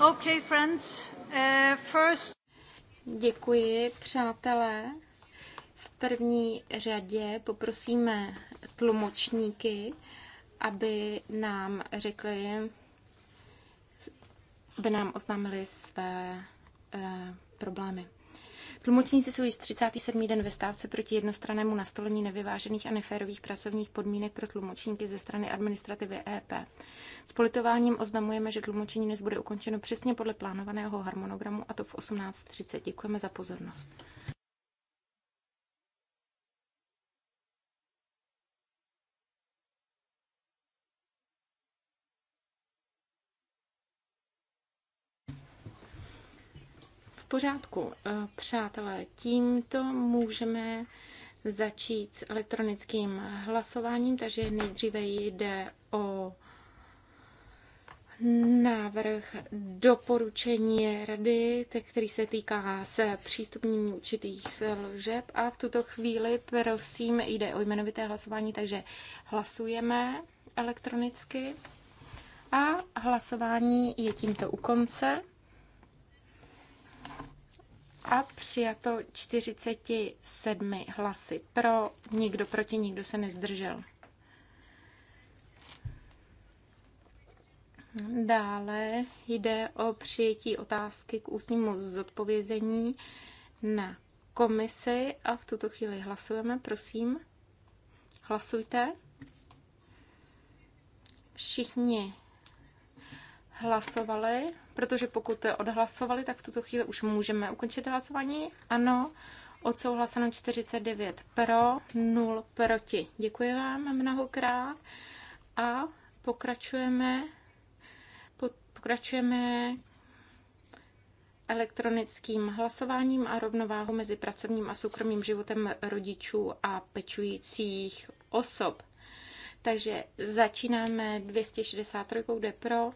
Okay, friends. Uh, first... Děkuji, přátelé. V první řadě poprosíme tlumočníky, aby nám řekli, aby nám oznámili své uh, problémy. Tlumočníci jsou již 37. den ve stávce proti jednostrannému nastolení nevyvážených a neférových pracovních podmínek pro tlumočníky ze strany administrativy EP. S politováním oznamujeme, že tlumočení dnes bude ukončeno přesně podle plánovaného harmonogramu a to v 18.30. Děkujeme za pozornost. pořádku, eh, přátelé, tímto můžeme začít s elektronickým hlasováním, takže nejdříve jde o návrh doporučení rady, který se týká se přístupnění určitých služeb. A v tuto chvíli, prosím, jde o jmenovité hlasování, takže hlasujeme elektronicky. A hlasování je tímto u konce a přijato 47 hlasy pro, nikdo proti, nikdo se nezdržel. Dále jde o přijetí otázky k ústnímu zodpovězení na komisi a v tuto chvíli hlasujeme, prosím. Hlasujte. Všichni hlasovali, protože pokud odhlasovali, tak v tuto chvíli už můžeme ukončit hlasování. Ano, odsouhlaseno 49 pro, 0 proti. Děkuji vám mnohokrát a pokračujeme, pokračujeme elektronickým hlasováním a rovnováhu mezi pracovním a soukromým životem rodičů a pečujících osob. Takže začínáme 263, kde pro,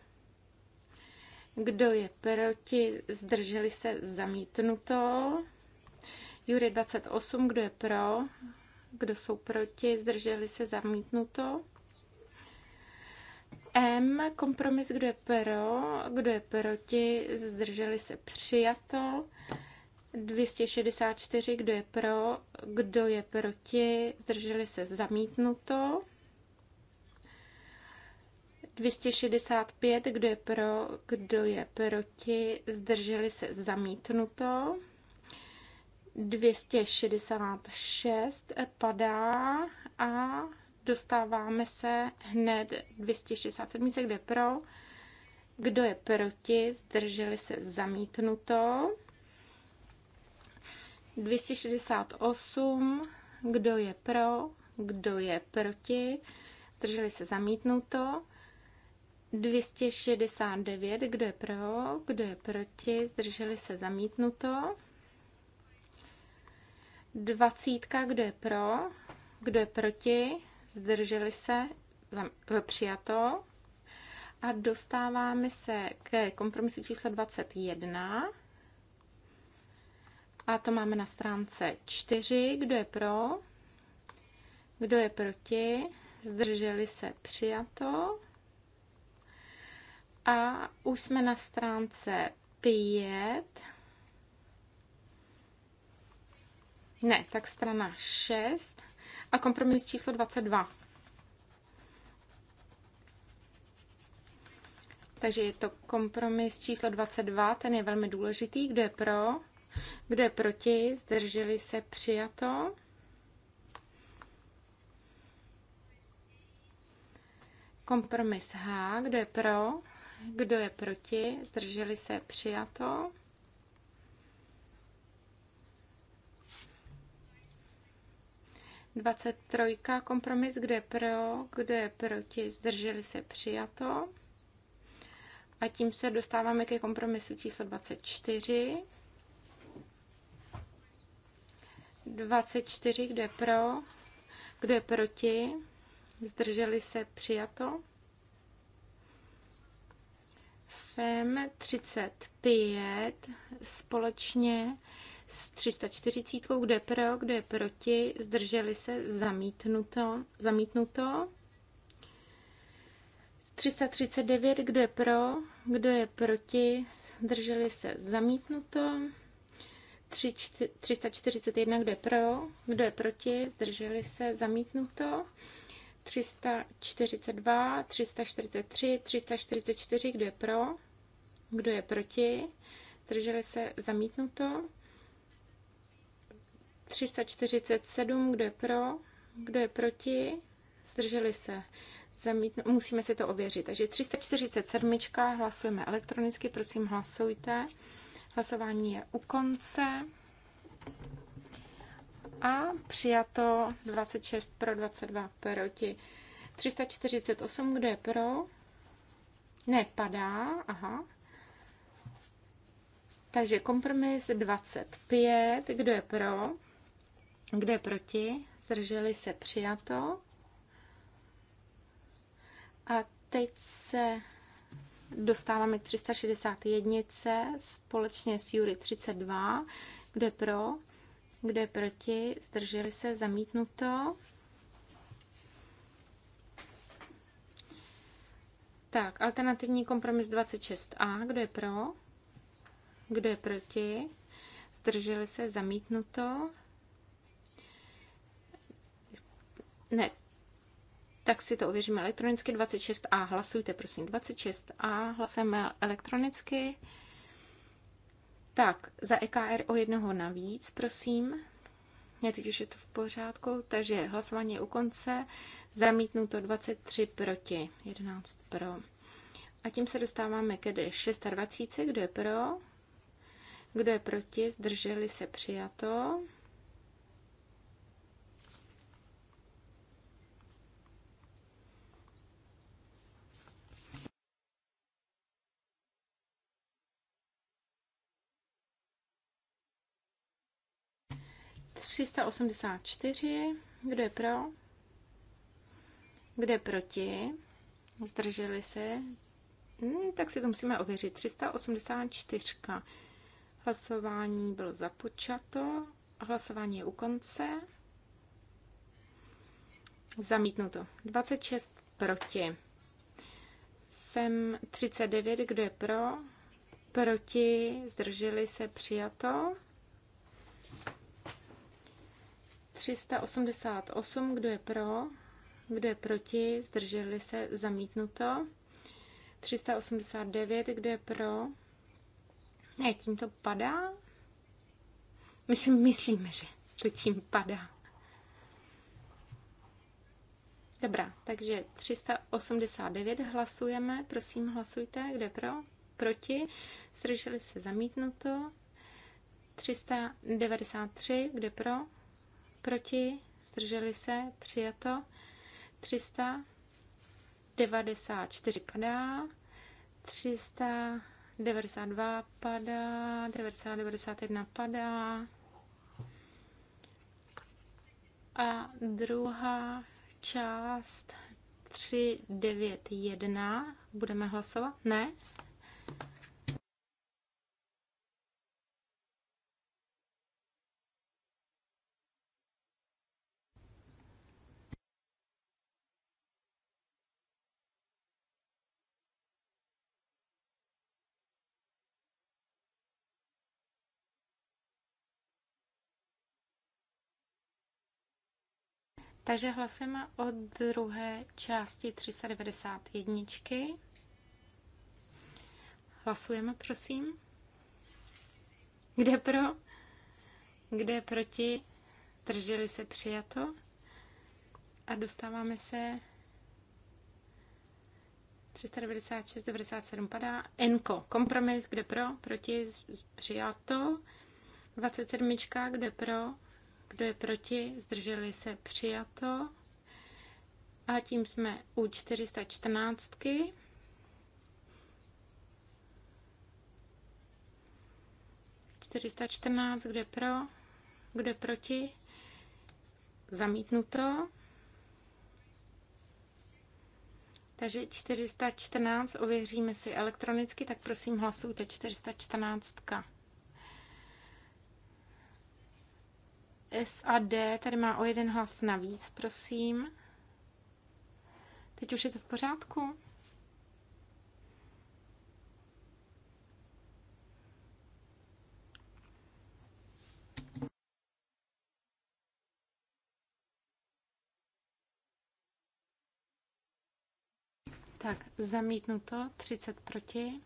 kdo je proti? Zdrželi se zamítnuto. Jury 28, kdo je pro? Kdo jsou proti? Zdrželi se zamítnuto. M, kompromis, kdo je pro, kdo je proti, zdrželi se přijato. 264, kdo je pro, kdo je proti, zdrželi se zamítnuto. 265, kdo je pro, kdo je proti, zdrželi se zamítnuto. 266 padá a dostáváme se hned 267, kde je pro, kdo je proti, zdrželi se zamítnuto. 268, kdo je pro, kdo je proti, zdrželi se zamítnuto. 269, kdo je pro, kdo je proti, zdrželi se zamítnuto. 20, eh, kdo je pro, kdo je proti, zdrželi se přijato. A dostáváme se ke kompromisu číslo 21. A to máme na stránce 4. Kdo je pro? Kdo je proti? Zdrželi se přijato. A už jsme na stránce 5. Ne, tak strana 6 a kompromis číslo 22. Takže je to kompromis číslo 22, ten je velmi důležitý. Kdo je pro? Kdo je proti? Zdrželi se přijato. Kompromis H, kdo je pro? Kdo je proti? Zdrželi se přijato. Dvacet trojka kompromis, kdo je pro, kdo je proti, zdrželi se přijato. A tím se dostáváme ke kompromisu číslo 24. 24, kdo je pro, kdo je proti, zdrželi se přijato. FEM 35 společně s 340, kde je pro, kde je proti, zdrželi se, zamítnuto, zamítnuto. 339, kdo je pro, kdo je proti, zdrželi se, zamítnuto. 341, kdo je pro, kdo je proti, zdrželi se, zamítnuto. 342, 343, 344, kdo je pro, kdo je proti? Zdrželi se zamítnuto. 347, kdo je pro? Kdo je proti? Zdrželi se zamítnu, musíme si to ověřit. Takže 347. hlasujeme elektronicky, prosím hlasujte. Hlasování je u konce. A přijato 26 pro 22 proti. 348, kdo je pro? Ne, padá, aha. Takže kompromis 25, kdo je pro, kdo je proti, zdrželi se přijato. A teď se dostáváme k 361 společně s Jury 32, kdo je pro, kdo je proti, zdrželi se, zamítnuto. Tak, alternativní kompromis 26a, kdo je pro? Kdo je proti? Zdrželi se? Zamítnuto. Ne. Tak si to ověříme elektronicky. 26a. Hlasujte, prosím. 26a. Hlasujeme elektronicky. Tak, za EKR o jednoho navíc, prosím. Já teď už je to v pořádku, takže hlasování je u konce. Zamítnuto 23 proti, 11 pro. A tím se dostáváme ke 26, kdo je pro, kdo je proti? Zdrželi se přijato. Třista osmdesát čtyři. Kdo je pro? Kdo je proti? Zdrželi se? Hmm, tak si to musíme ověřit. 384. Hlasování bylo započato. Hlasování je u konce. Zamítnuto. 26 proti. FEM 39, kdo je pro? Proti, zdrželi se, přijato. 388, kdo je pro? Kdo je proti? Zdrželi se, zamítnuto. 389, kdo je pro? Ne, tím to padá. My si myslíme, že to tím padá. Dobrá, takže 389 hlasujeme. Prosím, hlasujte. Kde pro? Proti. Zdrželi se zamítnuto. 393. Kde pro? Proti. Zdrželi se. Přijato. 394 padá. 300. 92 padá, 91 padá. A druhá část 391 budeme hlasovat? Ne? Takže hlasujeme o druhé části 391. Hlasujeme, prosím. Kde pro? Kde proti? Drželi se přijato. A dostáváme se 396, 97 padá. Enko, kompromis, kde pro, proti, přijato. 27, kde pro, kdo je proti? Zdrželi se přijato. A tím jsme u 414. kde pro, kde proti, zamítnuto. Takže 414 ověříme si elektronicky, tak prosím hlasujte 414. SAD tady má o jeden hlas navíc, prosím. Teď už je to v pořádku? Tak, zamítnuto, 30 proti.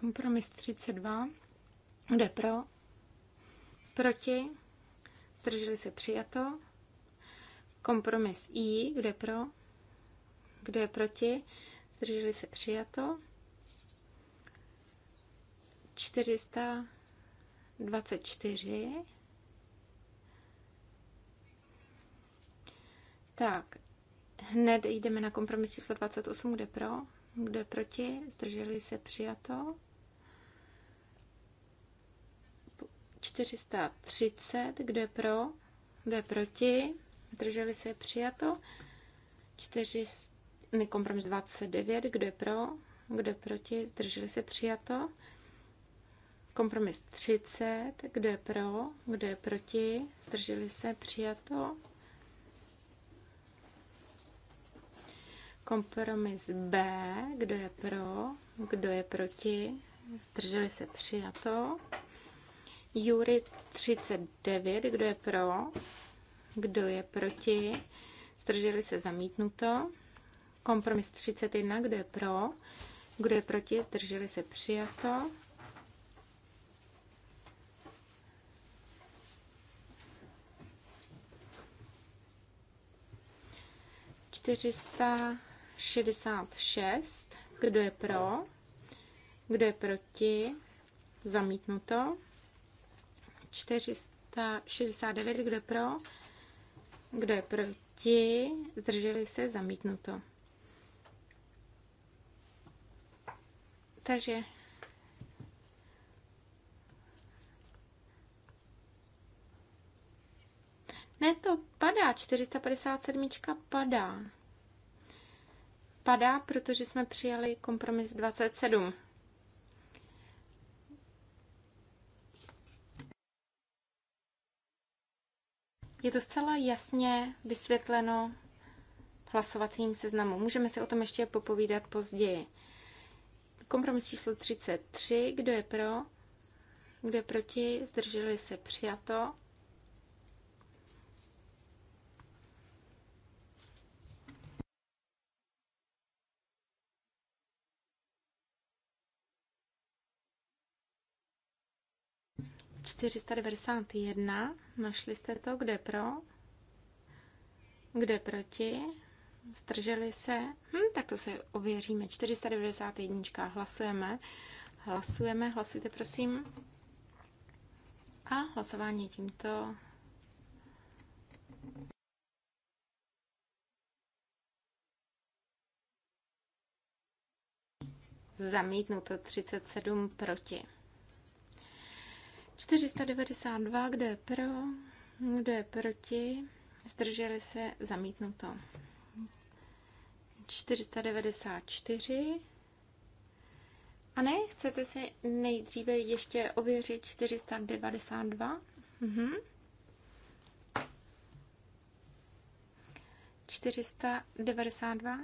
Kompromis 32. Jde pro? Proti? zdrželi se přijato. Kompromis I, kdo je pro, kdo je proti, zdrželi se přijato. 424. Tak, hned jdeme na kompromis číslo 28, kde pro, kde proti, zdrželi se přijato. 430, kdo je pro, kdo je proti, zdrželi se přijato. 4, nekompromis 29, kdo je pro, kdo je proti, zdrželi se přijato. Kompromis 30, kdo je pro, kdo je proti, zdrželi se přijato. Kompromis B, kdo je pro, kdo je proti, zdrželi se přijato. Jury 39, kdo je pro, kdo je proti, zdrželi se zamítnuto. Kompromis 31, kdo je pro, kdo je proti, zdrželi se přijato. Čtyřista šest, Kdo je pro? Kdo je proti? Zamítnuto. 469, kdo je pro, kdo je proti, zdrželi se, zamítnuto. Takže Ne, to padá, 457 padá. Padá, protože jsme přijali kompromis 27. Je to zcela jasně vysvětleno v hlasovacím seznamu. Můžeme si o tom ještě popovídat později. Kompromis číslo 33. Kdo je pro? Kdo je proti? Zdrželi se přijato. 491. Našli jste to, kde pro? Kde proti? Zdrželi se? Hm, tak to se ověříme. 491. Hlasujeme. Hlasujeme. Hlasujte, prosím. A hlasování tímto zamítnuto 37 proti. 492, kdo je pro, kdo je proti, zdrželi se, zamítnuto. 494. A ne, chcete si nejdříve ještě ověřit 492? Mhm. 492.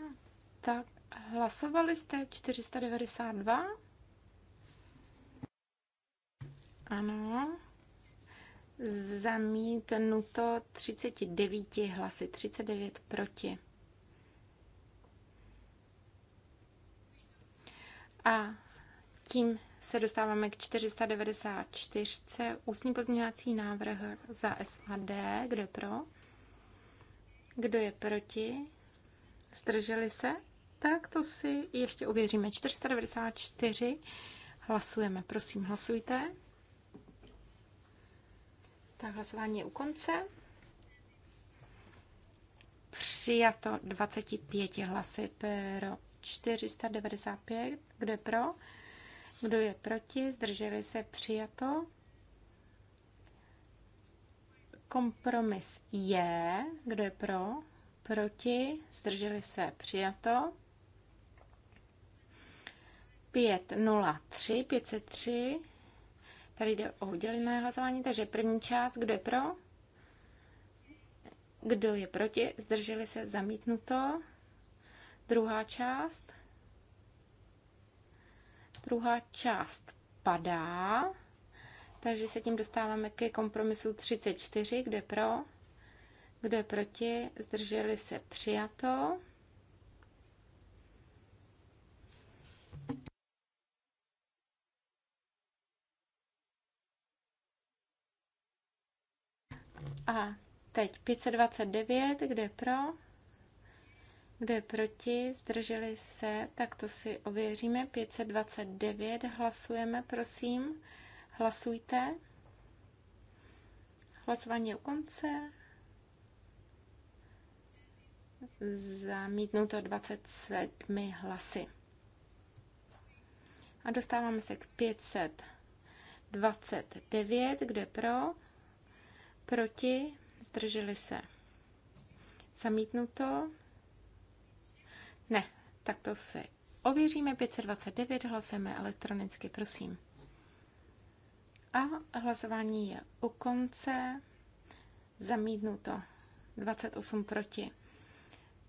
Tak hlasovali jste 492? Ano. Zamítnuto 39 hlasy, 39 proti. A tím se dostáváme k 494. Ústní pozměňovací návrh za SAD. Kdo je pro? Kdo je proti? Zdrželi se? Tak to si ještě ověříme. 494. Hlasujeme. Prosím, hlasujte. Tak hlasování je u konce. Přijato 25 hlasy pro 495. Kdo je pro? Kdo je proti? Zdrželi se přijato. Kompromis je. Kdo je pro? Proti? Zdrželi se přijato. 503, 503. Tady jde o udělené hlasování, takže první část, kdo je pro? Kdo je proti? Zdrželi se zamítnuto. Druhá část. Druhá část padá. Takže se tím dostáváme ke kompromisu 34. Kdo je pro? Kdo je proti? Zdrželi se přijato. A teď 529, kde pro, kde proti, zdrželi se, tak to si ověříme. 529, hlasujeme, prosím, hlasujte. Hlasování u konce. Zamítnuto 27 hlasy. A dostáváme se k 529, kde pro, proti, zdrželi se. Zamítnuto. Ne, tak to si ověříme. 529 hlasujeme elektronicky, prosím. A hlasování je u konce. Zamítnuto. 28 proti.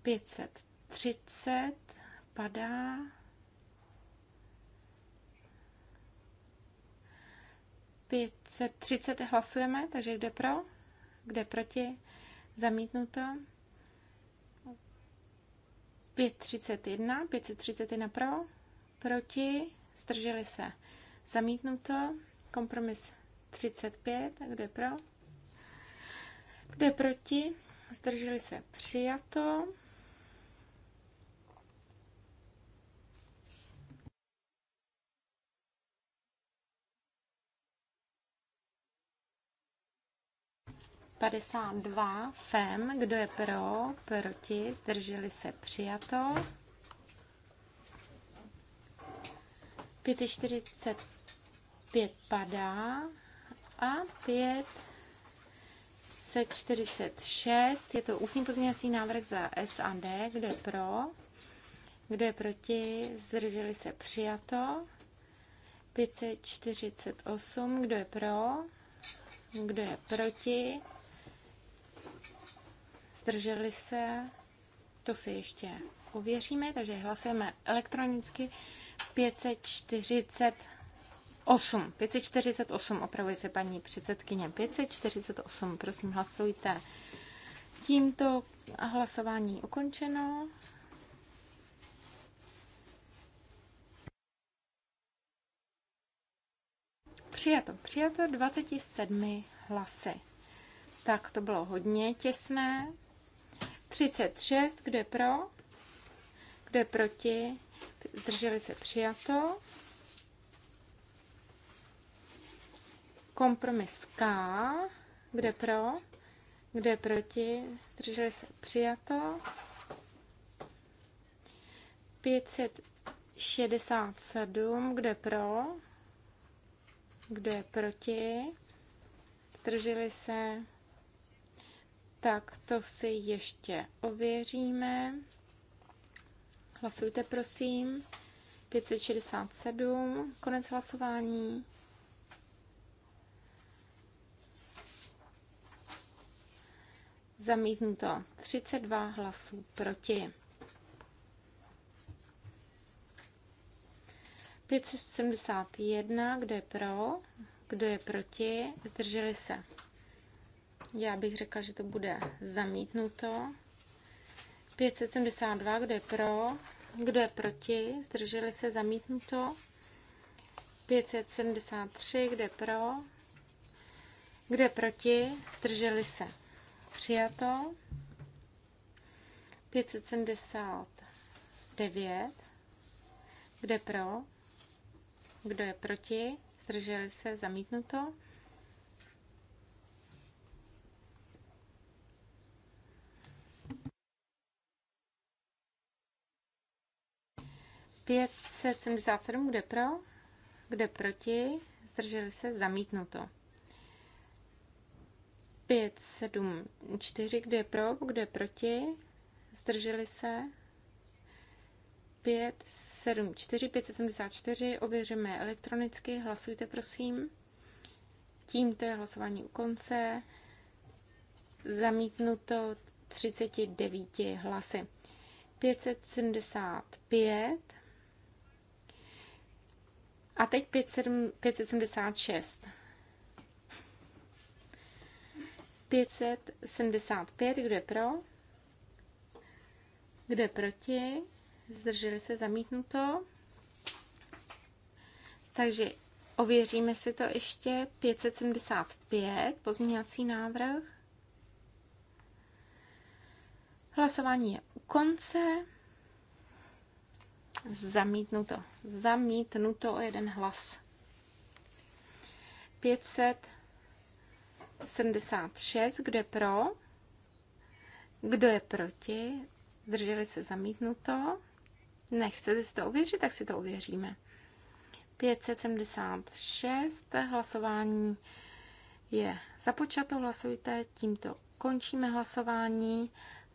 530 padá. Pět, třicet hlasujeme, takže jde pro? kde proti? Zamítnuto. 531, 531 pro, proti, strželi se. Zamítnuto, kompromis 35, kdo je pro? kde proti? Zdrželi se přijato. 52 FEM, kdo je pro, proti, zdrželi se přijato. 545 padá a 546, je to ústní pozměňovací návrh za S a D, kdo je pro, kdo je proti, zdrželi se přijato. 548, kdo je pro, kdo je proti, zdrželi se, to si ještě ověříme, takže hlasujeme elektronicky 548. 548, opravuje se paní předsedkyně. 548, prosím, hlasujte. Tímto hlasování ukončeno. Přijato, přijato 27 hlasy. Tak to bylo hodně těsné. 36, kdo je pro, kdo je proti, zdrželi se přijato. Kompromis K, kde pro, kde proti, zdrželi se přijato. 567, kde pro, kde proti, zdrželi se tak to si ještě ověříme. Hlasujte, prosím. 567, konec hlasování. Zamítnuto 32 hlasů proti. 571, kdo je pro, kdo je proti, zdrželi se. Já bych řekla, že to bude zamítnuto. 572, kdo je pro, kdo je proti, zdrželi se zamítnuto. 573, kdo je pro, kdo je proti, zdrželi se přijato. 579, kdo je pro, kdo je proti, zdrželi se zamítnuto. 577, kde pro, kde proti, zdrželi se, zamítnuto. 574, kde pro, kde proti, zdrželi se, 574, 574, ověřujeme elektronicky, hlasujte prosím. Tímto je hlasování u konce. Zamítnuto 39 hlasy. 575 a teď 576. 575, kdo je pro? Kdo je proti? Zdrželi se zamítnuto. Takže ověříme si to ještě. 575, pozměňovací návrh. Hlasování je u konce. Zamítnuto. Zamítnuto o jeden hlas. 576, kdo je pro? Kdo je proti? Zdrželi se zamítnuto. Nechcete si to uvěřit? tak si to uvěříme. 576, hlasování je započato, hlasujte, tímto končíme hlasování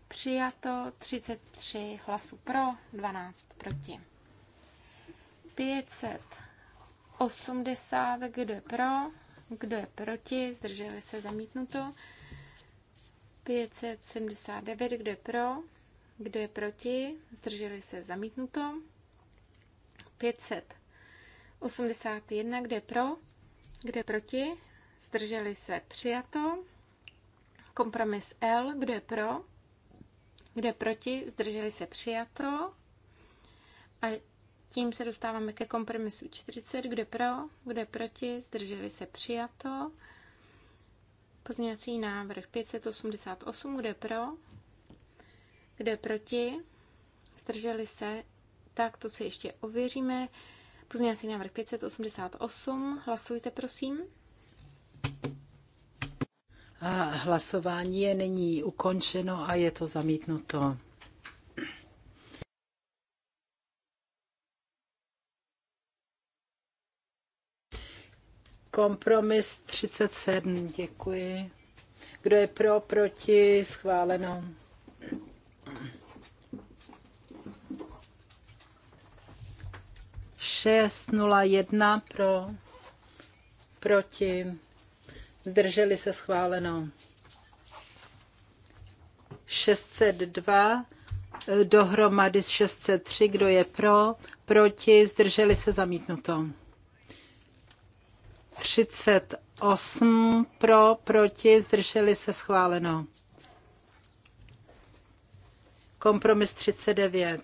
Přijato 33 hlasů pro, 12 proti. 580, kdo je pro, kdo je proti, zdrželi se zamítnuto. 579, kdo je pro, kdo je proti, zdrželi se zamítnuto. 581, kdo je pro, kdo je proti, zdrželi se přijato. Kompromis L, kdo je pro, kde proti? Zdrželi se přijato. A tím se dostáváme ke kompromisu 40. kde pro? kde proti? Zdrželi se přijato. Pozměňovací návrh 588. kde pro? kde proti? Zdrželi se? Tak to si ještě ověříme. Pozměňovací návrh 588. Hlasujte, prosím. Hlasování je nyní ukončeno a je to zamítnuto. Kompromis 37, děkuji. Kdo je pro, proti, schváleno. Šest nula jedna pro, proti zdrželi se schváleno. 602 eh, dohromady s 603, kdo je pro, proti, zdrželi se zamítnuto. 38 pro, proti, zdrželi se schváleno. Kompromis 39.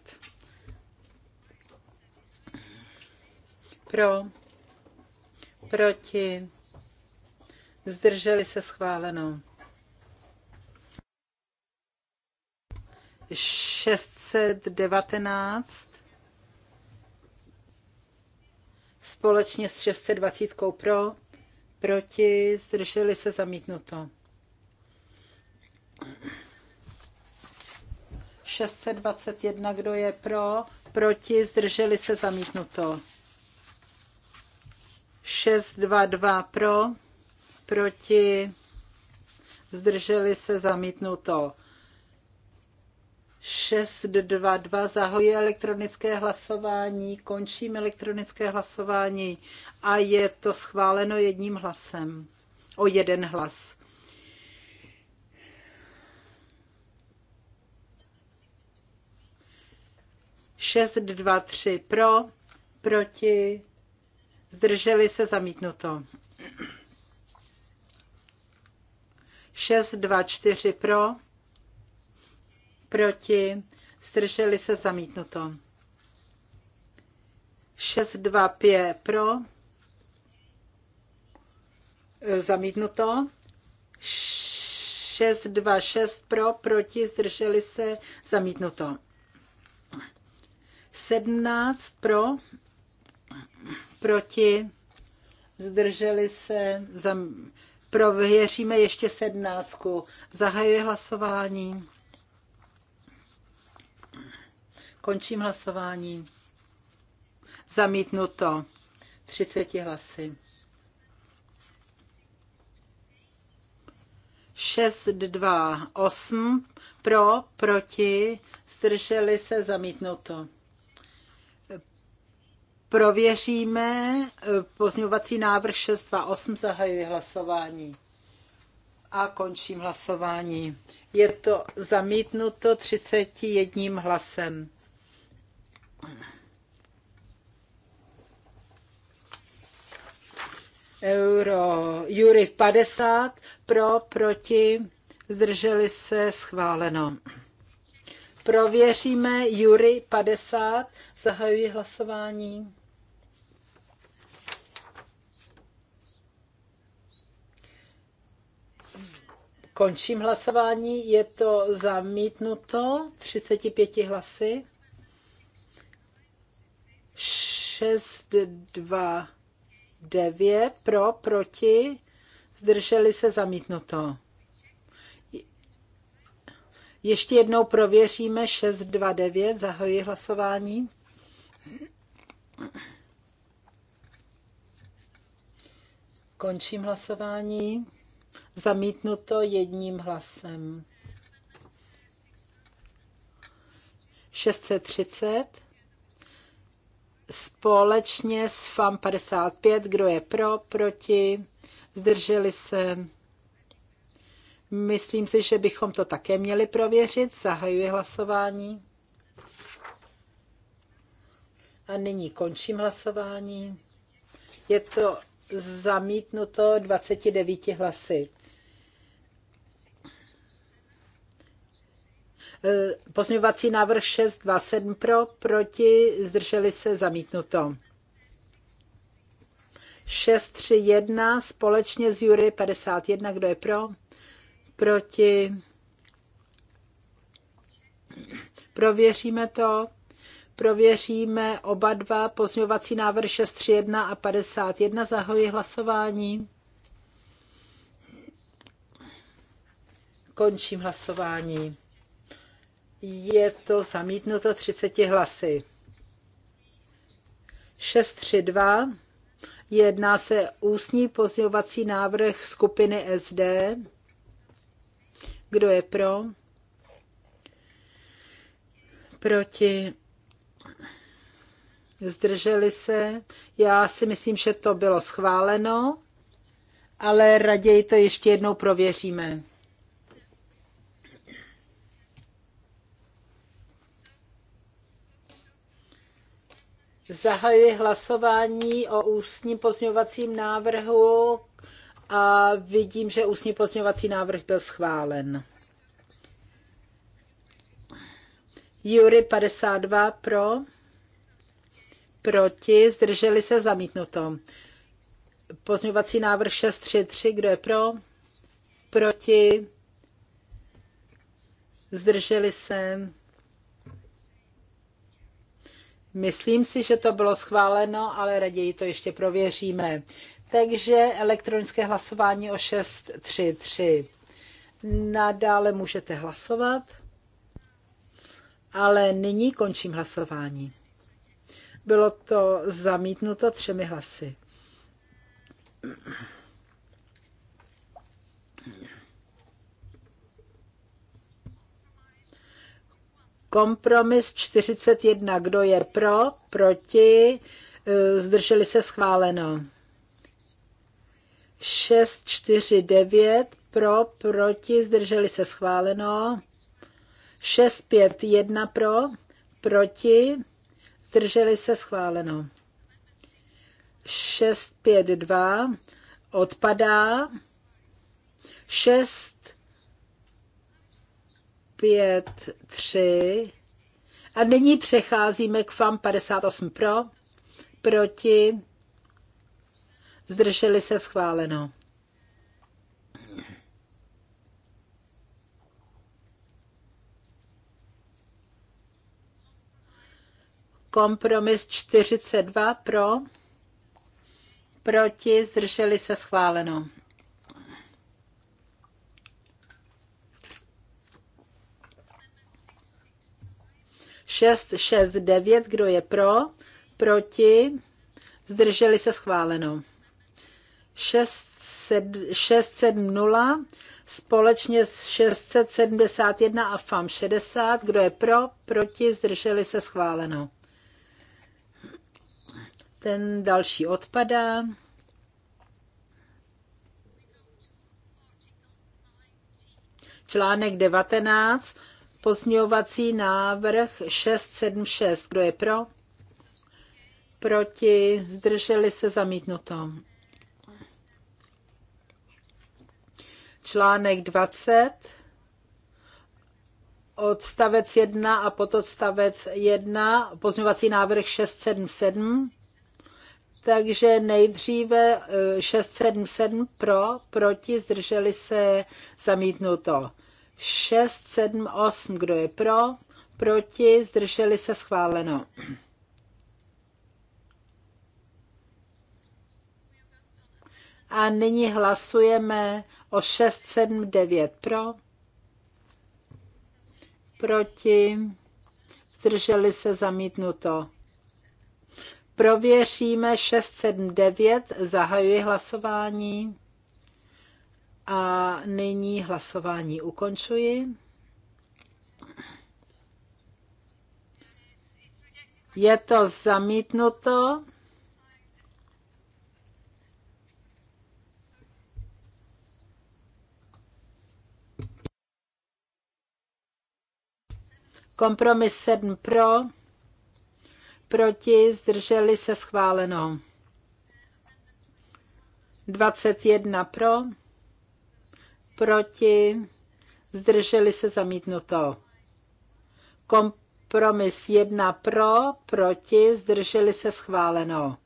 Pro, proti, zdrželi se schváleno. 619 společně s 620 pro, proti, zdrželi se zamítnuto. 621, kdo je pro, proti, zdrželi se zamítnuto. 622 pro, proti, zdrželi se zamítnuto. 622 zahojí elektronické hlasování, končím elektronické hlasování a je to schváleno jedním hlasem, o jeden hlas. Šest, dva, tři pro, proti, zdrželi se zamítnuto. 4 pro, proti, zdrželi se zamítnuto. 5 pro, e, zamítnuto. 6 pro, proti, zdrželi se zamítnuto. 17 pro, proti, zdrželi se zamítnuto Prověříme ještě sednáctku. Zahajuji hlasování. Končím hlasování. Zamítnuto. 30 hlasy. 6, 2, 8. Pro, proti, strželi se, zamítnuto. Prověříme eh, pozňovací návrh 628, zahajuji hlasování a končím hlasování. Je to zamítnuto 31 hlasem. Euro Jury 50 pro, proti, zdrželi se, schváleno. Prověříme Jury 50, zahajuji hlasování. Končím hlasování, je to zamítnuto 35 hlasy. 6, 2, 9 pro, proti, zdrželi se zamítnuto. Ještě jednou prověříme 629, zahoji hlasování. Končím hlasování. Zamítnuto jedním hlasem. 630. Společně s FAM 55. Kdo je pro, proti? Zdrželi se. Myslím si, že bychom to také měli prověřit. Zahajuji hlasování. A nyní končím hlasování. Je to zamítnuto 29 hlasy. Eh, pozměňovací návrh 627 pro, proti, zdrželi se, zamítnuto. 631 společně s Jury 51, kdo je pro, proti, prověříme to, prověříme oba dva pozměňovací návrh 631 a 51, zahoji hlasování. Končím hlasování je to zamítnuto 30 hlasy. 632 jedná se ústní pozměňovací návrh skupiny SD. Kdo je pro? Proti? Zdrželi se? Já si myslím, že to bylo schváleno, ale raději to ještě jednou prověříme. Zahajuji hlasování o ústním pozměňovacím návrhu a vidím, že ústní pozměňovací návrh byl schválen. Jury 52 pro, proti, zdrželi se zamítnuto. Pozměňovací návrh 633, kdo je pro, proti, zdrželi se Myslím si, že to bylo schváleno, ale raději to ještě prověříme. Takže elektronické hlasování o 6.3.3. Nadále můžete hlasovat, ale nyní končím hlasování. Bylo to zamítnuto třemi hlasy. Kompromis 41. Kdo je eh, pro? Proti? Zdrželi se schváleno. 649 pro, proti, zdrželi se schváleno. 651 pro, proti, zdrželi se schváleno. 652 odpadá. 6 5, 3. A nyní přecházíme k FAM 58 pro, proti, zdrželi se schváleno. Kompromis 42 pro, proti, zdrželi se schváleno. 6, 6, 9, kdo je pro, proti, zdrželi se schváleno. 6, 7, 6, 7, 0, společně s 671 a FAM 60, kdo je pro, proti, zdrželi se schváleno. Ten další odpadá. Článek 19, Pozňovací návrh 676. Kdo je pro? Proti? Zdrželi se zamítnuto. Článek 20 odstavec 1 a pododstavec 1, pozměňovací návrh 677. Takže nejdříve 677 eh, pro, proti, zdrželi se, zamítnuto. 6, 7, 8. Kdo je pro? Proti? Zdrželi se schváleno. A nyní hlasujeme o 6, 7, 9 pro, proti, zdrželi se zamítnuto. Prověříme 6, 7, 9, zahajuji hlasování. A nyní hlasování ukončuji. Je to zamítnuto. Kompromis 7 pro, proti, zdrželi se schváleno. 21 pro proti, zdrželi se zamítnuto. Kompromis jedna pro, proti, zdrželi se schváleno.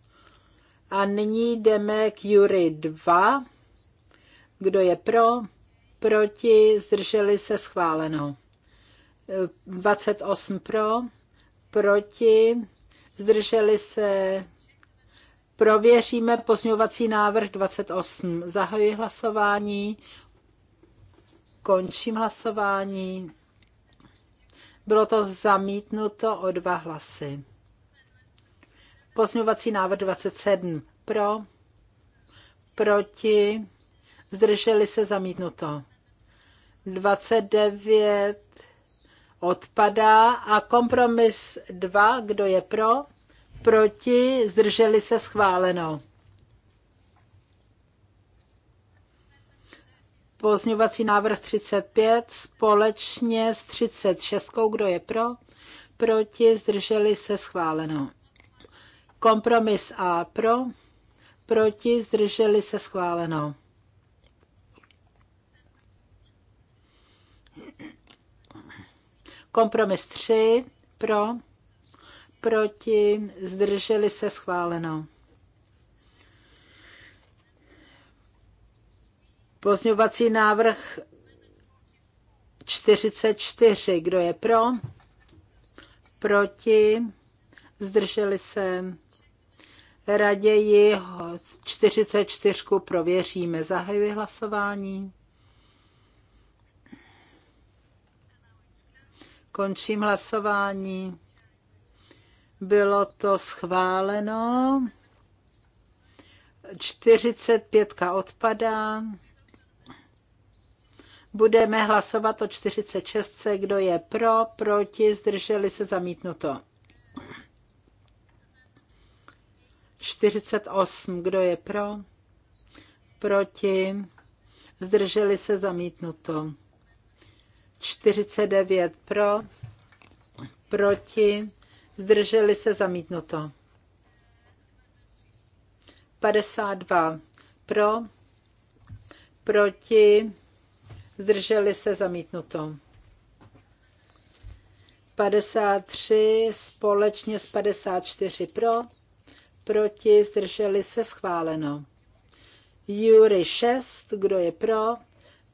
A nyní jdeme k Jury 2. Kdo je pro, proti, zdrželi se schváleno. 28 pro, proti, zdrželi se. Prověříme pozňovací návrh 28. Zahajuji hlasování, Končím hlasování. Bylo to zamítnuto o dva hlasy. Pozměňovací návrh 27. Pro, proti, zdrželi se zamítnuto. 29 odpadá a kompromis 2, kdo je pro, proti, zdrželi se schváleno. pozměňovací návrh 35 společně s 36. Kdo je pro? Proti zdrželi se schváleno. Kompromis A pro, proti zdrželi se schváleno. Kompromis 3 pro, proti zdrželi se schváleno. Pozměňovací návrh 44. Kdo je pro? Proti? Zdrželi se? Raději 44 prověříme. Zahajuji hlasování. Končím hlasování. Bylo to schváleno. 45 odpadá. Budeme hlasovat o 46. Kdo je pro, proti, zdrželi se zamítnuto. 48. Kdo je pro, proti, zdrželi se zamítnuto. 49 pro, proti, zdrželi se zamítnuto. 52 pro, proti, zdrželi se zamítnuto. 53 společně s 54 pro, proti zdrželi se schváleno. Jury 6, kdo je pro,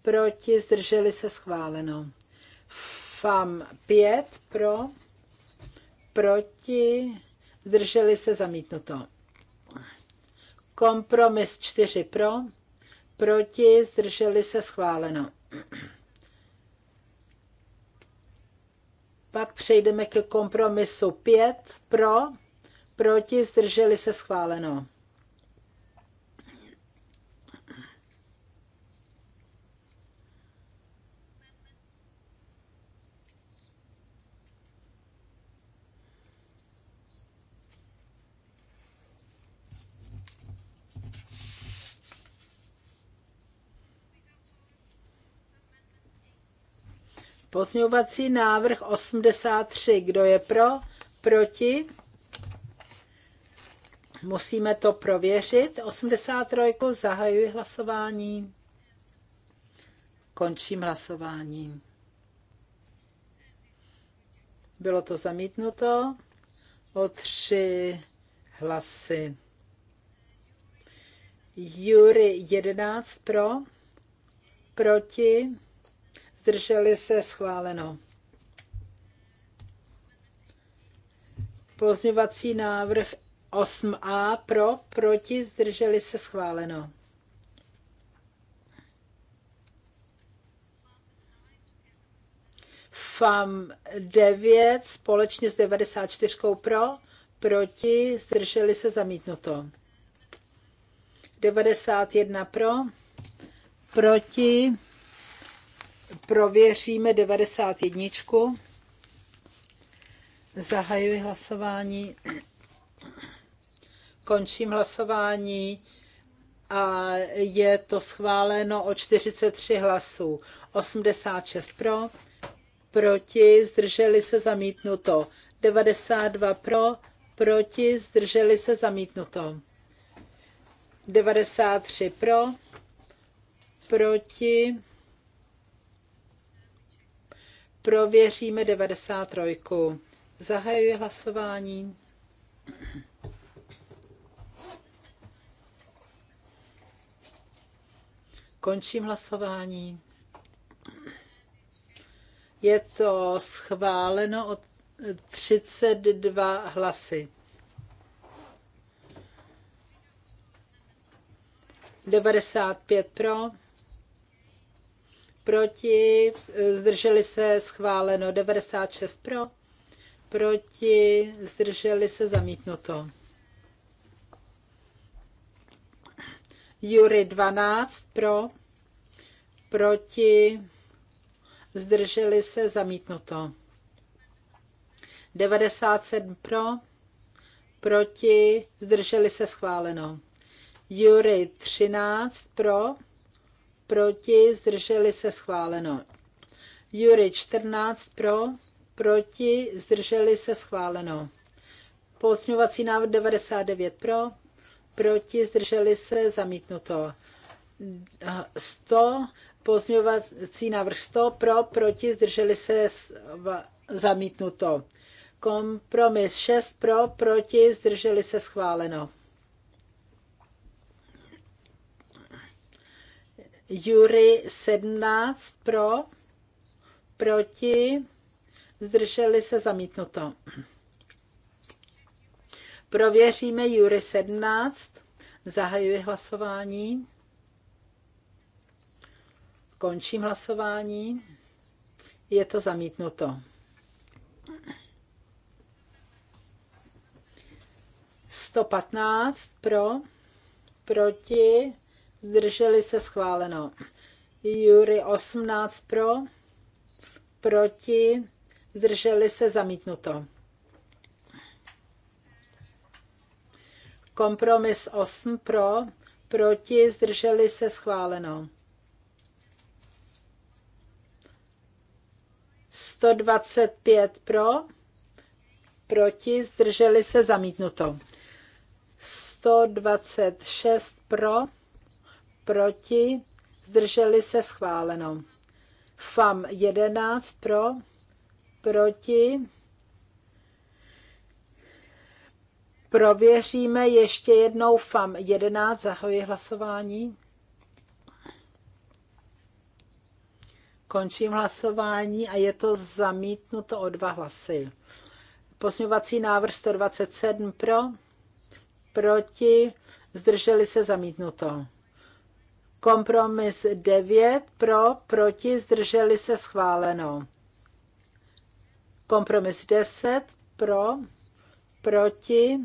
proti zdrželi se schváleno. FAM 5 pro, proti zdrželi se zamítnuto. Kompromis 4 pro, proti zdrželi se schváleno. Pak přejdeme ke kompromisu 5 pro, proti, zdrželi se schváleno. Pozňovací návrh 83. Kdo je pro? Proti? Musíme to prověřit. 83. Zahajuji hlasování. Končím hlasování. Bylo to zamítnuto o tři hlasy. Jury 11 pro, proti zdrželi se, schváleno. Pozměvací návrh 8a pro, proti, zdrželi se, schváleno. FAM 9 společně s 94 pro, proti, zdrželi se zamítnuto. 91 pro, proti, Prověříme 91. Zahajuji hlasování. Končím hlasování a je to schváleno o 43 hlasů. 86 pro, proti, zdrželi se zamítnuto. 92 pro, proti, zdrželi se zamítnuto. 93 pro, proti, Prověříme 93. Zahajuji hlasování. Končím hlasování. Je to schváleno od 32 hlasy. 95 pro, proti, zdrželi se schváleno 96 pro, proti, zdrželi se zamítnuto. Jury 12 pro, proti, zdrželi se zamítnuto. 97 pro, proti, zdrželi se schváleno. Jury 13 pro, proti, zdrželi se schváleno. Jury 14 pro, proti, zdrželi se schváleno. Pozměňovací návrh 99 pro, proti, zdrželi se zamítnuto. 100, pozměňovací návrh 100 pro, proti, zdrželi se zamítnuto. Kompromis 6 pro, proti, zdrželi se schváleno. Jury 17 pro, proti, zdrželi se zamítnuto. Prověříme Jury 17, zahajuji hlasování, končím hlasování, je to zamítnuto. patnáct pro, proti, zdrželi se schváleno. Jury 18 pro, proti, zdrželi se zamítnuto. Kompromis 8 pro, proti, zdrželi se schváleno. 125 pro, proti, zdrželi se zamítnuto. 126 pro, proti, zdrželi se schváleno. FAM 11 pro, proti, prověříme ještě jednou FAM 11, zahoji hlasování. Končím hlasování a je to zamítnuto o dva hlasy. Posňovací návrh 127 pro, proti, zdrželi se zamítnuto. Kompromis 9 pro, proti, zdrželi se schváleno. Kompromis 10 pro, proti,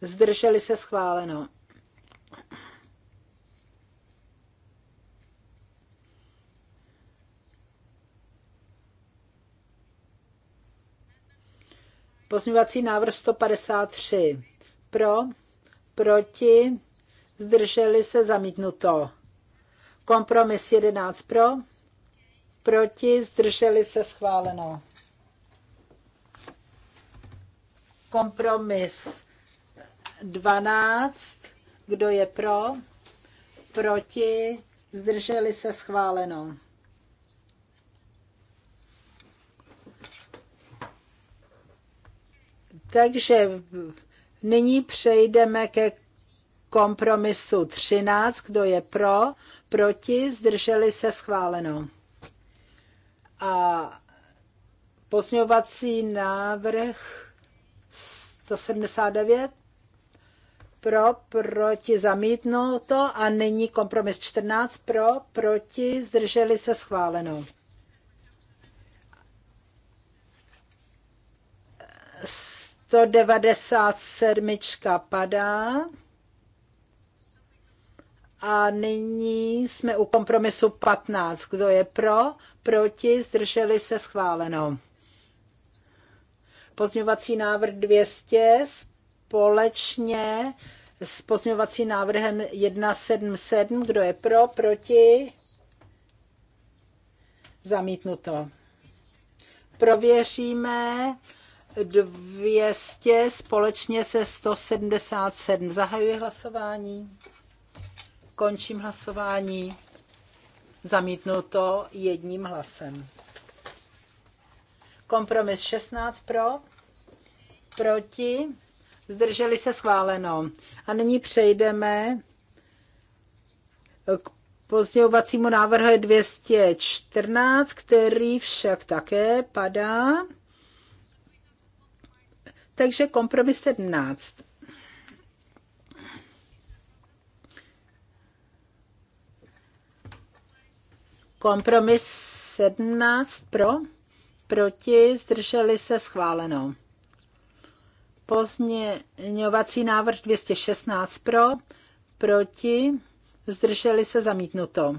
zdrželi se schváleno. Pozměňovací návrh 153. Pro, proti, zdrželi se zamítnuto. Kompromis 11 pro, proti, zdrželi se schváleno. Kompromis 12, kdo je pro, proti, zdrželi se schváleno. Takže nyní přejdeme ke kompromisu 13. Kdo je pro? Proti? Zdrželi se schváleno. A pozňovací návrh 179 pro, proti to a nyní kompromis 14 pro, proti zdrželi se schváleno. 197 padá. A nyní jsme u kompromisu 15. Kdo je pro, proti, zdrželi se schváleno. Pozňovací návrh 200 společně s pozňovacím návrhem 177. Kdo je pro, proti? Zamítnuto. Prověříme 200 společně se 177. Zahajuji hlasování. Končím hlasování. Zamítnuto jedním hlasem. Kompromis 16 pro, proti, zdrželi se schváleno. A nyní přejdeme k pozdějovacímu návrhu 214, který však také padá. Takže kompromis 17 Kompromis 17 pro, proti, zdrželi se schváleno. Pozměňovací návrh 216 pro, proti, zdrželi se zamítnuto.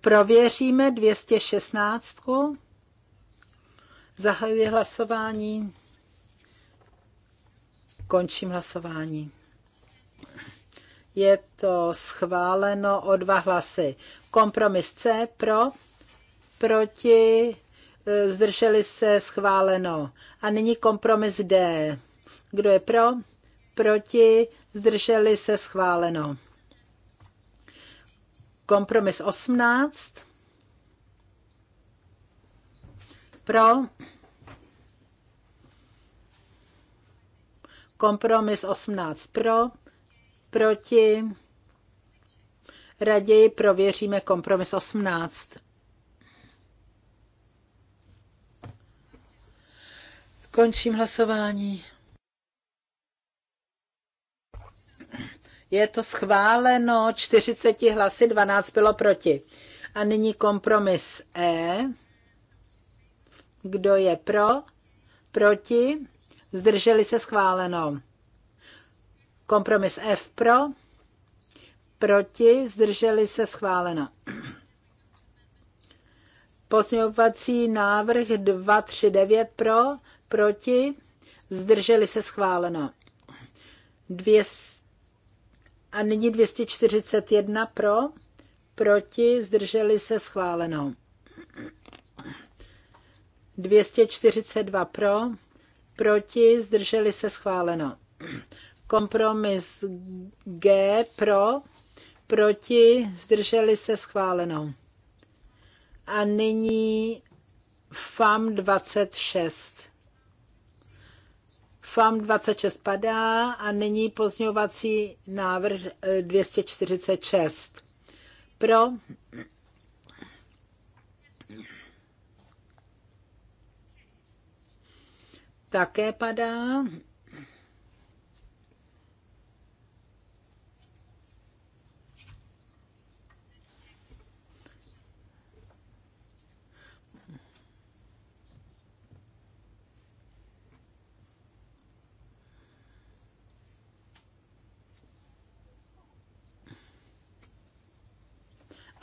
Prověříme 216. Zahajuji hlasování. Končím hlasování. Je to schváleno o dva hlasy. Kompromis C pro, proti, e, zdrželi se schváleno. A nyní kompromis D. Kdo je pro? Proti, zdrželi se schváleno. Kompromis 18. Pro. Kompromis 18 pro proti, raději prověříme kompromis 18. Končím hlasování. Je to schváleno 40 hlasy, 12 bylo proti. A nyní kompromis E. Kdo je pro? Proti? Zdrželi se schváleno. Kompromis F pro, proti, zdrželi se schváleno. Pozměňovací návrh 239 pro, proti, zdrželi se schváleno. Dvě, a nyní 241 pro, proti, zdrželi se schváleno. 242 pro, proti, zdrželi se schváleno. Kompromis G pro, proti, zdrželi se schválenou A nyní FAM 26. FAM 26 padá a nyní pozňovací návrh 246. Eh, pro také padá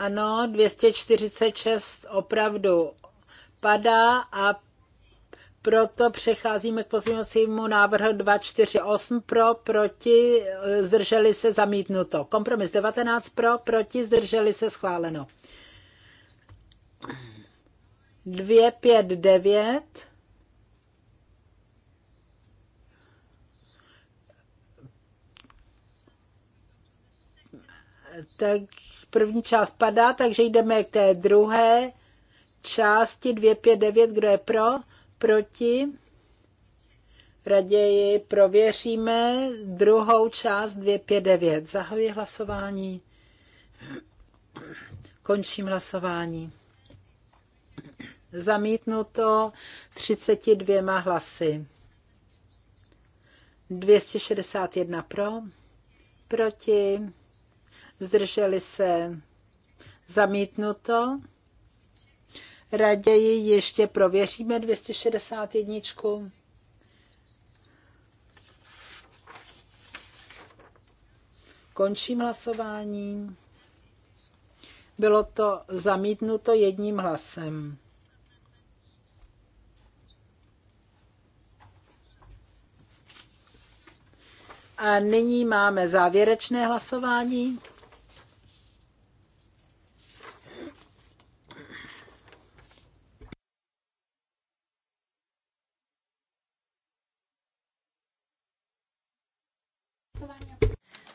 Ano, 246 opravdu padá a proto přecházíme k pozměňovacímu návrhu 248 pro, proti, zdrželi se zamítnuto. Kompromis 19 pro, proti, zdrželi se schváleno. 259 takže První část padá, takže jdeme k té druhé části 259, kdo je pro, proti. Raději prověříme druhou část 259. Zahoji hlasování. Končím hlasování. Zamítnuto 32 hlasy. 261 pro, proti zdrželi se zamítnuto. Raději ještě prověříme 261. Končím hlasování. Bylo to zamítnuto jedním hlasem. A nyní máme závěrečné hlasování.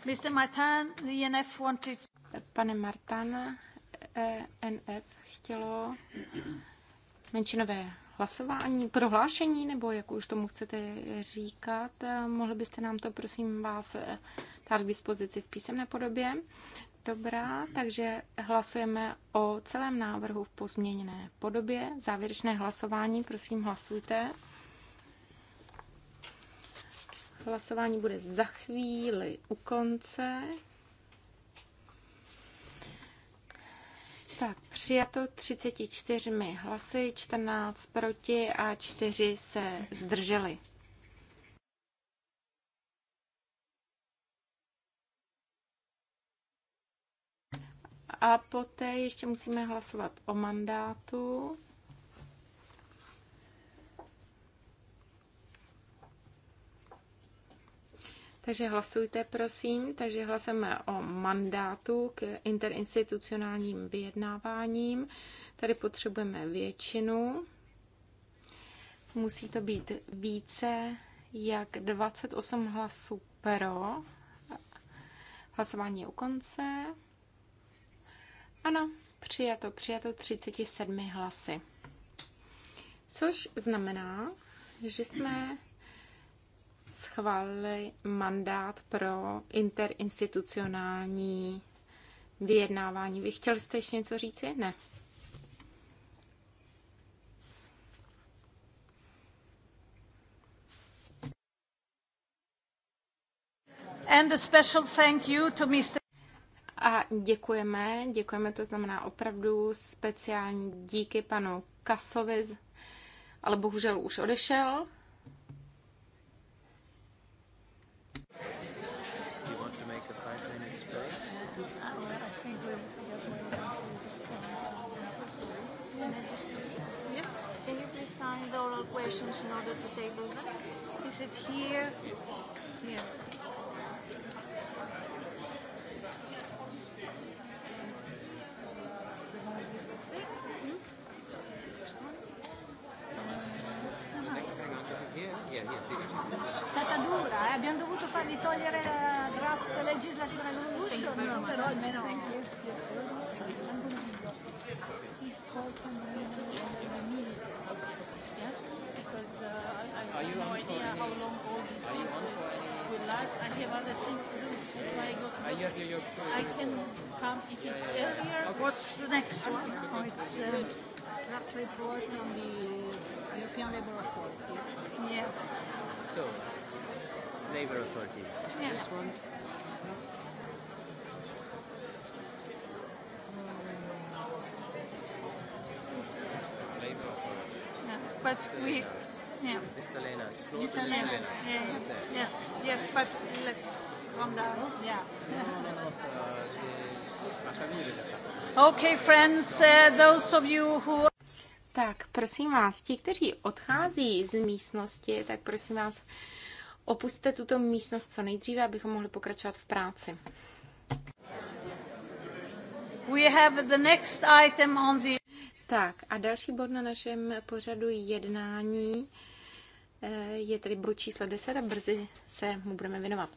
Mr. Martin, e wanted... Pane Martin, ENF chtělo menšinové hlasování, prohlášení, nebo jak už tomu chcete říkat. Mohli byste nám to, prosím vás, dát k dispozici v písemné podobě. Dobrá, takže hlasujeme o celém návrhu v pozměněné podobě. Závěrečné hlasování, prosím, hlasujte. Hlasování bude za chvíli u konce. Tak, přijato 34 hlasy, 14 proti a 4 se zdrželi. A poté ještě musíme hlasovat o mandátu. Takže hlasujte, prosím. Takže hlasujeme o mandátu k interinstitucionálním vyjednáváním. Tady potřebujeme většinu. Musí to být více jak 28 hlasů pro. Hlasování je u konce. Ano, přijato, přijato 37 hlasy. Což znamená, že jsme schválili mandát pro interinstitucionální vyjednávání. Vy chtěli jste ještě něco říci? Ne. And a special thank you to Mr. A děkujeme, děkujeme, to znamená opravdu speciální díky panu Kasovi, ale bohužel už odešel. questions in order to table them. Is it here? Yeah. stata dura, eh? abbiamo dovuto fargli togliere la draft legislativa dall'uscio, però almeno... I have no idea how long all this thing will last. I have other things to do. That's why I go to I, have your, I can come if yeah, it's yeah, earlier. Okay. What's the next one? Oh, it's uh, draft report on the European Labour Authority. Yeah. So, Labour Authority. Yeah. This one? Um, Labour Authority. Yeah. But we... House. Yeah. Yeah, yeah. Yes, yes, but let's calm down. Yeah. okay, friends, uh, those of you who... Tak, prosím vás, ti, kteří odchází z místnosti, tak prosím vás, opuste tuto místnost co nejdříve, abychom mohli pokračovat v práci. We have the next item on the... Tak a další bod na našem pořadu jednání eh, je tedy bod číslo 10 a brzy se mu budeme věnovat.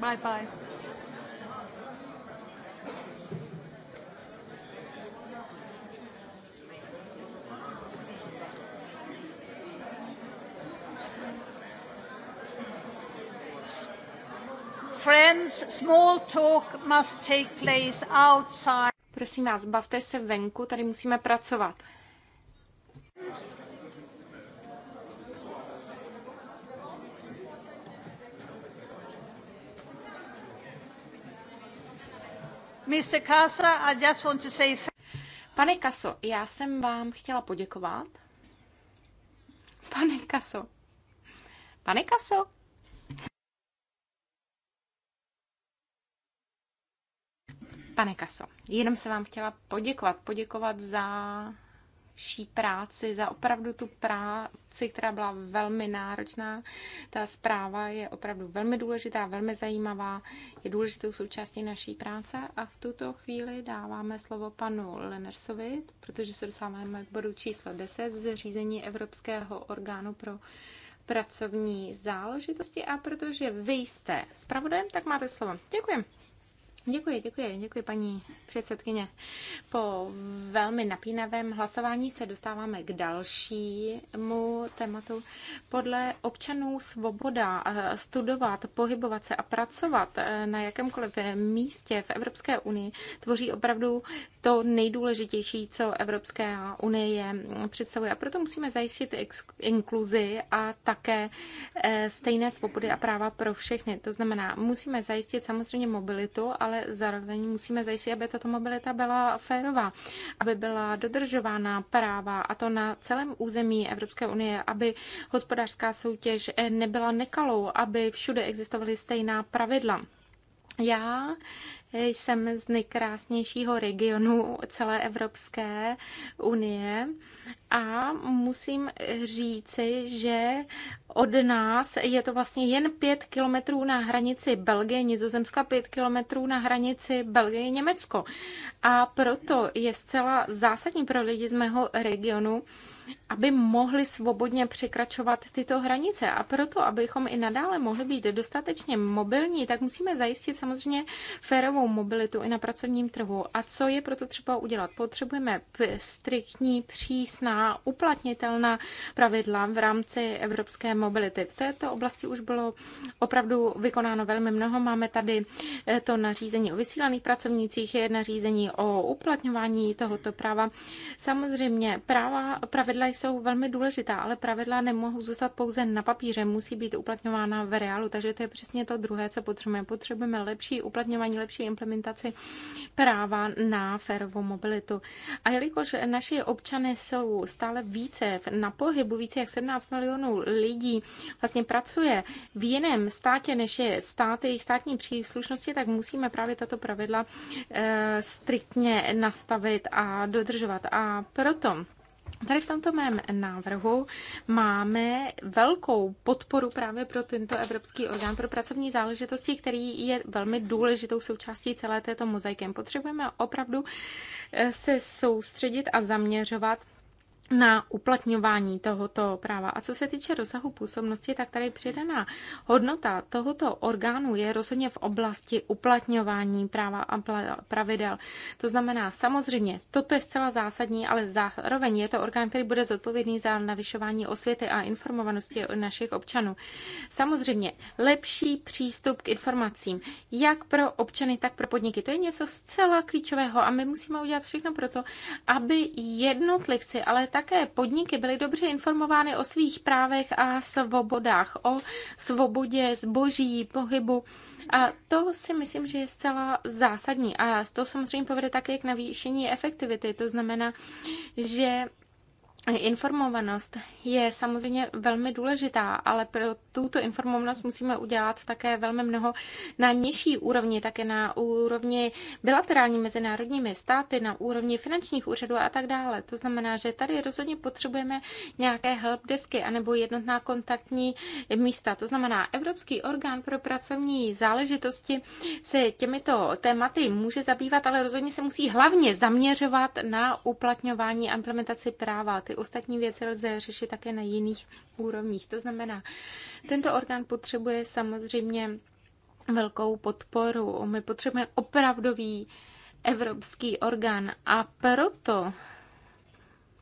Bye no, mm. bye. friends, small talk must take place outside. Prosím vás, bavte se venku, tady musíme pracovat. Mr. I just want to say Pane Kaso, já jsem vám chtěla poděkovat. Pane Kaso. Pane Kaso. Pane Kaso, jenom se vám chtěla poděkovat. Poděkovat za vší práci, za opravdu tu práci, která byla velmi náročná. Ta zpráva je opravdu velmi důležitá, velmi zajímavá, je důležitou součástí naší práce a v tuto chvíli dáváme slovo panu Lenersovi, protože se dostáváme k bodu číslo 10 z řízení Evropského orgánu pro pracovní záležitosti a protože vy jste zpravodajem, tak máte slovo. Děkuji. Děkuji, děkuji, děkuji paní předsedkyně. Po velmi napínavém hlasování se dostáváme k dalšímu tématu. Podle občanů svoboda eh, studovat, pohybovat se a pracovat eh, na jakémkoliv místě v Evropské unii tvoří opravdu to nejdůležitější, co Evropská unie představuje. A proto musíme zajistit inkluzi a také eh, stejné svobody a práva pro všechny. To znamená, musíme zajistit samozřejmě mobilitu, ale ale zároveň musíme zajistit, aby tato mobilita byla férová, aby byla dodržována práva a to na celém území Evropské unie, aby hospodářská soutěž nebyla nekalou, aby všude existovaly stejná pravidla. Já jsem z nejkrásnějšího regionu celé Evropské unie a musím říci, že od nás je to vlastně jen pět kilometrů na hranici Belgie, Nizozemska, pět kilometrů na hranici Belgie, Německo. A proto je zcela zásadní pro lidi z mého regionu, aby mohli svobodně překračovat tyto hranice. A proto, abychom i nadále mohli být dostatečně mobilní, tak musíme zajistit samozřejmě férovou mobilitu i na pracovním trhu. A co je proto třeba udělat? Potřebujeme striktní, přísná, uplatnitelná pravidla v rámci evropské mobility. V této oblasti už bylo opravdu vykonáno velmi mnoho. Máme tady eh, to nařízení o vysílaných pracovnících, je nařízení o uplatňování tohoto práva. Samozřejmě práva, pravidla pravidla jsou velmi důležitá, ale pravidla nemohou zůstat pouze na papíře, musí být uplatňována v reálu, takže to je přesně to druhé, co potřebujeme. Potřebujeme lepší uplatňování, lepší implementaci práva na férovou mobilitu. A jelikož naši občané jsou stále více na pohybu, více jak 17 milionů lidí vlastně pracuje v jiném státě, než je státy jejich státní příslušnosti, tak musíme právě tato pravidla e, striktně nastavit a dodržovat. A proto Tady v tomto mém návrhu máme velkou podporu právě pro tento Evropský orgán pro pracovní záležitosti, který je velmi důležitou součástí celé této mozaiky. Potřebujeme opravdu eh, se soustředit a zaměřovat na uplatňování tohoto práva. A co se týče rozsahu působnosti, tak tady přidaná hodnota tohoto orgánu je rozhodně v oblasti uplatňování práva a pravidel. To znamená, samozřejmě, toto je zcela zásadní, ale zároveň je to orgán, který bude zodpovědný za navyšování osvěty a informovanosti našich občanů. Samozřejmě, lepší přístup k informacím, jak pro občany, tak pro podniky. To je něco zcela klíčového a my musíme udělat všechno pro to, aby jednotlivci, ale také podniky byly dobře informovány o svých právech a svobodách, o svobodě zboží, pohybu. A to si myslím, že je zcela zásadní. A to samozřejmě povede také k navýšení efektivity. To znamená, že Informovanost je samozřejmě velmi důležitá, ale pro tuto informovanost musíme udělat také velmi mnoho na nižší úrovni, také na úrovni bilaterální mezinárodními státy, na úrovni finančních úřadů a tak dále. To znamená, že tady rozhodně potřebujeme nějaké helpdesky anebo jednotná kontaktní místa. To znamená, Evropský orgán pro pracovní záležitosti se těmito tématy může zabývat, ale rozhodně se musí hlavně zaměřovat na uplatňování a implementaci práva. Ty ty ostatní věci lze řešit také na jiných úrovních. To znamená, tento orgán potřebuje samozřejmě velkou podporu. My potřebujeme opravdový evropský orgán a proto,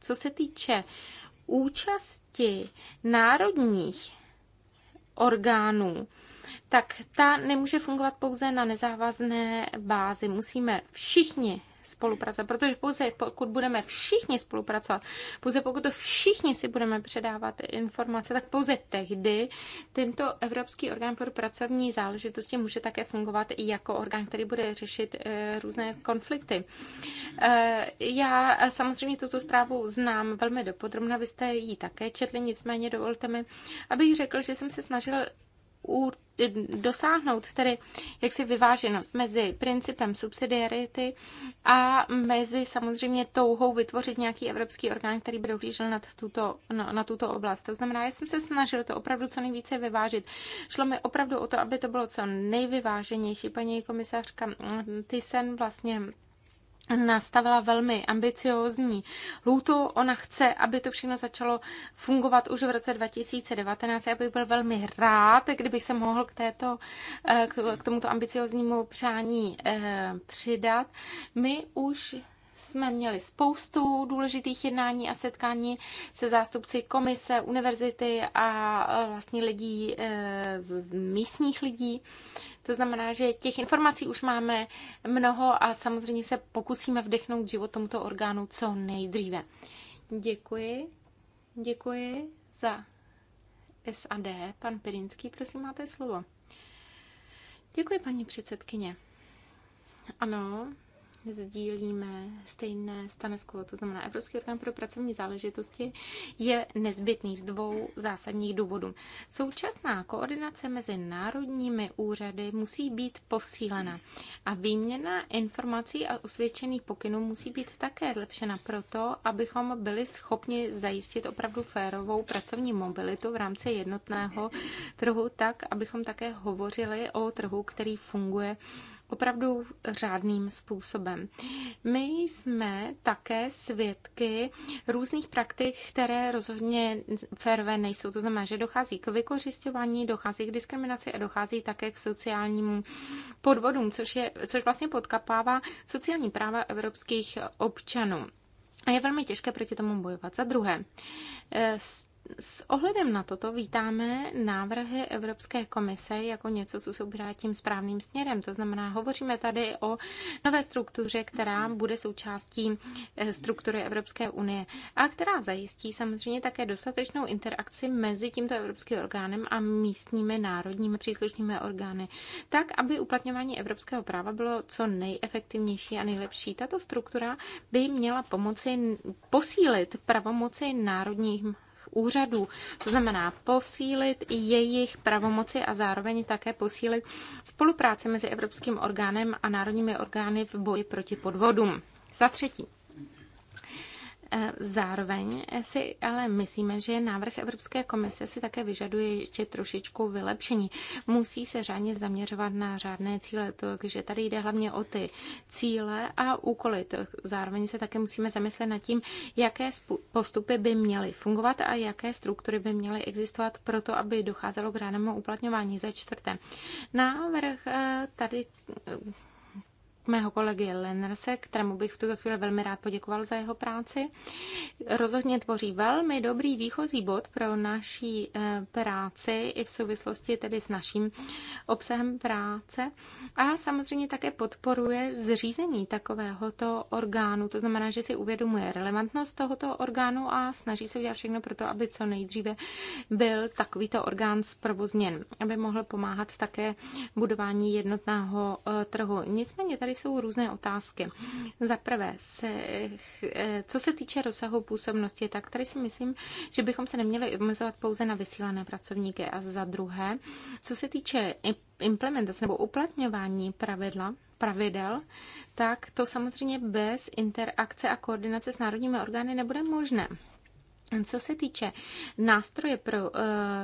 co se týče účasti národních orgánů, tak ta nemůže fungovat pouze na nezávazné bázi. Musíme všichni spolupracovat, protože pouze pokud budeme všichni spolupracovat, pouze pokud to všichni si budeme předávat informace, tak pouze tehdy tento Evropský orgán pro pracovní záležitosti může také fungovat i jako orgán, který bude řešit eh, různé konflikty. Eh, já samozřejmě tuto zprávu znám velmi dopodrobna, vy jste ji také četli, nicméně dovolte mi, abych řekl, že jsem se snažil dosáhnout tedy jaksi vyváženost mezi principem subsidiarity a mezi samozřejmě touhou vytvořit nějaký evropský orgán, který bude uhlížel na tuto, na, no, na tuto oblast. To znamená, já jsem se snažil to opravdu co nejvíce vyvážit. Šlo mi opravdu o to, aby to bylo co nejvyváženější. Paní komisařka mm, Tysen vlastně nastavila velmi ambiciózní lůtu. Ona chce, aby to všechno začalo fungovat už v roce 2019. Já bych byl velmi rád, kdybych se mohl k, této, eh, k tomuto ambicioznímu přání eh, přidat. My už jsme měli spoustu důležitých jednání a setkání se zástupci komise, univerzity a eh, vlastně lidí, místních lidí. To znamená, že těch informací už máme mnoho a samozřejmě se pokusíme vdechnout život tomuto orgánu co nejdříve. Děkuji. Děkuji za SAD. Pan Pirinský, prosím, máte slovo. Děkuji, paní předsedkyně. Ano, sdílíme stejné stanovisko, to znamená Evropský orgán pro pracovní záležitosti je nezbytný z dvou zásadních důvodů. Současná koordinace mezi národními úřady musí být posílena a výměna informací a usvědčených pokynů musí být také zlepšena proto, abychom byli schopni zajistit opravdu férovou pracovní mobilitu v rámci jednotného trhu tak, abychom také hovořili o trhu, který funguje opravdu řádným způsobem. My jsme také svědky různých praktik, které rozhodně férové nejsou. To znamená, že dochází k vykořišťování, dochází k diskriminaci a dochází také k sociálnímu podvodům, což, je, což vlastně podkapává sociální práva evropských občanů. A je velmi těžké proti tomu bojovat. Za druhé, eh, s ohledem na toto vítáme návrhy Evropské komise jako něco, co se ubírá tím správným směrem. To znamená, hovoříme tady o nové struktuře, která bude součástí eh, struktury Evropské unie a která zajistí samozřejmě také dostatečnou interakci mezi tímto evropským orgánem a místními národními příslušnými orgány, tak, aby uplatňování evropského práva bylo co nejefektivnější a nejlepší. Tato struktura by měla pomoci posílit pravomoci národním úřadů. To znamená posílit jejich pravomoci a zároveň také posílit spolupráci mezi evropským orgánem a národními orgány v boji proti podvodům. Za třetí, E, zároveň si ale myslíme, že návrh Evropské komise si také vyžaduje ještě trošičku vylepšení. Musí se řádně zaměřovat na řádné cíle, takže tady jde hlavně o ty cíle a úkoly. Zároveň se také musíme zamyslet nad tím, jaké postupy by měly fungovat a jaké struktury by měly existovat pro to, aby docházelo k řádnému uplatňování. Za čtvrté, návrh e, tady mého kolegy Lennerse, kterému bych v tuto chvíli velmi rád poděkoval za jeho práci. Rozhodně tvoří velmi dobrý výchozí bod pro naší eh, práci i v souvislosti tedy s naším obsahem práce a samozřejmě také podporuje zřízení takovéhoto orgánu. To znamená, že si uvědomuje relevantnost tohoto orgánu a snaží se udělat všechno pro to, aby co nejdříve byl takovýto orgán zprovozněn, aby mohl pomáhat také budování jednotného eh, trhu. Nicméně tady jsou různé otázky. Za prvé, se, eh, co se týče rozsahu působnosti, tak tady si myslím, že bychom se neměli omezovat pouze na vysílané pracovníky. A za druhé, co se týče implementace nebo uplatňování pravidla, pravidel, tak to samozřejmě bez interakce a koordinace s národními orgány nebude možné. Co se týče nástroje pro uh,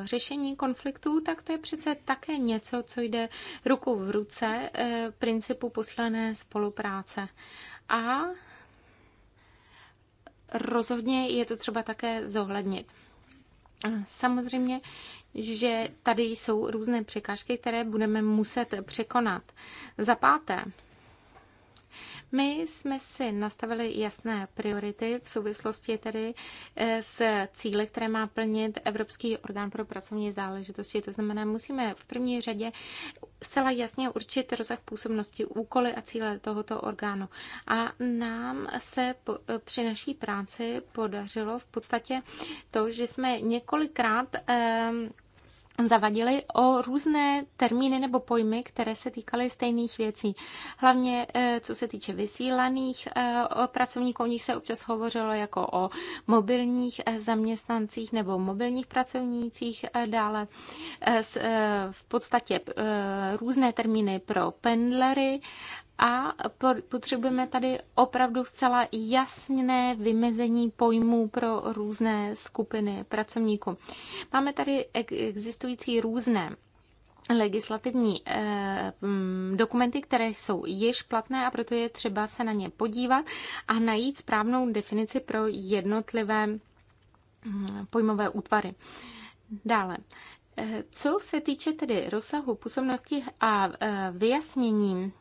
řešení konfliktů, tak to je přece také něco, co jde ruku v ruce uh, principu posílené spolupráce. A rozhodně je to třeba také zohlednit. Samozřejmě, že tady jsou různé překážky, které budeme muset překonat. Za páté, my jsme si nastavili jasné priority v souvislosti tedy eh, s cíly, které má plnit Evropský orgán pro pracovní záležitosti. To znamená, musíme v první řadě zcela jasně určit rozsah působnosti, úkoly a cíle tohoto orgánu. A nám se po, eh, při naší práci podařilo v podstatě to, že jsme několikrát eh, zavadili o různé termíny nebo pojmy, které se týkaly stejných věcí. Hlavně eh, co se týče vysílaných eh, pracovníků, o nich se občas hovořilo jako o mobilních eh, zaměstnancích nebo mobilních pracovnících, dále v podstatě různé termíny pro pendlery a potřebujeme tady opravdu zcela jasné vymezení pojmů pro různé skupiny pracovníků. Máme tady existující různé legislativní eh, dokumenty, které jsou již platné a proto je třeba se na ně podívat a najít správnou definici pro jednotlivé pojmové útvary. Dále, eh, co se týče tedy rozsahu působnosti a eh, vyjasněním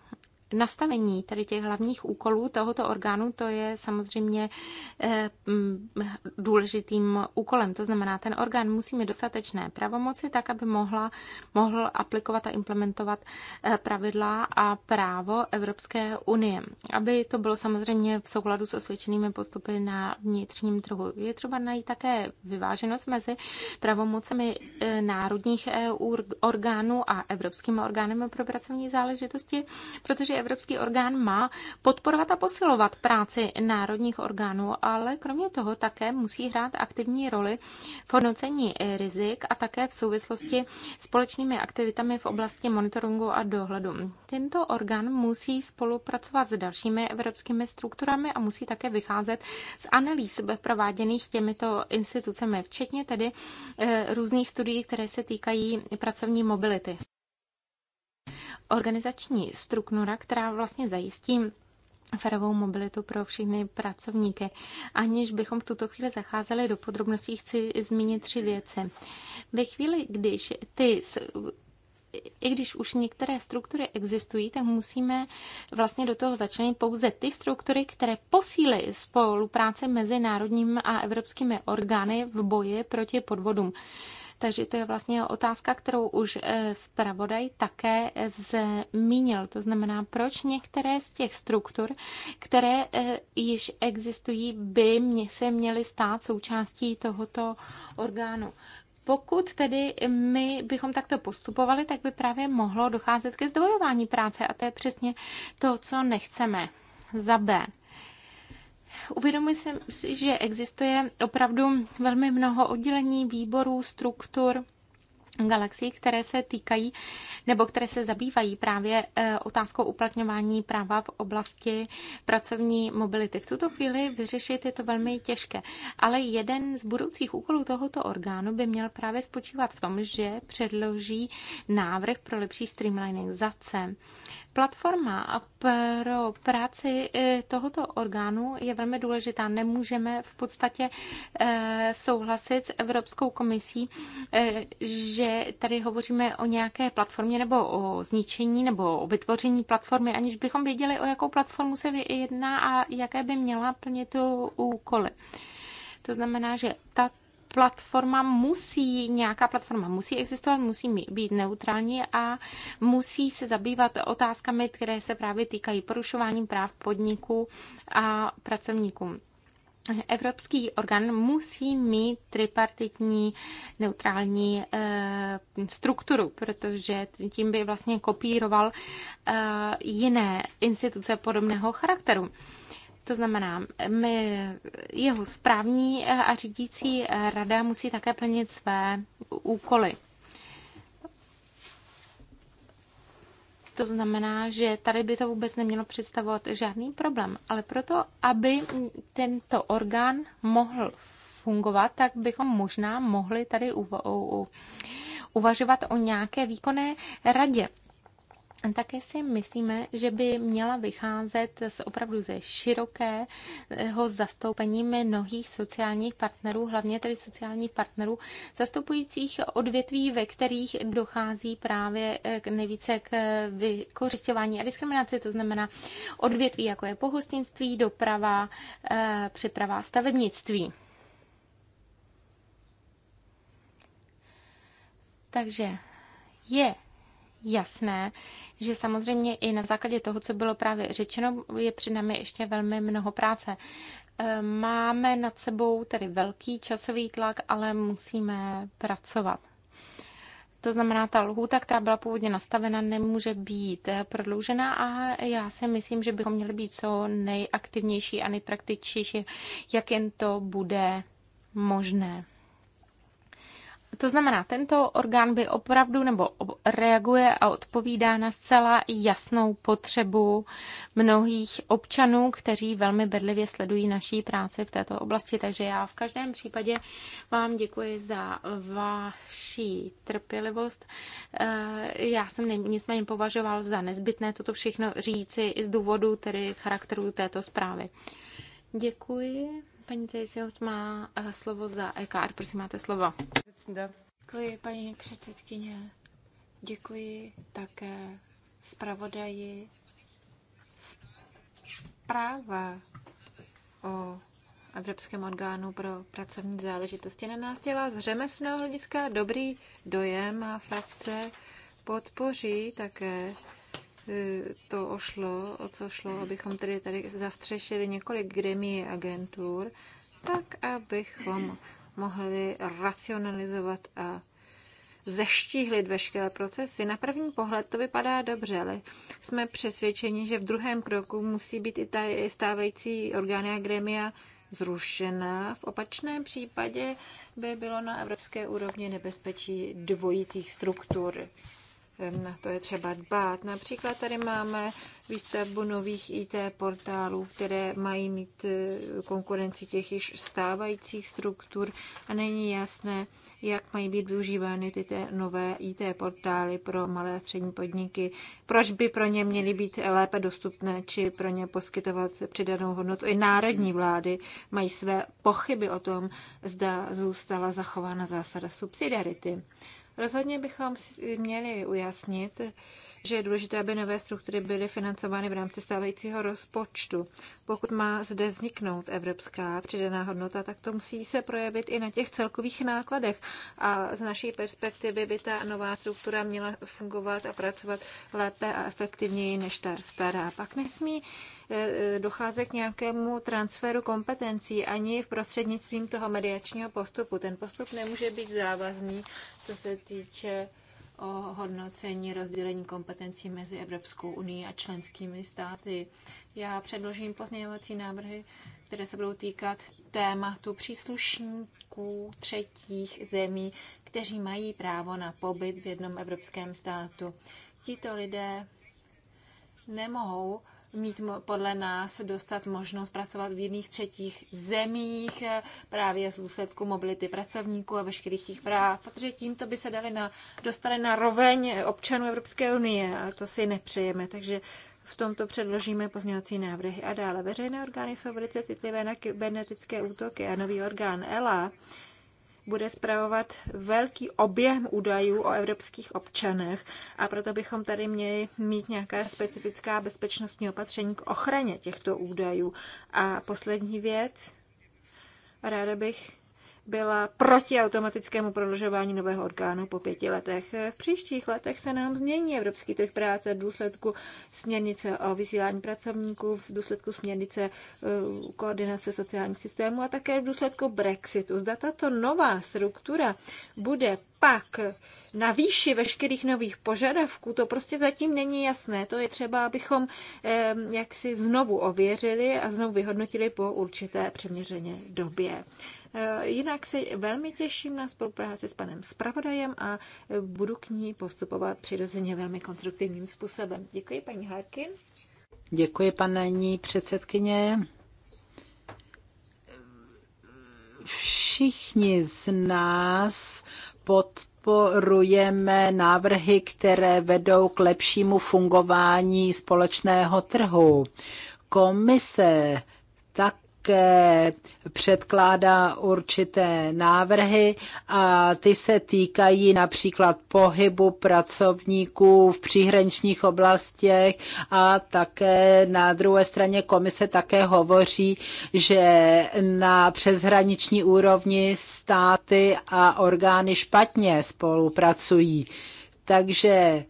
nastavení tady těch hlavních úkolů tohoto orgánu, to je samozřejmě eh, mm, důležitým úkolem. To znamená, ten orgán musí mít dostatečné pravomoci, tak aby mohla, mohl aplikovat a implementovat eh, pravidla a právo Evropské unie. Aby to bylo samozřejmě v souladu s osvědčenými postupy na vnitřním trhu. Je třeba najít také vyváženost mezi pravomocemi eh, národních EU orgánů a Evropským orgánem pro pracovní záležitosti, protože Evropský orgán má podporovat a posilovat práci národních orgánů, ale kromě toho také musí hrát aktivní roli v hodnocení rizik a také v souvislosti společnými aktivitami v oblasti monitoringu a dohledu. Tento orgán musí spolupracovat s dalšími evropskými strukturami a musí také vycházet z analýz prováděných těmito institucemi, včetně tedy eh, různých studií, které se týkají pracovní mobility organizační struktura, která vlastně zajistí ferovou mobilitu pro všechny pracovníky. Aniž bychom v tuto chvíli zacházeli do podrobností, chci zmínit tři věci. Ve chvíli, když ty i když už některé struktury existují, tak musíme vlastně do toho začlenit pouze ty struktury, které posílí spolupráce mezi národními a evropskými orgány v boji proti podvodům. Takže to je vlastně otázka, kterou už eh, zpravodaj také eh, zmínil. To znamená, proč některé z těch struktur, které eh, již existují, by se měly stát součástí tohoto orgánu. Pokud tedy my bychom takto postupovali, tak by právě mohlo docházet ke zdvojování práce a to je přesně to, co nechceme. Za B. Uvědomuji si, že existuje opravdu velmi mnoho oddělení, výborů, struktur, galaxií, které se týkají nebo které se zabývají právě eh, otázkou uplatňování práva v oblasti pracovní mobility. V tuto chvíli vyřešit je to velmi těžké, ale jeden z budoucích úkolů tohoto orgánu by měl právě spočívat v tom, že předloží návrh pro lepší streamlining. Za C Platforma pro práci e, tohoto orgánu je velmi důležitá. Nemůžeme v podstatě e, souhlasit s Evropskou komisí, e, že tady hovoříme o nějaké platformě nebo o zničení nebo o vytvoření platformy, aniž bychom věděli, o jakou platformu se jedná a jaké by měla plnit úkoly. To znamená, že tato platforma musí, nějaká platforma musí existovat, musí být neutrální a musí se zabývat otázkami, které se právě týkají porušování práv podniků a pracovníků. Evropský orgán musí mít tripartitní neutrální e, strukturu, protože tím by vlastně kopíroval e, jiné instituce podobného charakteru. E, to znamená, my, jeho správní eh, a řídící eh, rada musí také plnit své úkoly. To znamená, že tady by to vůbec nemělo představovat žádný problém. Ale proto, aby tento orgán mohl fungovat, tak bychom možná mohli tady uvažovat o nějaké výkonné radě také si myslíme, že by měla vycházet z opravdu ze širokého zastoupení mnohých sociálních partnerů, hlavně tedy sociálních partnerů, zastupujících odvětví, ve kterých dochází právě k nejvíce k vykořišťování a diskriminaci, to znamená odvětví, jako je pohostinství, doprava, eh, přeprava, stavebnictví. Takže je jasné, že samozřejmě i na základě toho, co bylo právě řečeno, je před námi ještě velmi mnoho práce. Eh, máme nad sebou tedy velký časový tlak, ale musíme pracovat. To znamená, ta lhůta, která byla původně nastavena, nemůže být prodloužena a já si myslím, že bychom měli být co nejaktivnější a nejpraktičtější, jak jen to bude možné. To znamená, tento orgán by opravdu nebo reaguje a odpovídá na zcela jasnou potřebu mnohých občanů, kteří velmi bedlivě sledují naší práci v této oblasti. Takže já v každém případě vám děkuji za vaši trpělivost. Eh, já jsem nicméně považoval za nezbytné toto všechno říci i z důvodu tedy charakteru této zprávy. Děkuji. Paní Tejsiovc má eh, slovo za EKR, prosím, máte slovo. Děkuji, paní předsedkyně. Děkuji také zpravodaji zpráva o Evropském orgánu pro pracovní záležitosti na nás dělá z řemeslného hlediska dobrý dojem a frakce podpoří také e, to ošlo, o co šlo, abychom tedy tady zastřešili několik gremí agentur, tak abychom mohli racionalizovat a zeštíhlit veškeré procesy. Na první pohled to vypadá dobře, ale jsme přesvědčeni, že v druhém kroku musí být i ta stávající orgány a gremia zrušena. V opačném případě by bylo na evropské úrovni nebezpečí dvojitých struktur na to je třeba dbát. Například tady máme výstavbu nových IT portálů, které mají mít e, konkurenci těch již stávajících struktur a není jasné, jak mají být využívány ty nové IT portály pro malé a střední podniky, proč by pro ně měly být lépe dostupné, či pro ně poskytovat přidanou hodnotu. I národní vlády mají své pochyby o tom, zda zůstala zachována zásada subsidiarity. Rozhodně bychom měli ujasnit, že je důležité, aby nové struktury byly financovány v rámci stávajícího rozpočtu. Pokud má zde vzniknout evropská přidaná hodnota, tak to musí se projevit i na těch celkových nákladech. A z naší perspektivy by ta nová struktura měla fungovat a pracovat lépe a efektivněji než ta stará. Pak nesmí Eh, eh, docházet k nějakému transferu kompetencí ani v prostřednictvím toho mediačního postupu. Ten postup nemůže být závazný, co se týče o hodnocení rozdělení kompetencí mezi Evropskou unii a členskými státy. Já předložím pozměňovací návrhy, které se budou týkat tématu příslušníků třetích zemí, kteří mají právo na pobyt v jednom evropském státu. Tito lidé nemohou mít podle nás dostat možnost pracovat v jiných třetích zemích eh, právě z důsledku mobility pracovníků a veškerých těch práv, protože tímto by se dali na, dostali na roveň občanů Evropské unie a to si nepřejeme, takže v tomto předložíme pozměňovací návrhy a dále. Veřejné orgány jsou velice citlivé na kybernetické útoky a nový orgán ELA bude zpravovat velký objem údajů o evropských občanech a proto bychom tady měli mít nějaká specifická bezpečnostní opatření k ochraně těchto údajů. A poslední věc, ráda bych byla proti automatickému prodlužování nového orgánu po pěti letech. V příštích letech se nám změní evropský trh práce v důsledku směrnice o vysílání pracovníků, v důsledku směrnice e, koordinace sociálních systémů a také v důsledku Brexitu. Zda tato nová struktura bude pak na výši veškerých nových požadavků, to prostě zatím není jasné. To je třeba, abychom jaksi znovu ověřili a znovu vyhodnotili po určité přeměřeně době. E, jinak se velmi těším na spolupráci s panem Spravodajem a e, budu k ní postupovat přirozeně velmi konstruktivním způsobem. Děkuji, paní Harkin. Děkuji, paní předsedkyně. Všichni z nás podporujeme návrhy, které vedou k lepšímu fungování společného trhu. Komise také předkládá určité návrhy a ty se týkají například pohybu pracovníků v příhraničních oblastech a také na druhé straně komise také hovoří, že na přeshraniční úrovni státy a orgány špatně spolupracují. Takže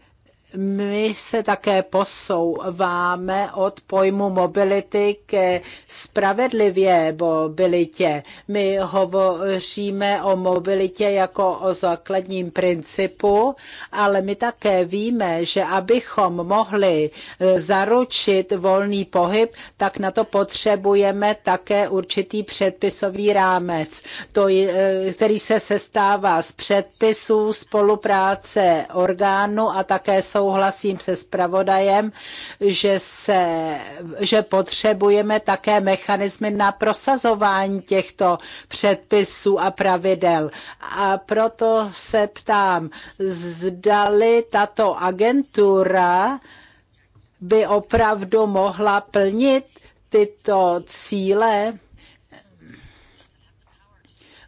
my se také posouváme od pojmu mobility ke spravedlivě mobilitě. My hovoříme o mobilitě jako o základním principu, ale my také víme, že abychom mohli e, zaručit volný pohyb, tak na to potřebujeme také určitý předpisový rámec, to je, e, který se sestává z předpisů, spolupráce orgánů a také jsou souhlasím se zpravodajem, že, se, že potřebujeme také mechanismy na prosazování těchto předpisů a pravidel. A proto se ptám, zdali tato agentura by opravdu mohla plnit tyto cíle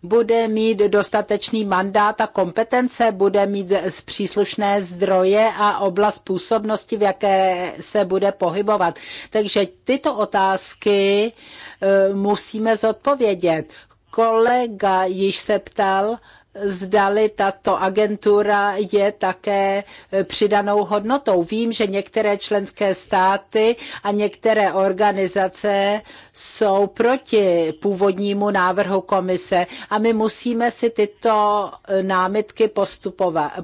bude mít dostatečný mandát a kompetence, bude mít příslušné zdroje a oblast působnosti, v jaké se bude pohybovat. Takže tyto otázky eh, musíme zodpovědět. Kolega již se ptal, zdali tato agentura je také eh, přidanou hodnotou. Vím, že některé členské státy a některé organizace jsou proti původnímu návrhu komise a my musíme si tyto eh, námitky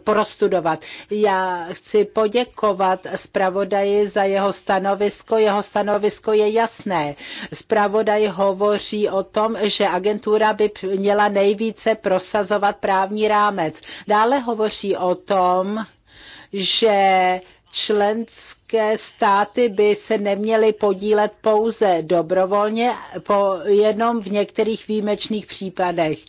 prostudovat. Já chci poděkovat zpravodaji za jeho stanovisko. Jeho stanovisko je jasné. Zpravodaj hovoří o tom, že agentura by měla nejvíce prosazovat právní rámec. Dále hovoří o tom, že členské státy by se neměly podílet pouze dobrovolně, po, jenom v některých výjimečných případech.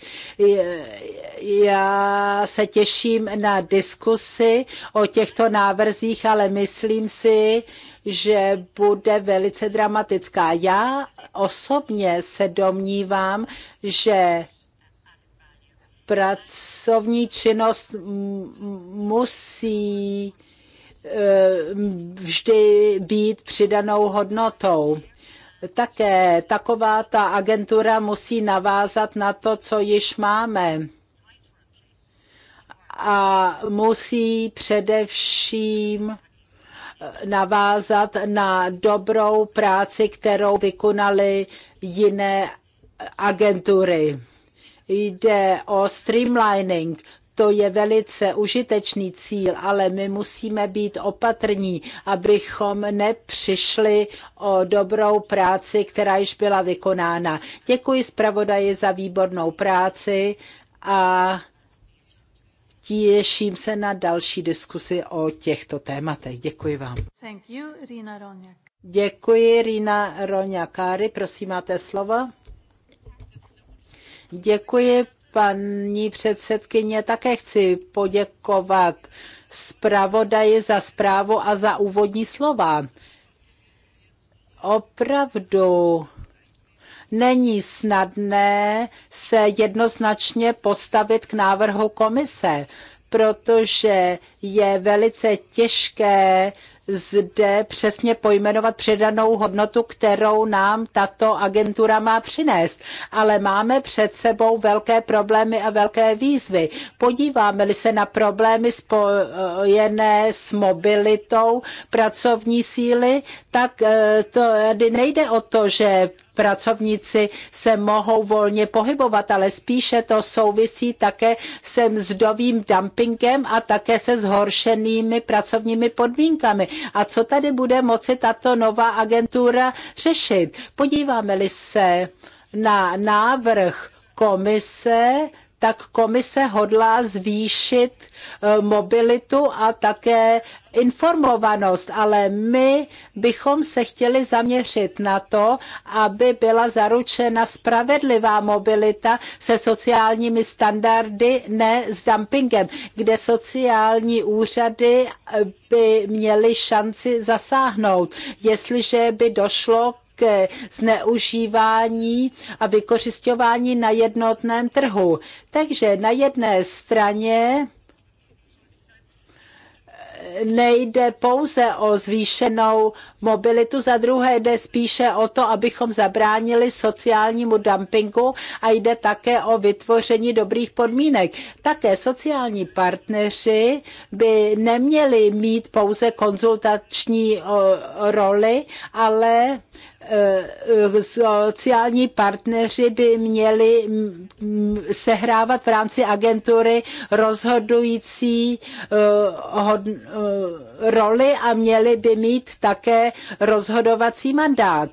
Já se těším na diskusy o těchto návrzích, ale myslím si, že bude velice dramatická. Já osobně se domnívám, že pracovní činnost musí e, vždy být přidanou hodnotou. Také taková ta agentura musí navázat na to, co již máme. A musí především navázat na dobrou práci, kterou vykonaly jiné agentury jde o streamlining, to je velice užitečný cíl, ale my musíme být opatrní, abychom nepřišli o dobrou práci, která již byla vykonána. Děkuji zpravodaji za výbornou práci a těším se na další diskusi o těchto tématech. Děkuji vám. Thank you, Rina Děkuji, Rina Roňakáry. Prosím, máte slovo. Děkuji, paní předsedkyně. Také chci poděkovat zpravodaji za zprávu a za úvodní slova. Opravdu není snadné se jednoznačně postavit k návrhu komise, protože je velice těžké zde přesně pojmenovat předanou hodnotu, kterou nám tato agentura má přinést. Ale máme před sebou velké problémy a velké výzvy. Podíváme-li se na problémy spojené s mobilitou pracovní síly, tak eh, to nejde o to, že pracovníci se mohou volně pohybovat, ale spíše to souvisí také se mzdovým dumpingem a také se zhoršenými pracovními podmínkami. A co tady bude moci tato nová agentura řešit? Podíváme-li se na návrh komise, tak komise hodlá zvýšit eh, mobilitu a také informovanost, ale my bychom se chtěli zaměřit na to, aby byla zaručena spravedlivá mobilita se sociálními standardy, ne s dumpingem, kde sociální úřady eh, by měly šanci zasáhnout, jestliže by došlo ke zneužívání a vykořišťování na jednotném trhu. Takže na jedné straně nejde pouze o zvýšenou mobilitu, za druhé jde spíše o to, abychom zabránili sociálnímu dumpingu a jde také o vytvoření dobrých podmínek. Také sociální partneři by neměli mít pouze konzultační roli, ale Eh, sociální partneři by měli sehrávat v rámci agentury rozhodující eh, eh, roli a měli by mít také rozhodovací mandát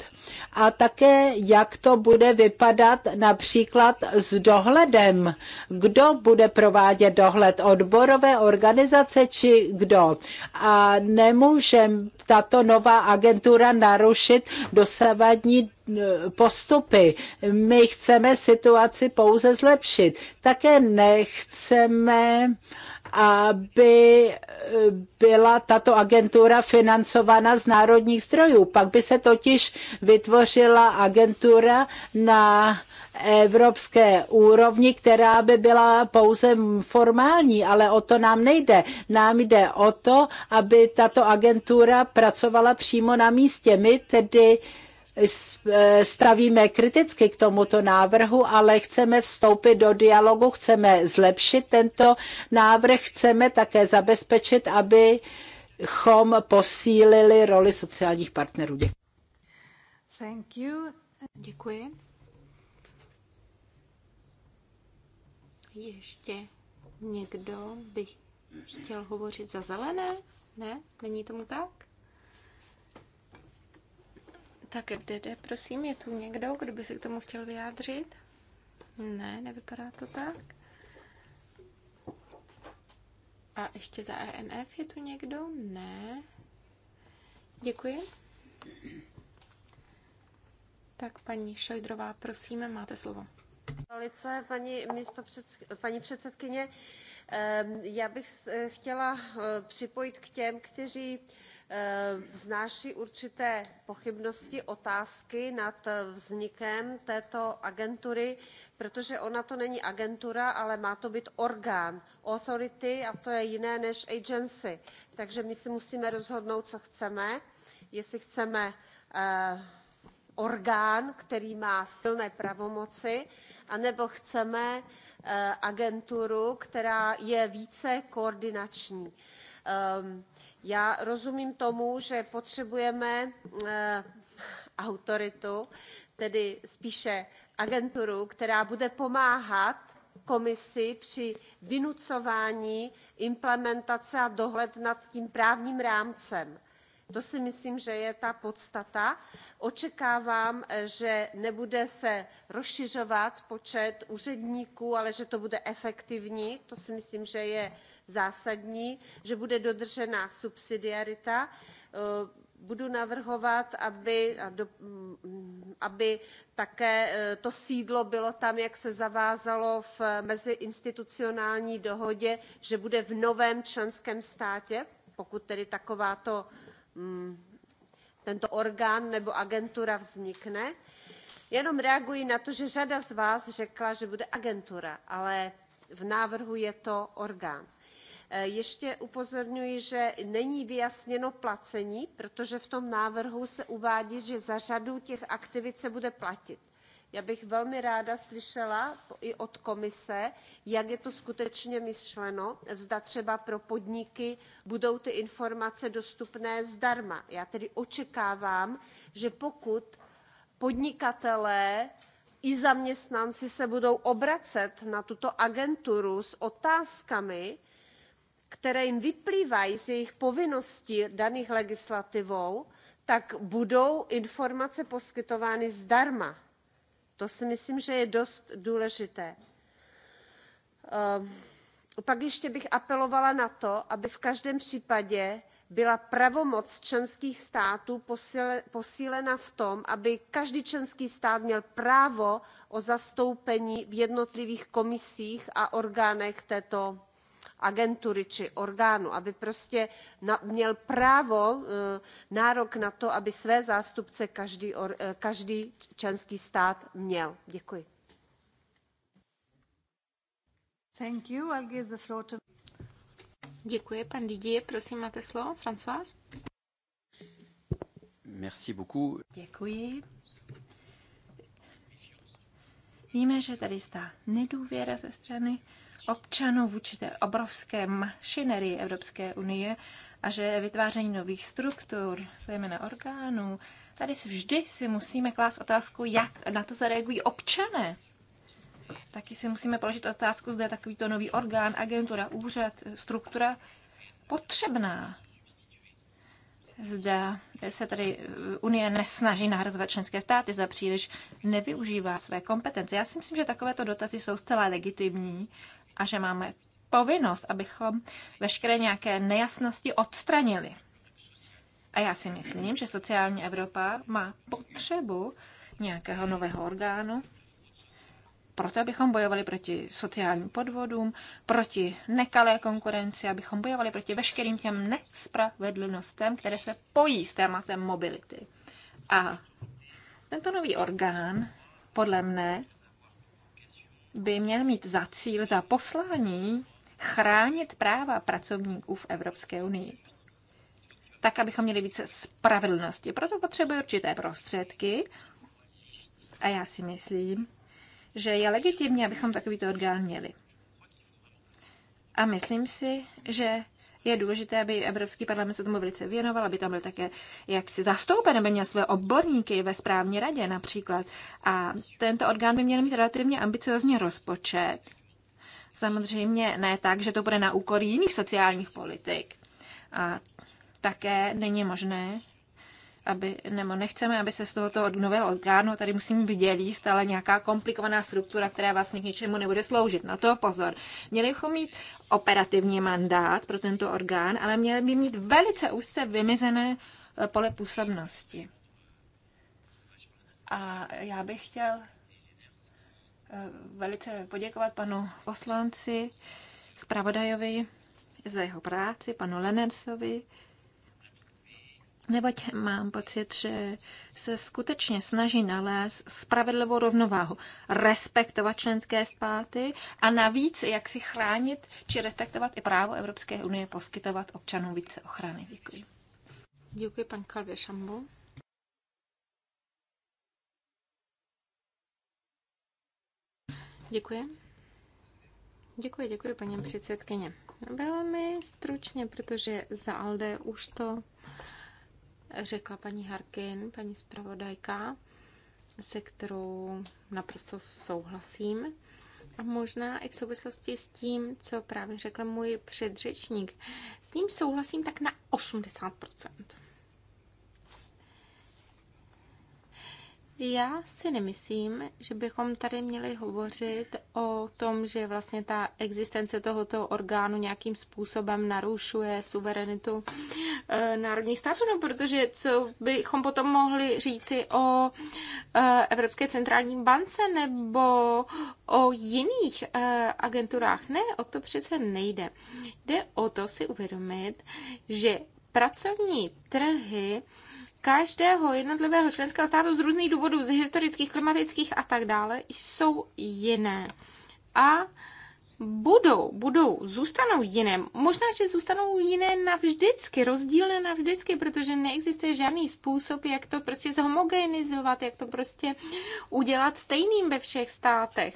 a také jak to bude vypadat například s dohledem. Kdo bude provádět dohled? Odborové organizace či kdo? A nemůže tato nová agentura narušit dosavadní e, postupy. My chceme situaci pouze zlepšit. Také nechceme uh, aby eh, byla tato agentura financována z národních zdrojů. Pak by se totiž vytvořila agentura na evropské úrovni, která by byla pouze formální, ale o to nám nejde. Nám jde o to, aby tato agentura pracovala přímo na místě. My tedy Eh, stavíme kriticky k tomuto návrhu, ale chceme vstoupit do dialogu, chceme zlepšit tento návrh, chceme také zabezpečit, abychom posílili roli sociálních partnerů. Děkuji. Ještě někdo by chtěl hovořit za zelené? Ne? Není tomu tak? Tak jde, prosím, je tu někdo, kdo by se k tomu chtěl vyjádřit? Ne, nevypadá to tak. A ještě za ENF je tu někdo? Ne. Děkuji. Tak paní Šojdrová, prosíme, máte slovo. Lice, paní, místo před, paní předsedkyně, ehm, já bych chtěla eh, připojit k těm, kteří Eh, vznáší určité pochybnosti otázky nad eh, vznikem této agentury protože ona to není agentura ale má to být orgán authority a to je jiné než agency takže my se musíme rozhodnout co chceme jestli chceme eh, orgán který má silné pravomoci anebo chceme agenturu která je více koordinační. Ehm, já rozumím tomu že potřebujeme eh, autoritu tedy spíše agenturu která bude pomáhat komisi při vynucování implementace a dohled nad tím právním rámcem. to si myslím že je ta podstata. očekávám eh, že nebude se rozšiřovat počet úředníků ale že to bude efektivní to si myslím že je zásadní že bude dodržena subsidiarita eh, budu navrhovat aby, mm, aby také eh, to sídlo bylo tam jak se zavázalo v meziinstitucionální dohodě že bude v novém členském státě pokud tedy takováto, mm, tento orgán nebo agentura vznikne. jenom reaguji na to že řada z vás řekla že bude agentura ale v návrhu je to orgán. Eh, ještě upozorňuji, že není vyjasněno placení, protože v tom návrhu se uvádí, že za řadu těch aktivit se bude platit. Já bych velmi ráda slyšela i od komise, jak je to skutečně myšleno, zda třeba pro podniky budou ty informace dostupné zdarma. Já tedy očekávám, že pokud podnikatelé i zaměstnanci se budou obracet na tuto agenturu s otázkami, které jim vyplývají z jejich povinností daných legislativou tak budou informace poskytovány zdarma. to si myslím že je dost důležité. Ehm, pak ještě bych apelovala na to aby v každém případě byla pravomoc členských států posílena v tom aby každý členský stát měl právo na zastoupení v jednotlivých komisích a orgánech této agentury či orgánu, aby prostě měl právo, e, nárok na to, aby své zástupce každý, or, e, každý členský stát měl. Děkuji. Thank you. I'll give the floor to... Děkuji, pan Didier. Prosím, máte slovo, François. Merci beaucoup. Děkuji. Víme, že tady stá nedůvěra ze strany občanů vůči té obrovské mašinerii Evropské unie a že vytváření nových struktur, zejména orgánů, tady vždy si musíme klást otázku, jak na to zareagují občané. Taky si musíme položit otázku, zda je takovýto nový orgán, agentura, úřad, struktura potřebná. Zda se tady Unie nesnaží nahrazovat členské státy, za příliš nevyužívá své kompetence. Já si myslím, že takovéto dotazy jsou zcela legitimní a že máme povinnost, abychom veškeré nějaké nejasnosti odstranili. A já si myslím, že sociální Evropa má potřebu nějakého nového orgánu, proto abychom bojovali proti sociálním podvodům, proti nekalé konkurenci, abychom bojovali proti veškerým těm nespravedlnostem, které se pojí s tématem mobility. A tento nový orgán, podle mne, by měl mít za cíl, za poslání chránit práva pracovníků v Evropské unii. Tak, abychom měli více spravedlnosti. Proto potřebuje určité prostředky a já si myslím, že je legitimní, abychom takovýto orgán měli. A myslím si, že je důležité, aby Evropský parlament se tomu velice věnoval, aby tam byl také jaksi zastoupen, aby měl své odborníky ve správní radě například. A tento orgán by měl mít relativně ambiciozní rozpočet. Samozřejmě ne tak, že to bude na úkor jiných sociálních politik. A také není možné, aby, nebo nechceme, aby se z tohoto nového orgánu tady musím vydělí stále nějaká komplikovaná struktura, která vlastně k ničemu nebude sloužit. Na to pozor. Měli bychom mít operativní mandát pro tento orgán, ale měli by mít velice úzce vymizené eh, pole působnosti. A já bych chtěl eh, velice poděkovat panu poslanci, zpravodajovi za jeho práci, panu Lenersovi, neboť mám pocit, že se skutečně snaží nalézt spravedlivou rovnováhu, respektovat členské státy a navíc, jak si chránit či respektovat i právo Evropské unie poskytovat občanům více ochrany. Děkuji. Děkuji, pan Kalvě Šambu. Děkuji. Děkuji, děkuji, paní předsedkyně. Velmi stručně, protože za Alde už to řekla paní Harkin, paní zpravodajka, se kterou naprosto souhlasím. A možná i v souvislosti s tím, co právě řekl můj předřečník. S ním souhlasím tak na 80%. Já si nemyslím, že bychom tady měli hovořit o tom, že vlastně ta existence tohoto orgánu nějakým způsobem narušuje suverenitu e, národních států, no protože co bychom potom mohli říci o e, Evropské centrální bance nebo o jiných e, agenturách. Ne, o to přece nejde. Jde o to si uvědomit, že pracovní trhy každého jednotlivého členského státu z různých důvodů, z historických, klimatických a tak dále, jsou jiné. A budou, budou, zůstanou jiné. Možná, že zůstanou jiné navždycky, rozdílné navždycky, protože neexistuje žádný způsob, jak to prostě zhomogenizovat, jak to prostě udělat stejným ve všech státech.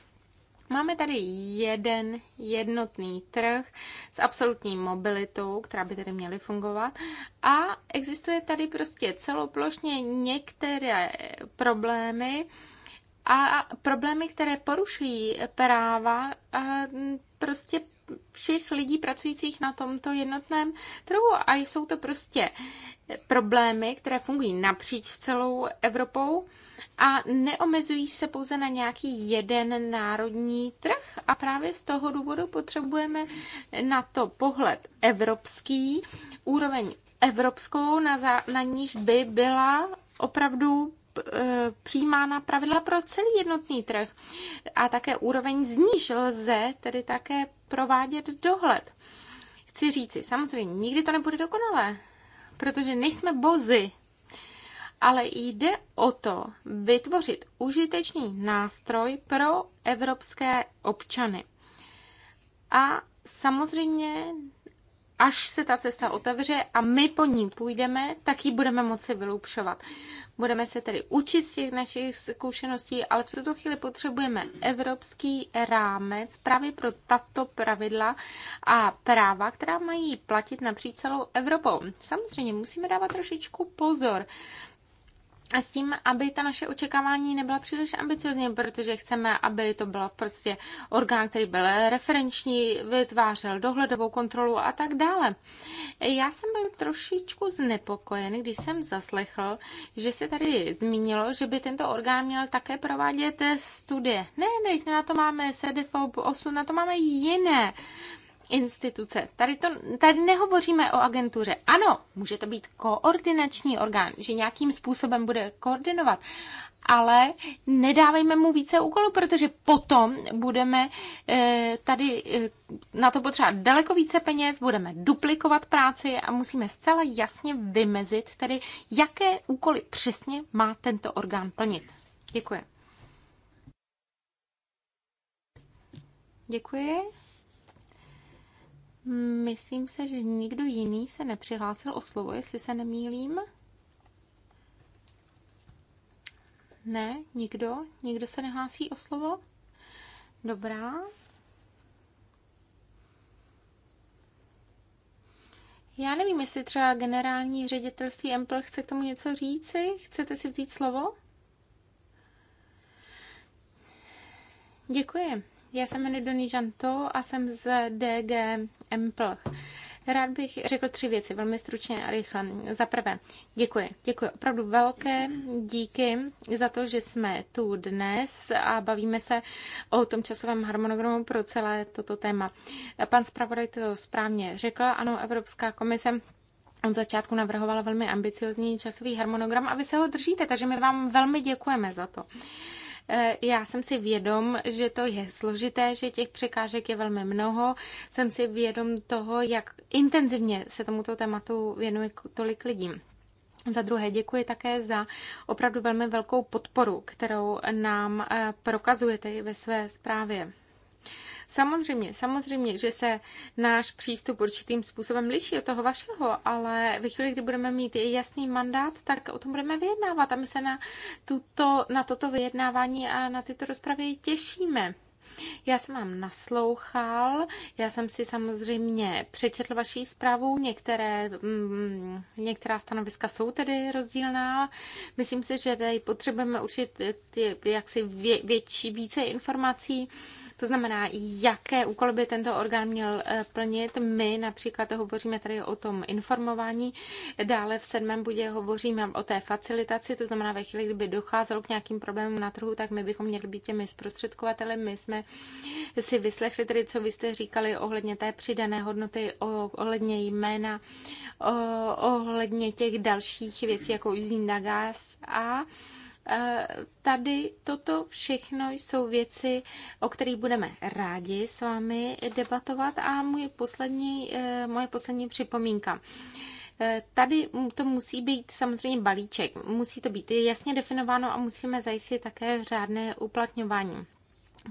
Máme tady jeden jednotný trh s absolutní mobilitou, která by tedy měly fungovat a existuje tady prostě celoplošně některé problémy a problémy, které porušují práva mm, prostě všech lidí pracujících na tomto jednotném trhu a jsou to prostě problémy, které fungují napříč celou Evropou a neomezují se pouze na nějaký jeden národní trh. A právě z toho důvodu potřebujeme na to pohled evropský, úroveň evropskou, na, za, na níž by byla opravdu eh, přijímána pravidla pro celý jednotný trh a také úroveň z níž lze tedy také provádět dohled. Chci říci, samozřejmě, nikdy to nebude dokonalé, protože nejsme bozy, ale jde o to vytvořit užitečný nástroj pro evropské občany. A samozřejmě, až se ta cesta otevře a my po ní půjdeme, tak ji budeme moci vylupšovat. Budeme se tedy učit z těch našich zkušeností, ale v tuto chvíli potřebujeme evropský rámec právě pro tato pravidla a práva, která mají platit napříč celou Evropou. Samozřejmě musíme dávat trošičku pozor, a s tím, aby ta naše očekávání nebyla příliš ambiciozní, protože chceme, aby to byl prostě orgán, který byl referenční, vytvářel dohledovou kontrolu a tak dále. Já jsem byl trošičku znepokojen, když jsem zaslechl, že se tady zmínilo, že by tento orgán měl také provádět studie. Ne, ne, na to máme SEDEFOB 8, na to máme jiné instituce. Tady, to, tady nehovoříme o agentuře. Ano, může to být koordinační orgán, že nějakým způsobem bude koordinovat, ale nedávejme mu více úkolů, protože potom budeme eh, tady eh, na to potřebovat daleko více peněz, budeme duplikovat práci a musíme zcela jasně vymezit tedy, jaké úkoly přesně má tento orgán plnit. Děkuji. Děkuji. Myslím se, že nikdo jiný se nepřihlásil o slovo, jestli se nemýlím. Ne, nikdo? Nikdo se nehlásí o slovo? Dobrá. Já nevím, jestli třeba generální ředitelství Empl chce k tomu něco říci. Chcete si vzít slovo? Děkuji. Já jsem Nedony Žanto a jsem z DG Empl. Rád bych řekl tři věci, velmi stručně a rychle. Za prvé, děkuji. Děkuji opravdu velké díky za to, že jsme tu dnes a bavíme se o tom časovém harmonogramu pro celé toto téma. Pan zpravodaj to správně řekl. Ano, Evropská komise od začátku navrhovala velmi ambiciozní časový harmonogram a vy se ho držíte, takže my vám velmi děkujeme za to. E, já jsem si vědom, že to je složité, že těch překážek je velmi mnoho. Jsem si vědom toho, jak intenzivně se tomuto tématu věnuje tolik lidí. Za druhé děkuji také za opravdu velmi velkou podporu, kterou nám e, prokazujete ve své zprávě. Samozřejmě, samozřejmě, že se náš přístup určitým způsobem liší od toho vašeho, ale ve chvíli, kdy budeme mít jasný mandát, tak o tom budeme vyjednávat a my se na, tuto, na toto vyjednávání a na tyto rozpravy těšíme. Já jsem vám naslouchal, já jsem si samozřejmě přečetl vaši zprávu, některé, mm, některá stanoviska jsou tedy rozdílná. Myslím si, že tady potřebujeme určitě jaksi vě, větší, více informací to znamená, jaké úkoly by tento orgán měl eh, plnit. My například hovoříme tady o tom informování, dále v sedmém bodě hovoříme o té facilitaci, to znamená ve chvíli, kdyby docházelo k nějakým problémům na trhu, tak my bychom měli být těmi zprostředkovateli. My jsme si vyslechli tedy, co vy jste říkali ohledně té přidané hodnoty, ohledně jména, ohledně těch dalších věcí, jako Uzín a Eh, tady toto všechno jsou věci, o kterých budeme rádi s vámi debatovat a můj poslední, eh, moje poslední připomínka. Eh, tady to musí být samozřejmě balíček, musí to být jasně definováno a musíme zajistit také řádné uplatňování.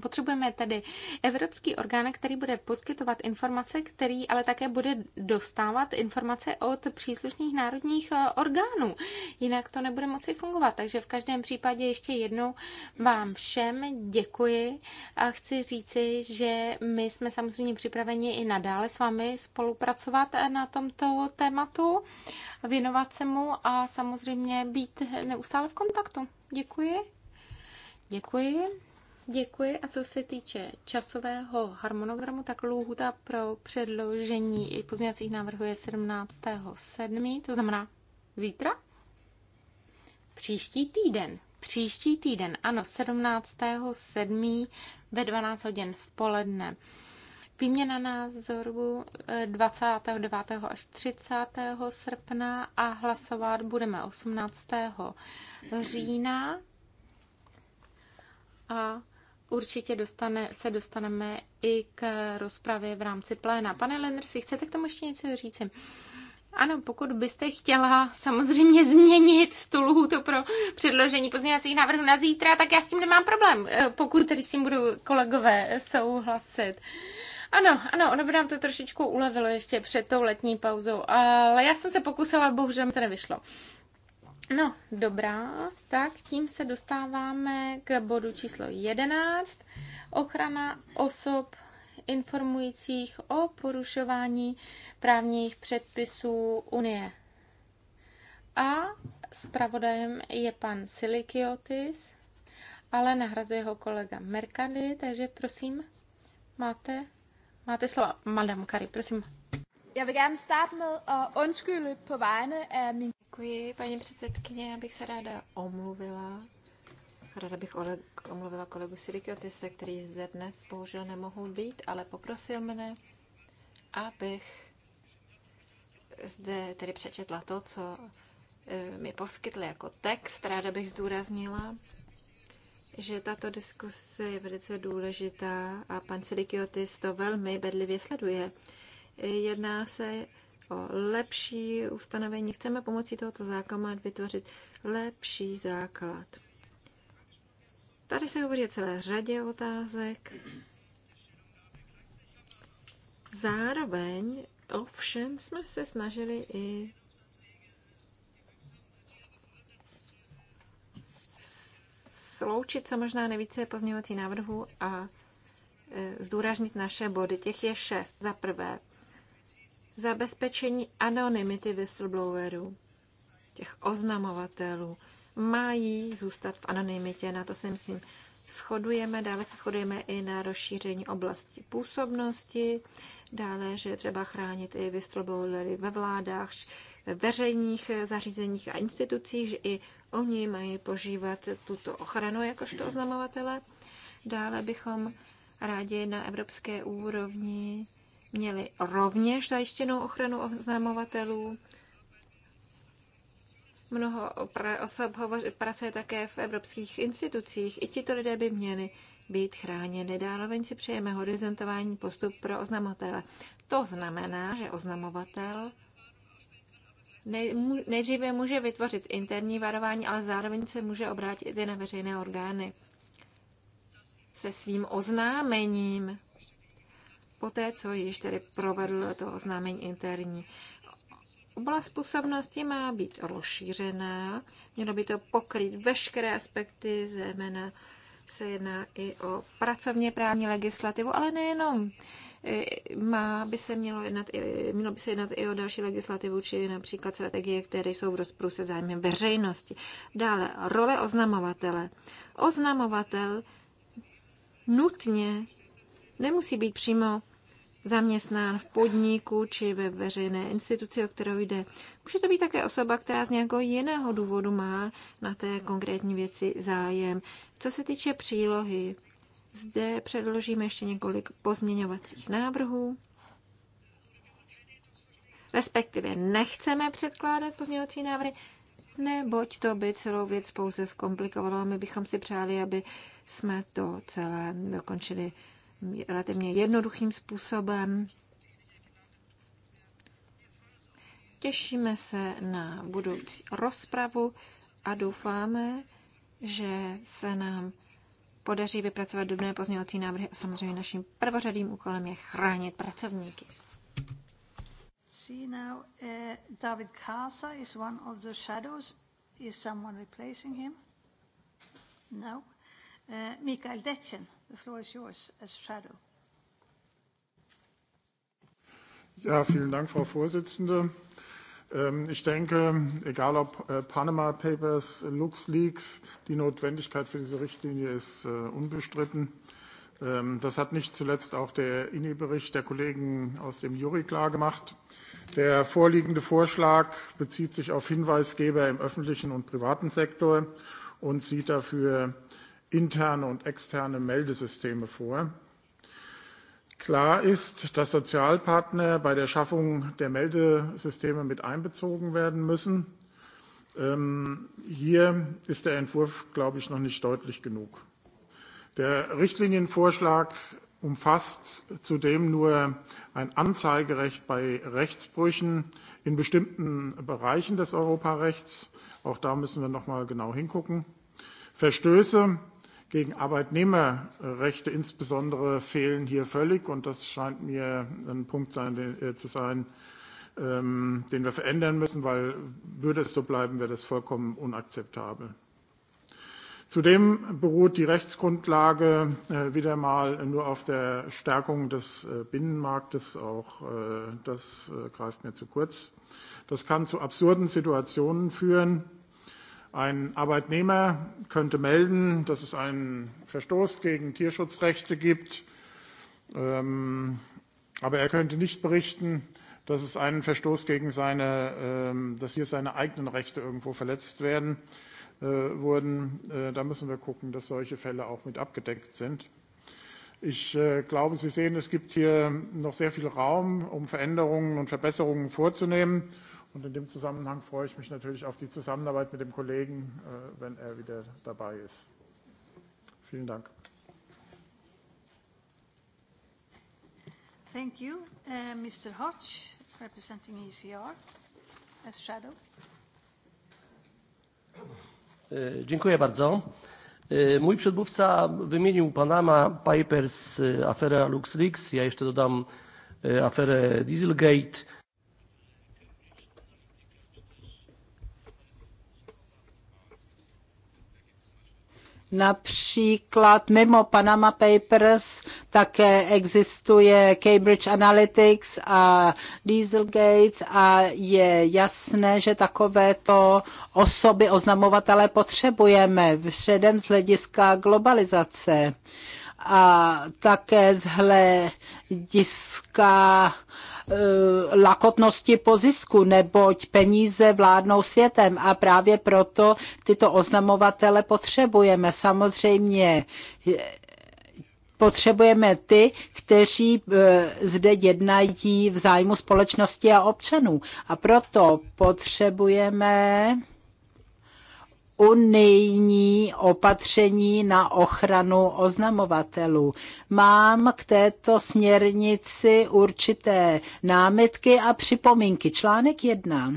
Potřebujeme tedy evropský orgán, který bude poskytovat informace, který ale také bude dostávat informace od příslušných národních eh, orgánů. Jinak to nebude moci fungovat. Takže v každém případě ještě jednou vám všem děkuji a chci říci, že my jsme samozřejmě připraveni i nadále s vámi spolupracovat eh, na tomto tématu, věnovat se mu a samozřejmě být neustále v kontaktu. Děkuji. Děkuji. Děkuji. A co se týče časového harmonogramu, tak lůhuta pro předložení pozměňovacích návrhů je 17.7., to znamená zítra? Příští týden. Příští týden, ano, 17.7. ve 12 hodin v poledne. Výměna názoru 29. Eh, až 30. srpna a hlasovat budeme 18. října. A určitě dostane, se dostaneme i k rozpravě v rámci pléna. Pane Si chcete k tomu ještě něco říct? Ano, pokud byste chtěla samozřejmě změnit tu lhůtu pro předložení pozměňovacích návrhů na zítra, tak já s tím nemám problém, eh, pokud tedy s tím budou kolegové souhlasit. Ano, ano, ono by nám to trošičku ulevilo ještě před tou letní pauzou, ale já jsem se pokusila, bohužel mi to nevyšlo. No, dobrá, tak tím se dostáváme k bodu číslo 11. Ochrana osob informujících o porušování právních předpisů Unie. A zpravodajem je pan Silikiotis, ale nahrazuje ho kolega Merkady, takže prosím, máte, máte slova. Madam Kari, prosím. Já bych rád starte s at undskylde vegne af min... Děkuji, paní předsedkyně. Já bych se ráda omluvila. Ráda bych omluvila kolegu Sirikiotise, který zde dnes bohužel nemohl být, ale poprosil mne, abych zde tedy přečetla to, co e, mi poskytli jako text. Ráda bych zdůraznila, že tato diskuse je velice důležitá a pan Silikiotis to velmi bedlivě sleduje. E, jedná se o lepší ustanovení. Chceme pomocí tohoto zákona vytvořit lepší základ. Tady se hovoří o celé řadě otázek. Zároveň ovšem jsme se snažili i sloučit co možná nejvíce pozměňovací návrhu a e, zdůraznit naše body. Těch je šest. Za prvé, zabezpečení anonymity whistleblowerů, těch oznamovatelů, mají zůstat v anonymitě. Na to si myslím, shodujeme. Dále se shodujeme i na rozšíření oblasti působnosti, dále, že je třeba chránit i whistleblowery ve vládách, ve veřejných zařízeních a institucích, že i oni mají požívat tuto ochranu jakožto oznamovatele. Dále bychom rádi na evropské úrovni měli rovněž zajištěnou ochranu oznamovatelů. Mnoho osob hovoří, pracuje také v evropských institucích. I tito lidé by měli být chráněny. Dároveň si přejeme horizontování postup pro oznamovatele. To znamená, že oznamovatel nejdříve může vytvořit interní varování, ale zároveň se může obrátit i na veřejné orgány se svým oznámením poté co již tedy provedl to oznámení interní. Oblast působnosti má být rozšířená, mělo by to pokryt veškeré aspekty, zejména se jedná i o pracovně právní legislativu, ale nejenom. E, má by se mělo, jednat, mělo by se jednat i o další legislativu, či například strategie, které jsou v rozporu se zájmy veřejnosti. Dále, role oznamovatele. Oznamovatel nutně nemusí být přímo zaměstnán v podniku či ve veřejné instituci, o kterou jde. Může to být také osoba, která z nějakého jiného důvodu má na té konkrétní věci zájem. Co se týče přílohy, zde předložíme ještě několik pozměňovacích návrhů. Respektive nechceme předkládat pozměňovací návrhy, neboť to by celou věc pouze zkomplikovalo a my bychom si přáli, aby jsme to celé dokončili relativně jednoduchým způsobem. Těšíme se na budoucí rozpravu a doufáme, že se nám podaří vypracovat dobré pozměňovací návrhy a samozřejmě naším prvořadým úkolem je chránit pracovníky. See now, uh, David Casa is one of the shadows. Is someone replacing him? No. Uh, eh, Mikael The floor is yours as shadow. Ja, vielen Dank, Frau Vorsitzende. Ähm, ich denke, egal ob äh, Panama Papers, LuxLeaks, die Notwendigkeit für diese Richtlinie ist äh, unbestritten. Ähm, das hat nicht zuletzt auch der INI-Bericht der Kollegen aus dem Jury klargemacht. Der vorliegende Vorschlag bezieht sich auf Hinweisgeber im öffentlichen und privaten Sektor und sieht dafür interne und externe Meldesysteme vor. Klar ist, dass Sozialpartner bei der Schaffung der Meldesysteme mit einbezogen werden müssen. Ähm, hier ist der Entwurf, glaube ich, noch nicht deutlich genug. Der Richtlinienvorschlag umfasst zudem nur ein Anzeigerecht bei Rechtsbrüchen in bestimmten Bereichen des Europarechts. Auch da müssen wir noch mal genau hingucken. Verstöße gegen Arbeitnehmerrechte insbesondere fehlen hier völlig. Und das scheint mir ein Punkt sein, den, äh, zu sein, ähm, den wir verändern müssen, weil würde es so bleiben, wäre das vollkommen unakzeptabel. Zudem beruht die Rechtsgrundlage äh, wieder mal nur auf der Stärkung des äh, Binnenmarktes. Auch äh, das äh, greift mir zu kurz. Das kann zu absurden Situationen führen Ein Arbeitnehmer könnte melden, dass es einen Verstoß gegen Tierschutzrechte gibt, ähm, aber er könnte nicht berichten, dass es einen Verstoß gegen seine, ähm, dass hier seine eigenen Rechte irgendwo verletzt werden äh, wurden. Äh, da müssen wir gucken, dass solche Fälle auch mit abgedeckt sind. Ich äh, glaube, Sie sehen, es gibt hier noch sehr viel Raum, um Veränderungen und Verbesserungen vorzunehmen. Und in dem Zusammenhang freue ich mich natürlich auf die Zusammenarbeit mit dem Kollegen, äh, wenn er wieder dabei ist. Vielen Dank. Thank you. Uh, Mr. Hodge, representing ECR as shadow. E, dziękuję bardzo. E, mój przedmówca wymienił Panama Papers, e, aferę LuxLeaks, ja jeszcze dodam aferę Dieselgate Například mimo Panama Papers také existuje Cambridge Analytics a Dieselgate a je jasné, že takovéto osoby oznamovatele potřebujeme předem z hlediska globalizace a také z hlediska Eh, lakotnosti po zisku, neboť peníze vládnou světem a právě proto tyto oznamovatele potřebujeme. Samozřejmě eh, potřebujeme ty, kteří eh, zde jednají v zájmu společnosti a občanů. A proto potřebujeme unijní opatření na ochranu oznamovatelů. Mám k této směrnici určité námitky a připomínky. Článek 1.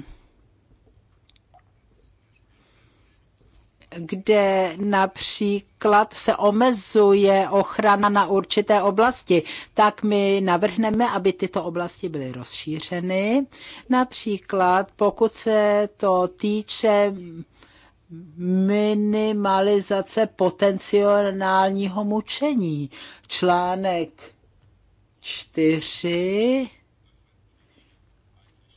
kde například se omezuje ochrana na určité oblasti, tak my navrhneme, aby tyto oblasti byly rozšířeny. Například pokud se to týče minimalizace potenciálního mučení. Článek 4.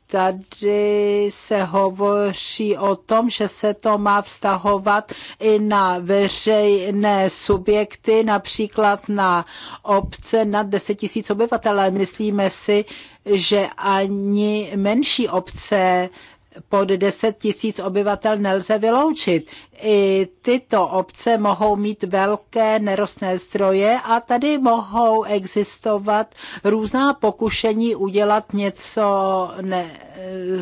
Tady se hovoří o tom, že se to má vztahovat i na veřejné subjekty, například na obce nad 10 000 obyvatel. Myslíme si, že ani menší obce pod 10 tisíc obyvatel nelze vyloučit i tyto obce mohou mít velké nerostné zdroje a tady mohou existovat různá pokušení udělat něco ne,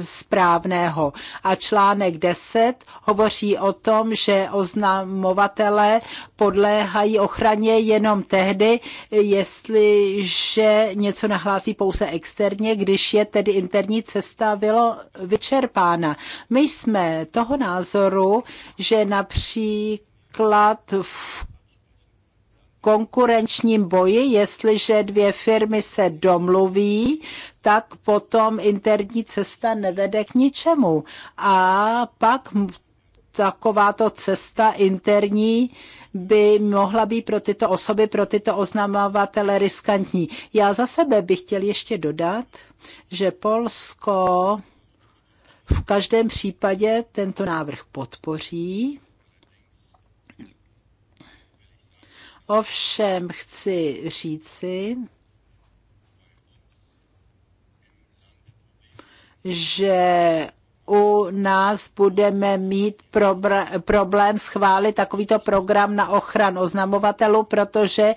správného. A článek 10 hovoří o tom, že oznamovatele podléhají ochraně jenom tehdy, jestliže něco nahlásí pouze externě, když je tedy interní cesta bylo vyčerpána. My jsme toho názoru, že například v konkurenčním boji, jestliže dvě firmy se domluví, tak potom interní cesta nevede k ničemu. A pak takováto cesta interní by mohla být pro tyto osoby, pro tyto oznamovatele riskantní. Já za sebe bych chtěl ještě dodat, že Polsko v každém případě tento návrh podpoří. Ovšem chci říci, že u nás budeme mít problém schválit takovýto program na ochranu oznamovatelů, protože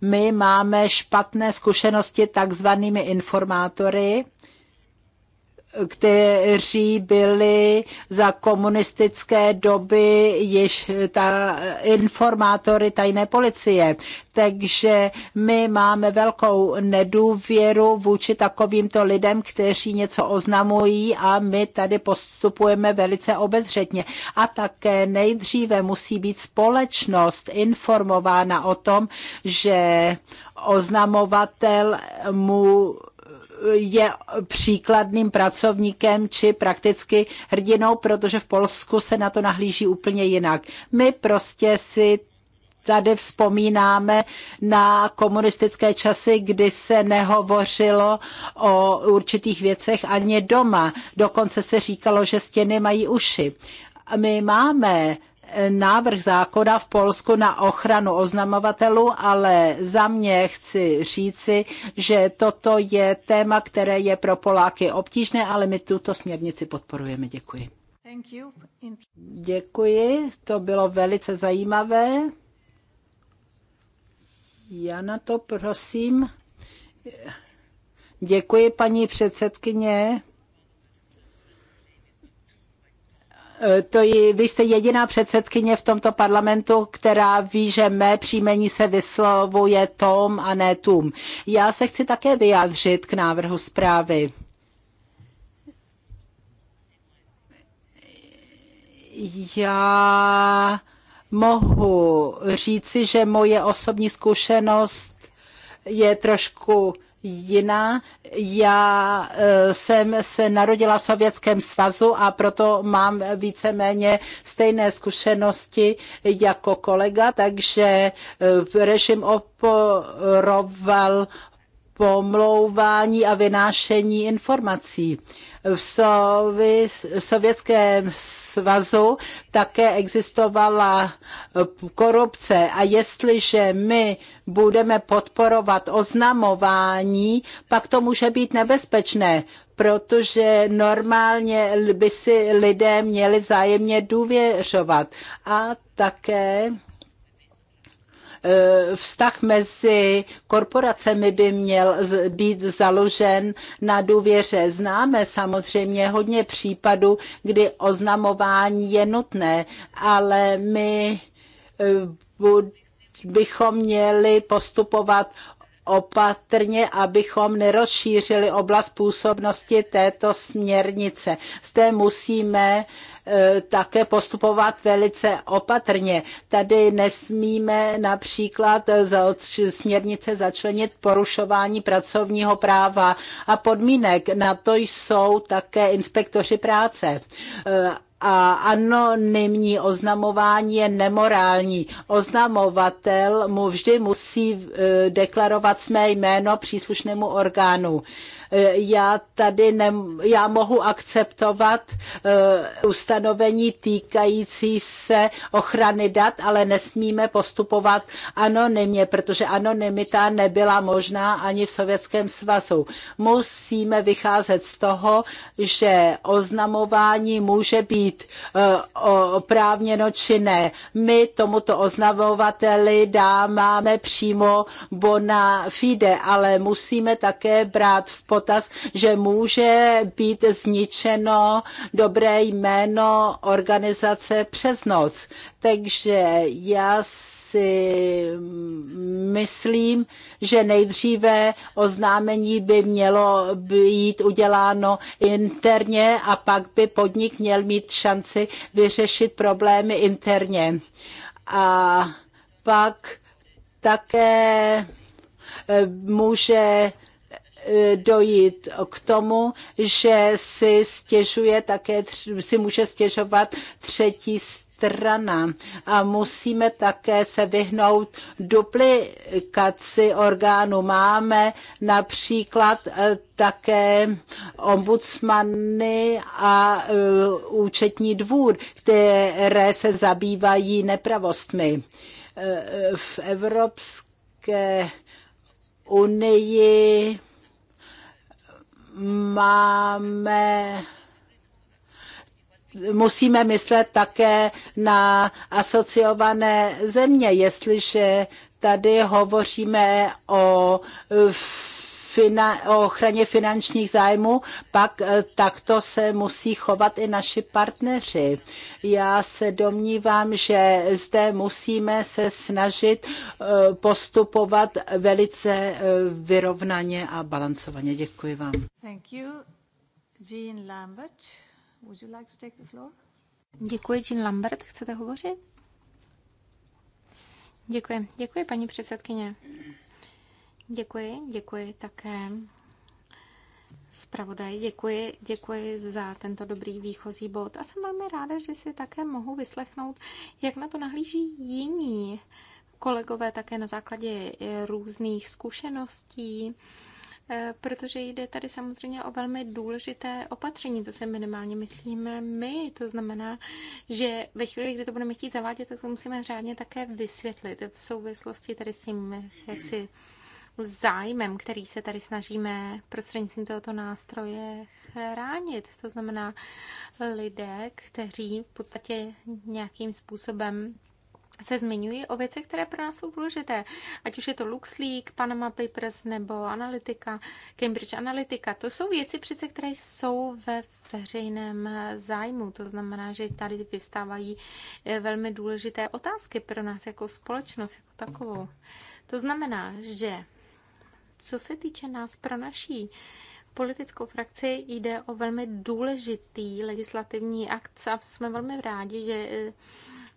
my máme špatné zkušenosti takzvanými informátory, kteří byli za komunistické doby již ta informátory tajné policie. Takže my máme velkou nedůvěru vůči takovýmto lidem, kteří něco oznamují a my tady postupujeme velice obezřetně. A také nejdříve musí být společnost informována o tom, že oznamovatel mu je příkladným pracovníkem či prakticky hrdinou, protože v Polsku se na to nahlíží úplně jinak. My prostě si tady vzpomínáme na komunistické časy, kdy se nehovořilo o určitých věcech ani doma. Dokonce se říkalo, že stěny mají uši. My máme návrh zákona v Polsku na ochranu oznamovatelů, ale za mě chci říci, že toto je téma, které je pro Poláky obtížné, ale my tuto směrnici podporujeme. Děkuji. Děkuji, to bylo velice zajímavé. Já na to prosím. Děkuji, paní předsedkyně. to je, vy jste jediná předsedkyně v tomto parlamentu, která ví, že mé příjmení se vyslovuje Tom a ne Tum. Já se chci také vyjádřit k návrhu zprávy. Já mohu říci, že moje osobní zkušenost je trošku jiná. Já e, jsem se narodila v Sovětském svazu a proto mám víceméně stejné zkušenosti jako kolega, takže e, režim oporoval pomlouvání a vynášení informací. V, v Sovětském svazu také existovala korupce a jestliže my budeme podporovat oznamování, pak to může být nebezpečné, protože normálně by si lidé měli vzájemně důvěřovat. A také Eh, vztah mezi korporacemi by měl být založen na důvěře. Známe samozřejmě hodně případů, kdy oznamování je nutné, ale my eh, bychom měli postupovat opatrně, abychom nerozšířili oblast působnosti této směrnice. Zde musíme uh, E, také postupovat velice opatrně. Tady nesmíme například za směrnice začlenit porušování pracovního práva a podmínek. Na to jsou také inspektoři práce e, a anonymní oznamování je nemorální. Oznamovatel mu vždy musí e, deklarovat své jméno příslušnému orgánu. Já tady ne, já mohu akceptovat eh, ustanovení týkající se ochrany dat, ale nesmíme postupovat anonymně, protože anonymita nebyla možná ani v Sovětském svazu. Musíme vycházet z toho, že oznamování může být eh, oprávněno či ne. My tomuto oznamovateli dáváme přímo bona fide, ale musíme také brát v pot potaz, že může být zničeno dobré jméno organizace přes noc. Takže já si myslím, že nejdříve oznámení by mělo být uděláno interně a pak by podnik měl mít šanci vyřešit problémy interně. A pak také může E, dojít k tomu, že si stěžuje také, si může stěžovat třetí strana a musíme také se vyhnout duplikaci orgánů. Máme například e, také ombudsmany a e, účetní dvůr, které se zabývají nepravostmi. V Evropské unii máme musíme myslet také na asociované země, jestliže tady hovoříme o o ochraně finančních zájmů, pak eh, takto se musí chovat i naši partneři. Já se domnívám, že zde musíme se snažit eh, postupovat velice eh, vyrovnaně a balancovaně. Děkuji vám. Thank you. Jean Lambert, would you like to take the floor? Děkuji, Jean Lambert. Chcete hovořit? Děkuji. Děkuji, paní předsedkyně. Děkuji, děkuji také zpravodaj, děkuji, děkuji za tento dobrý výchozí bod a jsem velmi ráda, že si také mohu vyslechnout, jak na to nahlíží jiní kolegové také na základě eh, různých zkušeností, eh, protože jde tady samozřejmě o velmi důležité opatření, to si minimálně myslíme my, to znamená, že ve chvíli, kdy to budeme chtít zavádět, tak to musíme řádně také vysvětlit v souvislosti tady s tím, jak si zájmem, který se tady snažíme prostřednictvím tohoto nástroje chránit. To znamená lidé, kteří v podstatě nějakým způsobem se zmiňují o věcech, které pro nás jsou důležité. Ať už je to LuxLeak, Panama Papers nebo Analytica, Cambridge Analytica. To jsou věci přece, které jsou ve veřejném zájmu. To znamená, že tady vyvstávají eh, velmi důležité otázky pro nás jako společnost, jako takovou. To znamená, že co se týče nás pro naší politickou frakci jde o velmi důležitý legislativní akt a jsme velmi rádi, že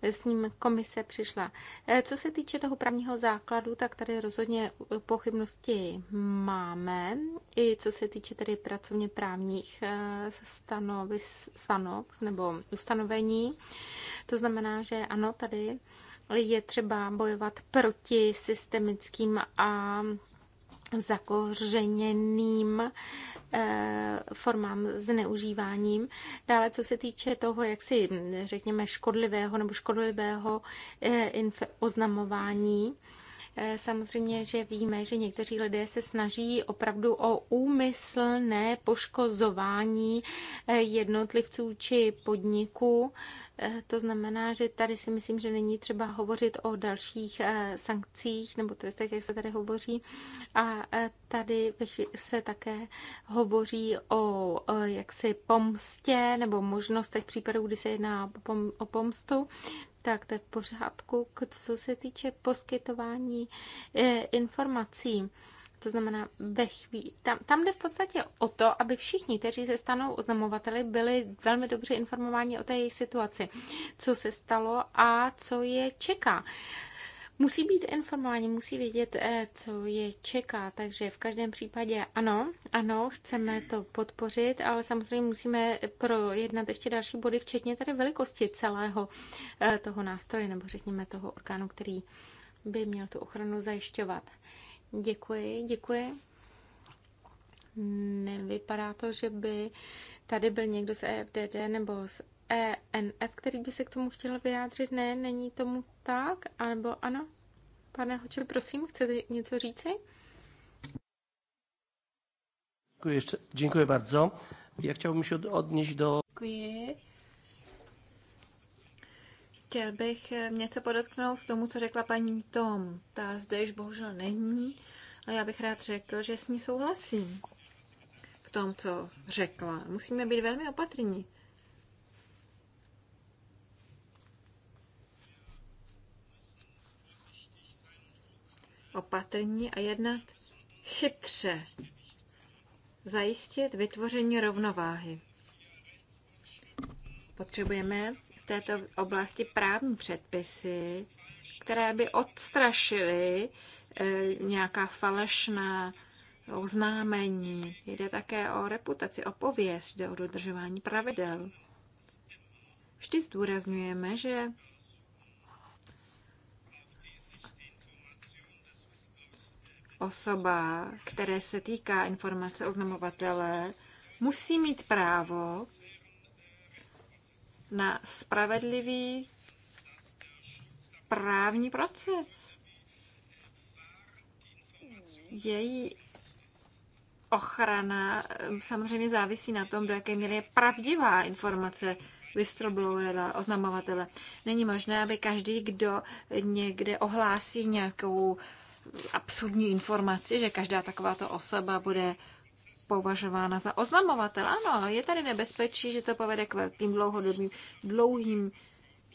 eh, s ním komise přišla. Eh, co se týče toho právního základu, tak tady rozhodně pochybnosti máme, i co se týče tedy pracovně právních eh, stanovis, stanov nebo ustanovení. To znamená, že ano, tady je třeba bojovat proti systemickým a zakořeněným eh, formám zneužíváním. Dále, co se týče toho, jak si řekněme, škodlivého nebo škodlivého eh, oznamování, Eh, samozřejmě, že víme, že někteří lidé se snaží opravdu o úmyslné poškozování eh, jednotlivců či podniků. Eh, to znamená, že tady si myslím, že není třeba hovořit o dalších sankcích nebo trestech, jak se tady hovoří. A tady se také hovoří o jaksi pomstě nebo možnostech případů, kdy se jedná o pomstu tak to je v pořádku, co se týče poskytování eh, informací. To znamená, ve chvíli, tam, tam jde v podstatě o to, aby všichni, kteří se stanou oznamovateli, byli velmi dobře informováni o té jejich situaci, co se stalo a co je čeká musí být informováni, musí vědět, eh, co je čeká. Takže v každém případě ano, ano, chceme to podpořit, ale samozřejmě musíme projednat ještě další body, včetně tady velikosti celého eh, toho nástroje, nebo řekněme toho orgánu, který by měl tu ochranu zajišťovat. Děkuji, děkuji. Nevypadá to, že by tady byl někdo z EFDD nebo z ENF, který by se k tomu chtěl vyjádřit? Ne, není tomu tak, anebo ano? Pane Hoče, prosím, chcete něco říci? Děkuji, ještě, děkuji bardzo. Já bych od, odnieść do... Děkuji. Chtěl bych eh, něco podotknout k tomu, co řekla paní Tom. Ta zde již bohužel není, ale já bych rád řekl, že s ní souhlasím v tom, co řekla. Musíme být velmi opatrní opatrní a jednat chytře. Zajistit vytvoření rovnováhy. Potřebujeme v této oblasti právní předpisy, které by odstrašily eh, nějaká falešná oznámení. Jde také o reputaci, o pověst, jde o dodržování pravidel. Vždy zdůrazňujeme, že osoba, které se týká informace oznamovatele, musí mít právo na spravedlivý právní proces. Její ochrana eh, samozřejmě závisí na tom, do jaké míry je pravdivá informace whistleblowera, oznamovatele. Není možné, aby každý, kdo někde ohlásí nějakou absurdní informaci, že každá takováto osoba bude považována za oznamovatel. Ano, je tady nebezpečí, že to povede k velkým dlouhodobým, dlouhým,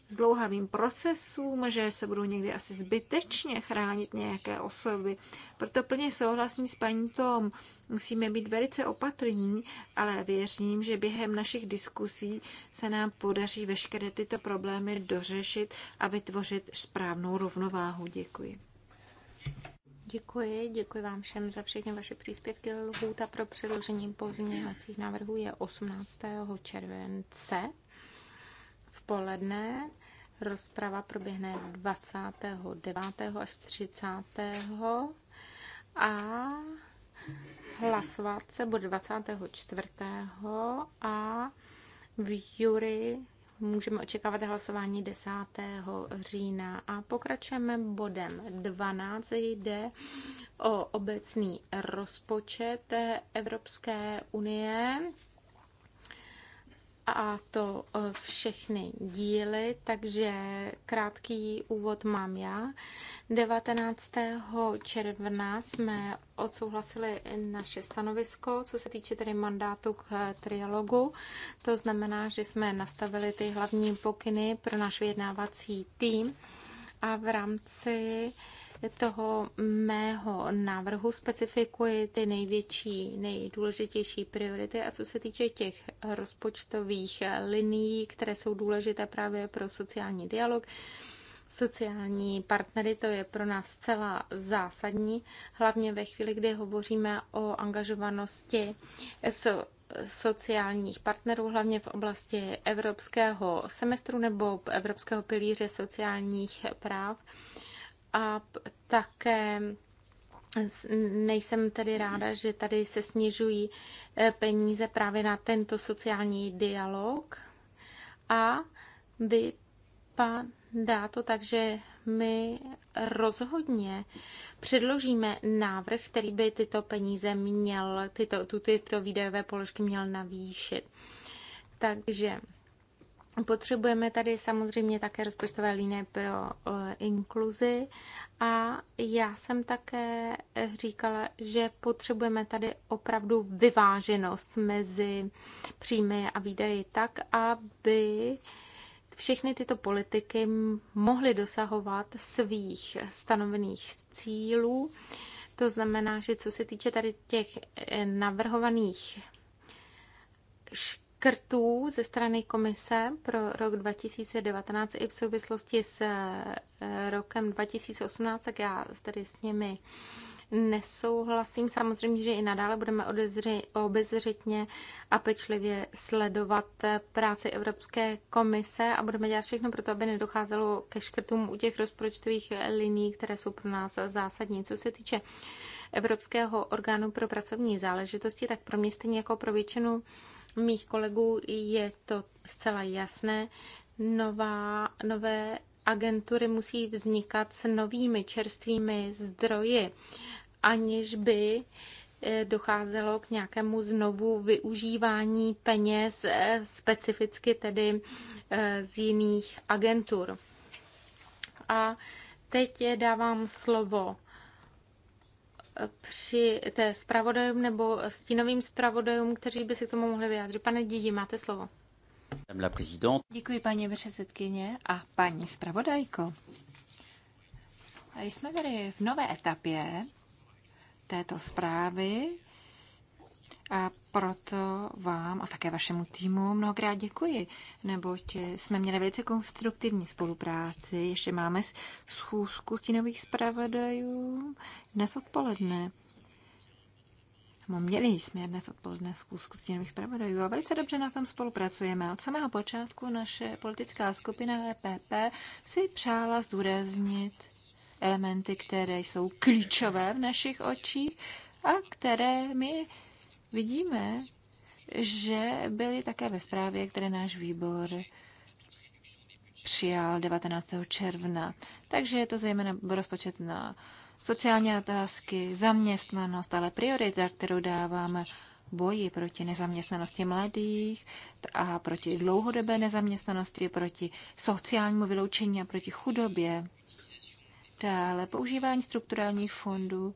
zdlouhavým procesům, že se budou někdy asi zbytečně chránit nějaké osoby. Proto plně souhlasím s paní Tom. Musíme být velice opatrní, ale věřím, že během našich diskusí se nám podaří veškeré tyto problémy dořešit a vytvořit správnou rovnováhu. Děkuji. Děkuji, děkuji vám všem za všechny vaše příspěvky. Lhůta pro předložení pozměňovacích návrhů je 18. července v poledne. Rozprava proběhne 29. až 30. a hlasovat se bude 24. a v jury můžeme očekávat hlasování 10. října. A pokračujeme bodem 12. Jde o obecný rozpočet Evropské unie a to e, všechny díly, takže krátký úvod mám já. 19. června jsme odsouhlasili naše stanovisko, co se týče tedy mandátu k trialogu. To znamená, že jsme nastavili ty hlavní pokyny pro náš vyjednávací tým a v rámci toho mého návrhu specifikuji ty největší, nejdůležitější priority a co se týče těch rozpočtových linií, které jsou důležité právě pro sociální dialog, sociální partnery, to je pro nás celá zásadní, hlavně ve chvíli, kdy hovoříme o angažovanosti so sociálních partnerů, hlavně v oblasti evropského semestru nebo evropského pilíře sociálních práv a také nejsem tedy ráda, že tady se snižují eh, peníze právě na tento sociální dialog a vypadá to tak, že my rozhodně předložíme návrh, který by tyto peníze měl, tyto, tyto výdajové položky měl navýšit. Takže Potřebujeme tady samozřejmě také rozpočtové líny pro eh, inkluzi a já jsem také říkala, že potřebujeme tady opravdu vyváženost mezi příjmy a výdaji tak, aby všechny tyto politiky mohly dosahovat svých stanovených cílů. To znamená, že co se týče tady těch eh, navrhovaných škol, škrtů ze strany komise pro rok 2019 i v souvislosti s eh, rokem 2018, tak já tady s nimi nesouhlasím. Samozřejmě, že i nadále budeme obezřetně a pečlivě sledovat eh, práci Evropské komise a budeme dělat všechno pro to, aby nedocházelo ke škrtům u těch rozpočtových eh, liní, které jsou pro nás zásadní. Co se týče Evropského orgánu pro pracovní záležitosti, tak pro mě stejně jako pro většinu mých kolegů je to zcela jasné. Nová, nové agentury musí vznikat s novými čerstvými zdroji, aniž by eh, docházelo k nějakému znovu využívání peněz, eh, specificky tedy eh, z jiných agentur. A teď dávám slovo při té zpravodajům nebo stínovým zpravodajům, kteří by se k tomu mohli vyjádřit. Pane Didi, máte slovo. Děkuji, paní předsedkyně a paní zpravodajko. Jsme tady v nové etapě této zprávy, a proto vám a také vašemu týmu mnohokrát děkuji, neboť jsme měli velice konstruktivní spolupráci. Ještě máme schůzku stínových zpravodajů dnes odpoledne. No, měli jsme dnes odpoledne zkusku s těmi zpravodajů a velice dobře na tom spolupracujeme. Od samého počátku naše politická skupina EPP si přála zdůraznit elementy, které jsou klíčové v našich očích a které my vidíme, že byly také ve zprávě, které náš výbor přijal 19. června. Takže je to zejména rozpočet na sociální otázky, zaměstnanost, ale priorita, kterou dáváme boji proti nezaměstnanosti mladých a proti dlouhodobé nezaměstnanosti, proti sociálnímu vyloučení a proti chudobě. Dále používání strukturálních fondů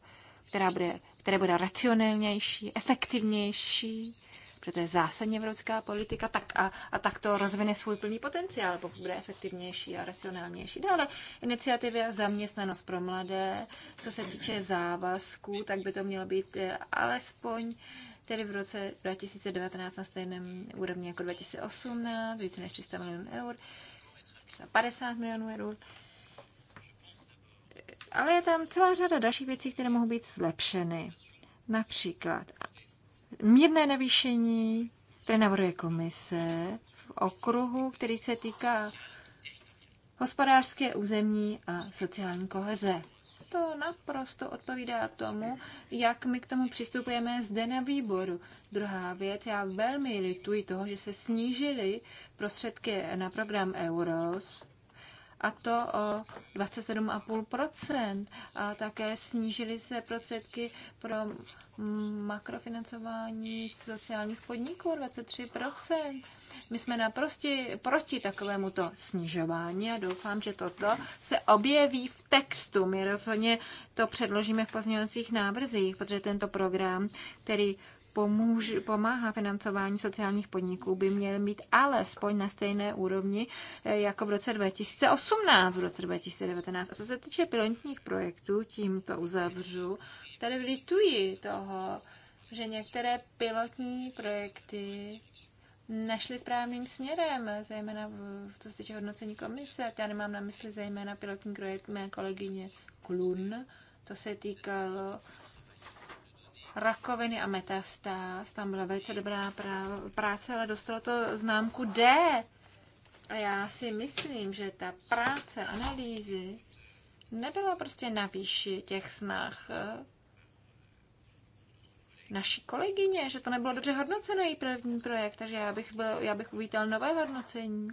která bude, které bude racionálnější, efektivnější, protože to je zásadně evropská politika, tak a, a tak to rozvine svůj plný potenciál, pokud bude efektivnější a racionálnější. Dále a zaměstnanost pro mladé, co se týče závazků, tak by to mělo být eh, alespoň tedy v roce 2019 na stejném úrovni jako 2018, více než 300 milionů eur, 50 milionů eur ale je tam celá řada dalších věcí, které mohou být zlepšeny. Například mírné navýšení, které navrhuje komise v okruhu, který se týká hospodářské, územní a sociální koheze. To naprosto odpovídá tomu, jak my k tomu přistupujeme zde na výboru. Druhá věc, já velmi lituji toho, že se snížily prostředky na program EUROS, a to o 27,5 A také snížily se prostředky pro makrofinancování sociálních podniků 23 My jsme naprosti proti takovému to snižování a doufám, že toto se objeví v textu. My rozhodně to předložíme v pozměňovacích návrzích, protože tento program, který pomůž, pomáhá financování sociálních podniků, by měl být alespoň na stejné úrovni eh, jako v roce 2018, v roce 2019. A co se týče pilotních projektů, tím to uzavřu, tady vlituji toho, že některé pilotní projekty nešly správným směrem, zejména v, co se týče hodnocení komise. Já nemám na mysli zejména pilotní projekt mé kolegyně Klun, to se týkalo rakoviny a metastáz. Tam byla velice dobrá práce, ale dostalo to známku D. A já si myslím, že ta práce, analýzy nebyla prostě na výši těch snah eh, naší kolegyně, že to nebylo dobře hodnoceno její první projekt, takže já bych, byl, já bych uvítal nové hodnocení.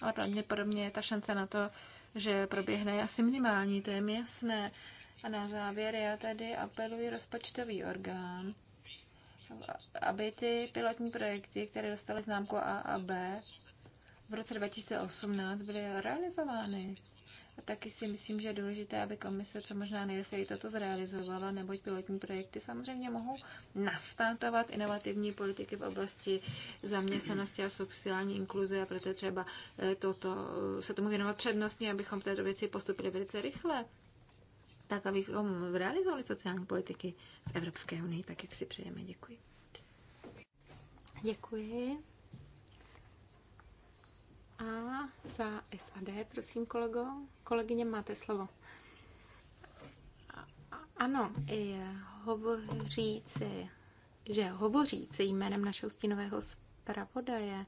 Ale pravděpodobně je ta šance na to, že proběhne, je asi minimální, to je mi jasné. A na závěr já tady apeluji rozpočtový orgán, aby ty pilotní projekty, které dostaly známku A a B, v roce 2018 byly realizovány. A taky si myslím, že je důležité, aby komise co možná nejrychleji toto zrealizovala, neboť pilotní projekty samozřejmě mohou nastartovat inovativní politiky v oblasti zaměstnanosti a sociální inkluze a proto třeba eh, toto, eh, se tomu věnovat přednostně, abychom v této věci postupili velice rychle tak abychom realizovali sociální politiky v Evropské unii, tak jak si přejeme. Děkuji. Děkuji. A za SAD, prosím, kolego, kolegyně, máte slovo. Ano, i hovoříci, že hovoříci jménem našeho stínového zpravodaje,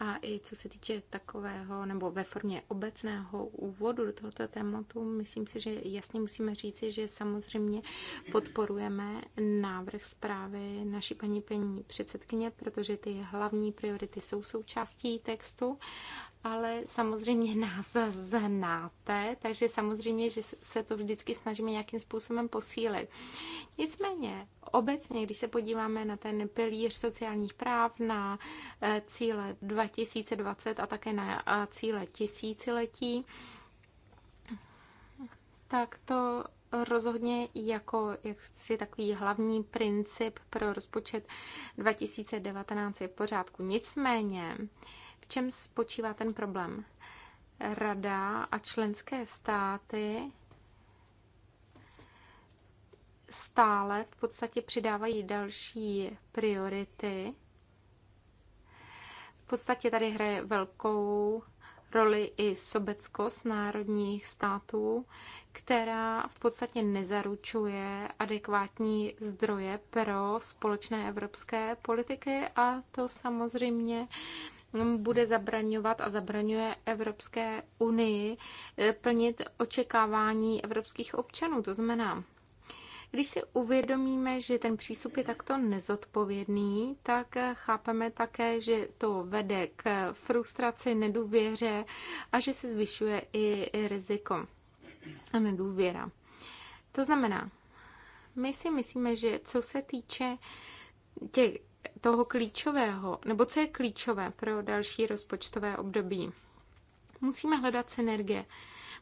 a i co se týče takového, nebo ve formě obecného úvodu do tohoto tématu, myslím si, že jasně musíme říci, že samozřejmě podporujeme návrh zprávy naší paní paní předsedkyně, protože ty hlavní priority jsou součástí textu ale samozřejmě nás znáte, takže samozřejmě, že se to vždycky snažíme nějakým způsobem posílit. Nicméně, obecně, když se podíváme na ten pilíř sociálních práv, na eh, cíle 2020 a také na eh, cíle tisíciletí, tak to rozhodně jako jaksi takový hlavní princip pro rozpočet 2019 je v pořádku. Nicméně, v čem spočívá ten problém? Rada a členské státy stále v podstatě přidávají další priority. V podstatě tady hraje velkou roli i sobeckost národních států, která v podstatě nezaručuje adekvátní zdroje pro společné evropské politiky a to samozřejmě bude zabraňovat a zabraňuje Evropské unii eh, plnit očekávání evropských občanů. To znamená, když si uvědomíme, že ten přístup je takto nezodpovědný, tak eh, chápeme také, že to vede k eh, frustraci, nedůvěře a že se zvyšuje i riziko a nedůvěra. To znamená, my si myslíme, že co se týče těch toho klíčového, nebo co je klíčové pro další rozpočtové období? Musíme hledat synergie.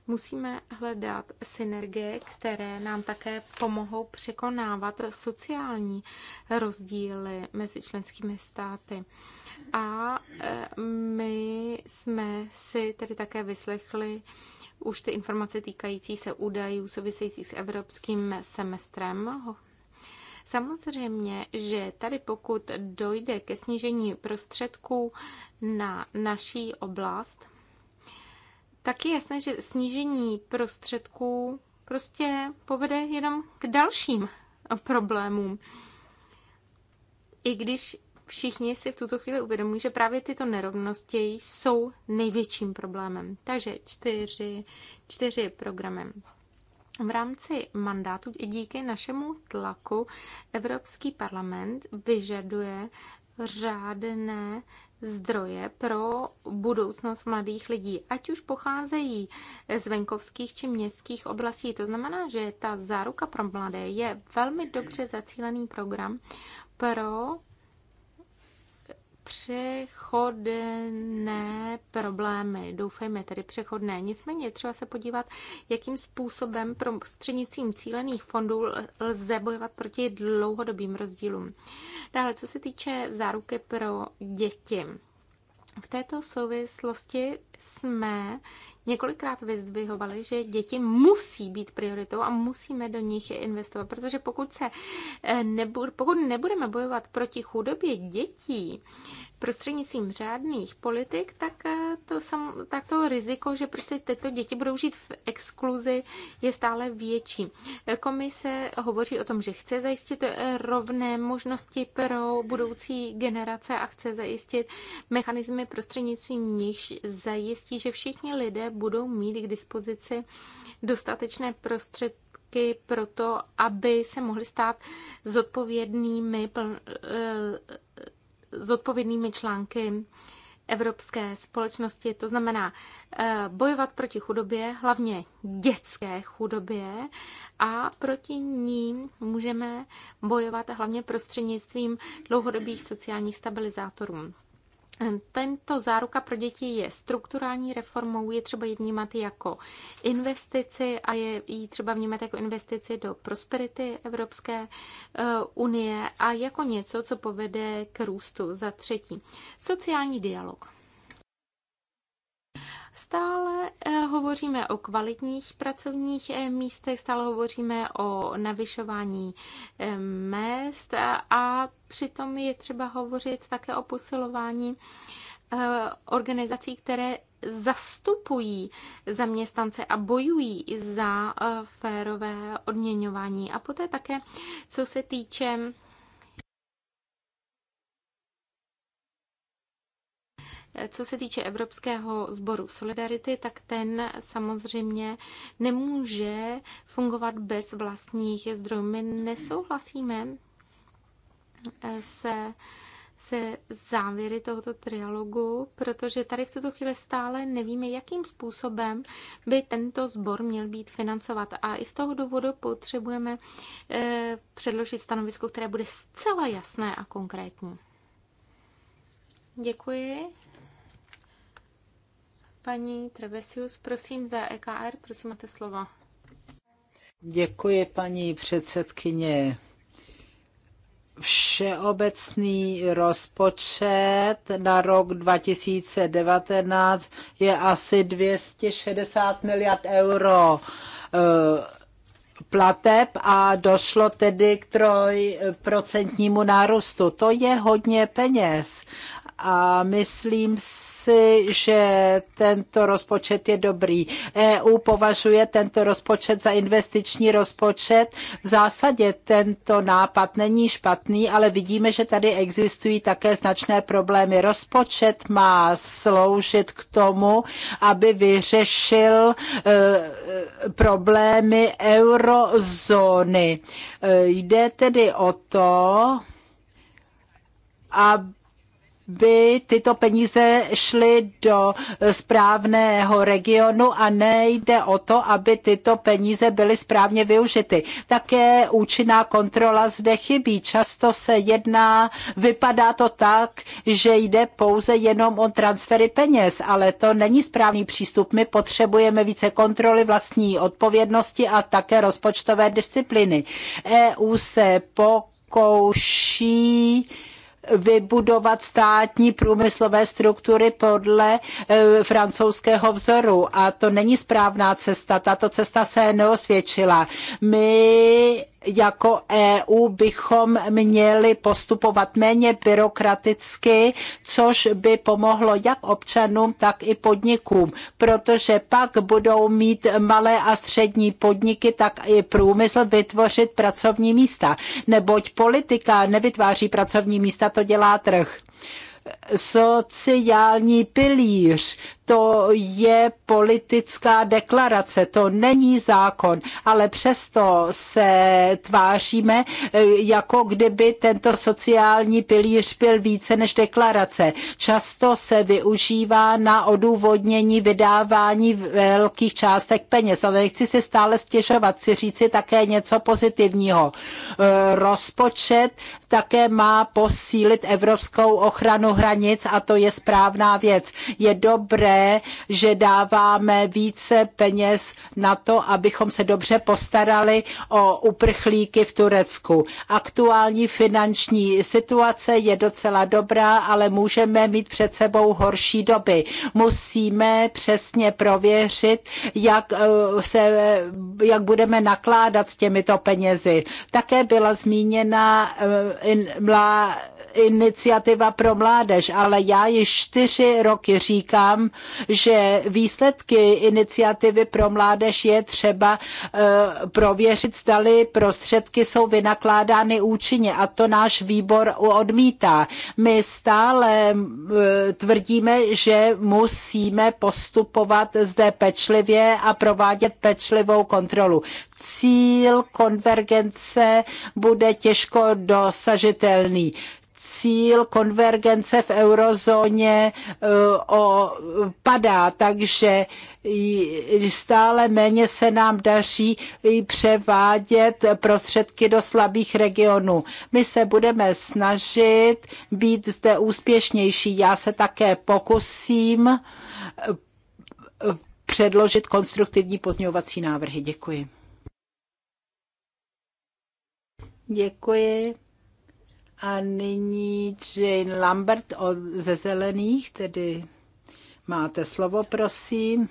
Musíme hledat synergie, které nám také pomohou překonávat sociální rozdíly mezi členskými státy. A e, my jsme si tedy také vyslechli už ty informace týkající se údajů souvisejících s evropským semestrem, Samozřejmě, že tady pokud dojde ke snížení prostředků na naší oblast, tak je jasné, že snížení prostředků prostě povede jenom k dalším problémům. I když všichni si v tuto chvíli uvědomují, že právě tyto nerovnosti jsou největším problémem. Takže čtyři, čtyři programem. V rámci mandátu i díky našemu tlaku Evropský parlament vyžaduje řádné zdroje pro budoucnost mladých lidí, ať už pocházejí z venkovských či městských oblastí. To znamená, že ta záruka pro mladé je velmi dobře zacílený program pro přechodné problémy. Doufejme tedy přechodné. Nicméně je třeba se podívat, jakým způsobem prostřednictvím cílených fondů lze bojovat proti dlouhodobým rozdílům. Dále, co se týče záruky pro děti. V této souvislosti jsme několikrát vyzdvihovali, že děti musí být prioritou a musíme do nich investovat, protože pokud, se eh, nebu, pokud nebudeme bojovat proti chudobě dětí, prostřednictvím řádných politik, tak eh, to, sam, tak to riziko, že prostě tyto děti budou žít v exkluzi, je stále větší. Eh, komise hovoří o tom, že chce zajistit eh, rovné možnosti pro budoucí generace a chce zajistit mechanizmy prostřednictvím nichž zajistí, že všichni lidé budou mít k dispozici dostatečné prostředky prostředky pro to, aby se mohli stát zodpovědnými odpovědnými články evropské společnosti, to znamená eh, bojovat proti chudobě, hlavně dětské chudobě a proti ní můžeme bojovat hlavně prostřednictvím dlouhodobých sociálních stabilizátorů. Tento záruka pro děti je strukturální reformou, je třeba ji vnímat jako investici a je ji třeba vnímat jako investici do prosperity Evropské eh, unie a jako něco, co povede k růstu. Za třetí, sociální dialog. Stále eh, hovoříme o kvalitních pracovních eh, místech, stále hovoříme o navyšování eh, mest a přitom je třeba hovořit také o posilování organizací, které zastupují zaměstnance a bojují za férové odměňování. A poté také, co se týče Co se týče Evropského sboru Solidarity, tak ten samozřejmě nemůže fungovat bez vlastních zdrojů. My nesouhlasíme eh, se se závěry tohoto trialogu, protože tady v tuto chvíli stále nevíme, jakým způsobem by tento sbor měl být financovat. A i z toho důvodu potřebujeme eh, předložit stanovisko, které bude zcela jasné a konkrétní. Děkuji. Paní Trevesius, prosím za EKR, prosím máte slovo. Děkuji, paní předsedkyně. Všeobecný rozpočet na rok 2019 je asi 260 miliard euro eh, plateb a došlo tedy k trojprocentnímu nárůstu. To je hodně peněz a myslím si, že tento rozpočet je dobrý. EU považuje tento rozpočet za investiční rozpočet. V zásadě tento nápad není špatný, ale vidíme, že tady existují také značné problémy. Rozpočet má sloužit k tomu, aby vyřešil e, problémy eurozóny. E, jde tedy o to, aby by tyto peníze šly do správného regionu a nejde o to, aby tyto peníze byly správně využity. Také účinná kontrola zde chybí. Často se jedná, vypadá to tak, že jde pouze jenom o transfery peněz, ale to není správný přístup. My potřebujeme více kontroly vlastní odpovědnosti a také rozpočtové disciplíny. EU se pokouší vybudovat státní průmyslové struktury podle e, francouzského vzoru. A to není správná cesta. Tato cesta se neosvědčila. My jako EU bychom měli postupovat méně byrokraticky, což by pomohlo jak občanům, tak i podnikům, protože pak budou mít malé a střední podniky, tak i průmysl vytvořit pracovní místa, neboť politika nevytváří pracovní místa, to dělá trh sociální pilíř, to je politická deklarace, to není zákon, ale přesto se tváříme, eh, jako kdyby tento sociální pilíř byl více než deklarace. Často se využívá na odůvodnění vydávání velkých částek peněz, ale nechci se stále stěžovat, chci říci také něco pozitivního. Eh, rozpočet také má posílit evropskou ochranu hranic a to je správná věc. Je dobré, že dáváme více peněz na to, abychom se dobře postarali o uprchlíky v Turecku. Aktuální finanční situace je docela dobrá, ale můžeme mít před sebou horší doby. Musíme přesně prověřit, jak, eh, se, jak budeme nakládat s těmito penězi. Také byla zmíněna eh, in, iniciativa pro mládež mládež, ale já již čtyři roky říkám, že výsledky iniciativy pro mládež je třeba eh, prověřit, zdali prostředky jsou vynakládány účinně a to náš výbor odmítá. My stále eh, tvrdíme, že musíme postupovat zde pečlivě a provádět pečlivou kontrolu. Cíl konvergence bude těžko dosažitelný cíl konvergence v eurozóně e, padá, takže stále méně se nám daří převádět prostředky do slabých regionů. My se budeme snažit být zde úspěšnější. Já se také pokusím e, předložit konstruktivní pozměňovací návrhy. Děkuji. Děkuji. A nyní Jane Lambert ze Zelených, tedy máte slovo, prosím.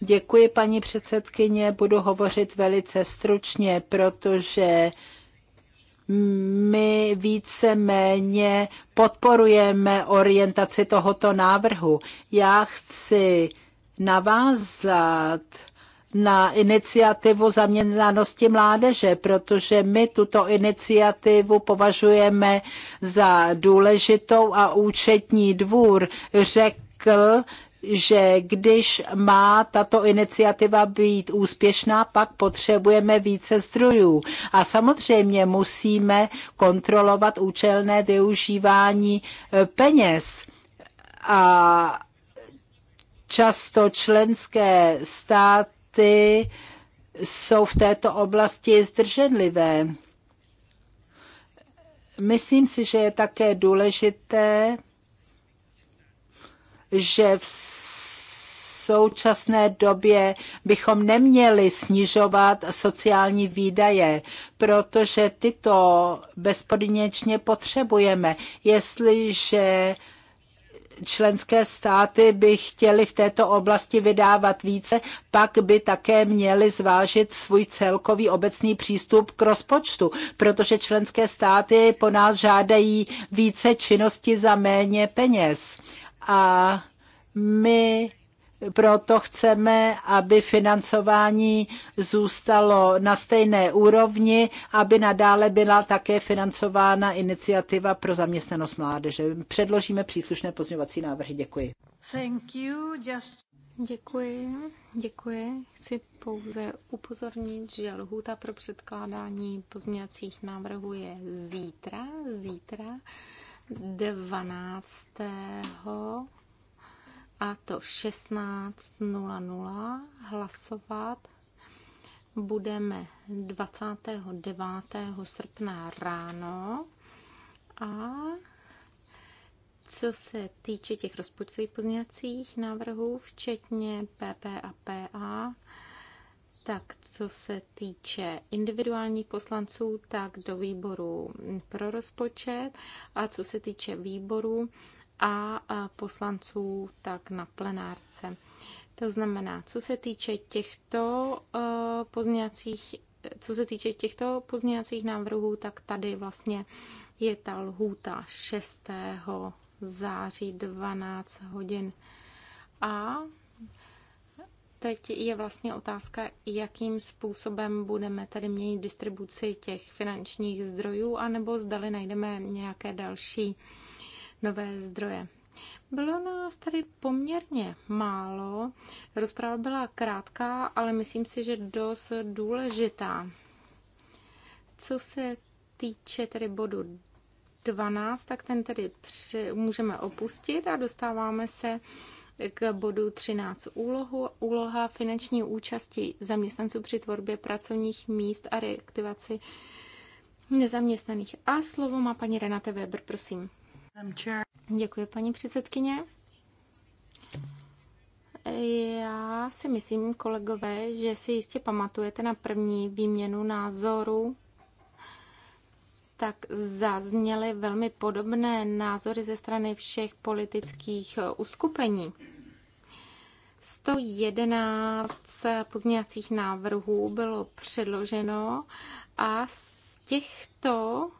Děkuji, paní předsedkyně, budu hovořit velice stručně, protože my víceméně podporujeme orientaci tohoto návrhu. Já chci navázat na iniciativu zaměstnanosti mládeže, protože my tuto iniciativu považujeme za důležitou a účetní dvůr řekl, že když má tato iniciativa být úspěšná, pak potřebujeme více zdrojů. A samozřejmě musíme kontrolovat účelné využívání eh, peněz. A často členské státy státy jsou v této oblasti zdrženlivé. Myslím si, že je také důležité, že v současné době bychom neměli snižovat sociální výdaje, protože tyto bezpodmínečně potřebujeme. Jestliže členské státy by chtěly v této oblasti vydávat více, pak by také měly zvážit svůj celkový obecný přístup k rozpočtu, protože členské státy po nás žádají více činnosti za méně peněz. A my proto chceme, aby financování zůstalo na stejné úrovni, aby nadále byla také financována iniciativa pro zaměstnanost mládeže. Předložíme příslušné pozměňovací návrhy. Děkuji. Thank you. Just... Děkuji. Děkuji. Chci pouze upozornit, že lhůta pro předkládání pozměňovacích návrhů je zítra. Zítra 12 a to 16.00 hlasovat budeme 29. srpna ráno a co se týče těch rozpočtových pozněcích návrhů, včetně PP a PA, tak co se týče individuálních poslanců, tak do výboru pro rozpočet a co se týče výboru, a poslanců, tak na plenárce. To znamená, co se týče těchto eh, pozměňacích co se týče těchto pozměňacích návrhů, tak tady vlastně je ta lhůta 6. září 12 hodin. A teď je vlastně otázka, jakým způsobem budeme tady měnit distribuci těch finančních zdrojů, anebo zdali najdeme nějaké další uh, nové zdroje. Bylo nás tady poměrně málo. Rozprava byla krátká, ale myslím si, že dost důležitá. Co se týče tedy bodu 12, tak ten tedy při, můžeme opustit a dostáváme se k bodu 13 úlohu, úloha finanční účasti zaměstnanců při tvorbě pracovních míst a reaktivaci nezaměstnaných. A slovo má paní Renate Weber, prosím. Děkuji, paní předsedkyně. Já si myslím, kolegové, že si jistě pamatujete na první výměnu názorů tak zazněly velmi podobné názory ze strany všech politických uskupení. 111 pozměňovacích návrhů bylo předloženo a z těchto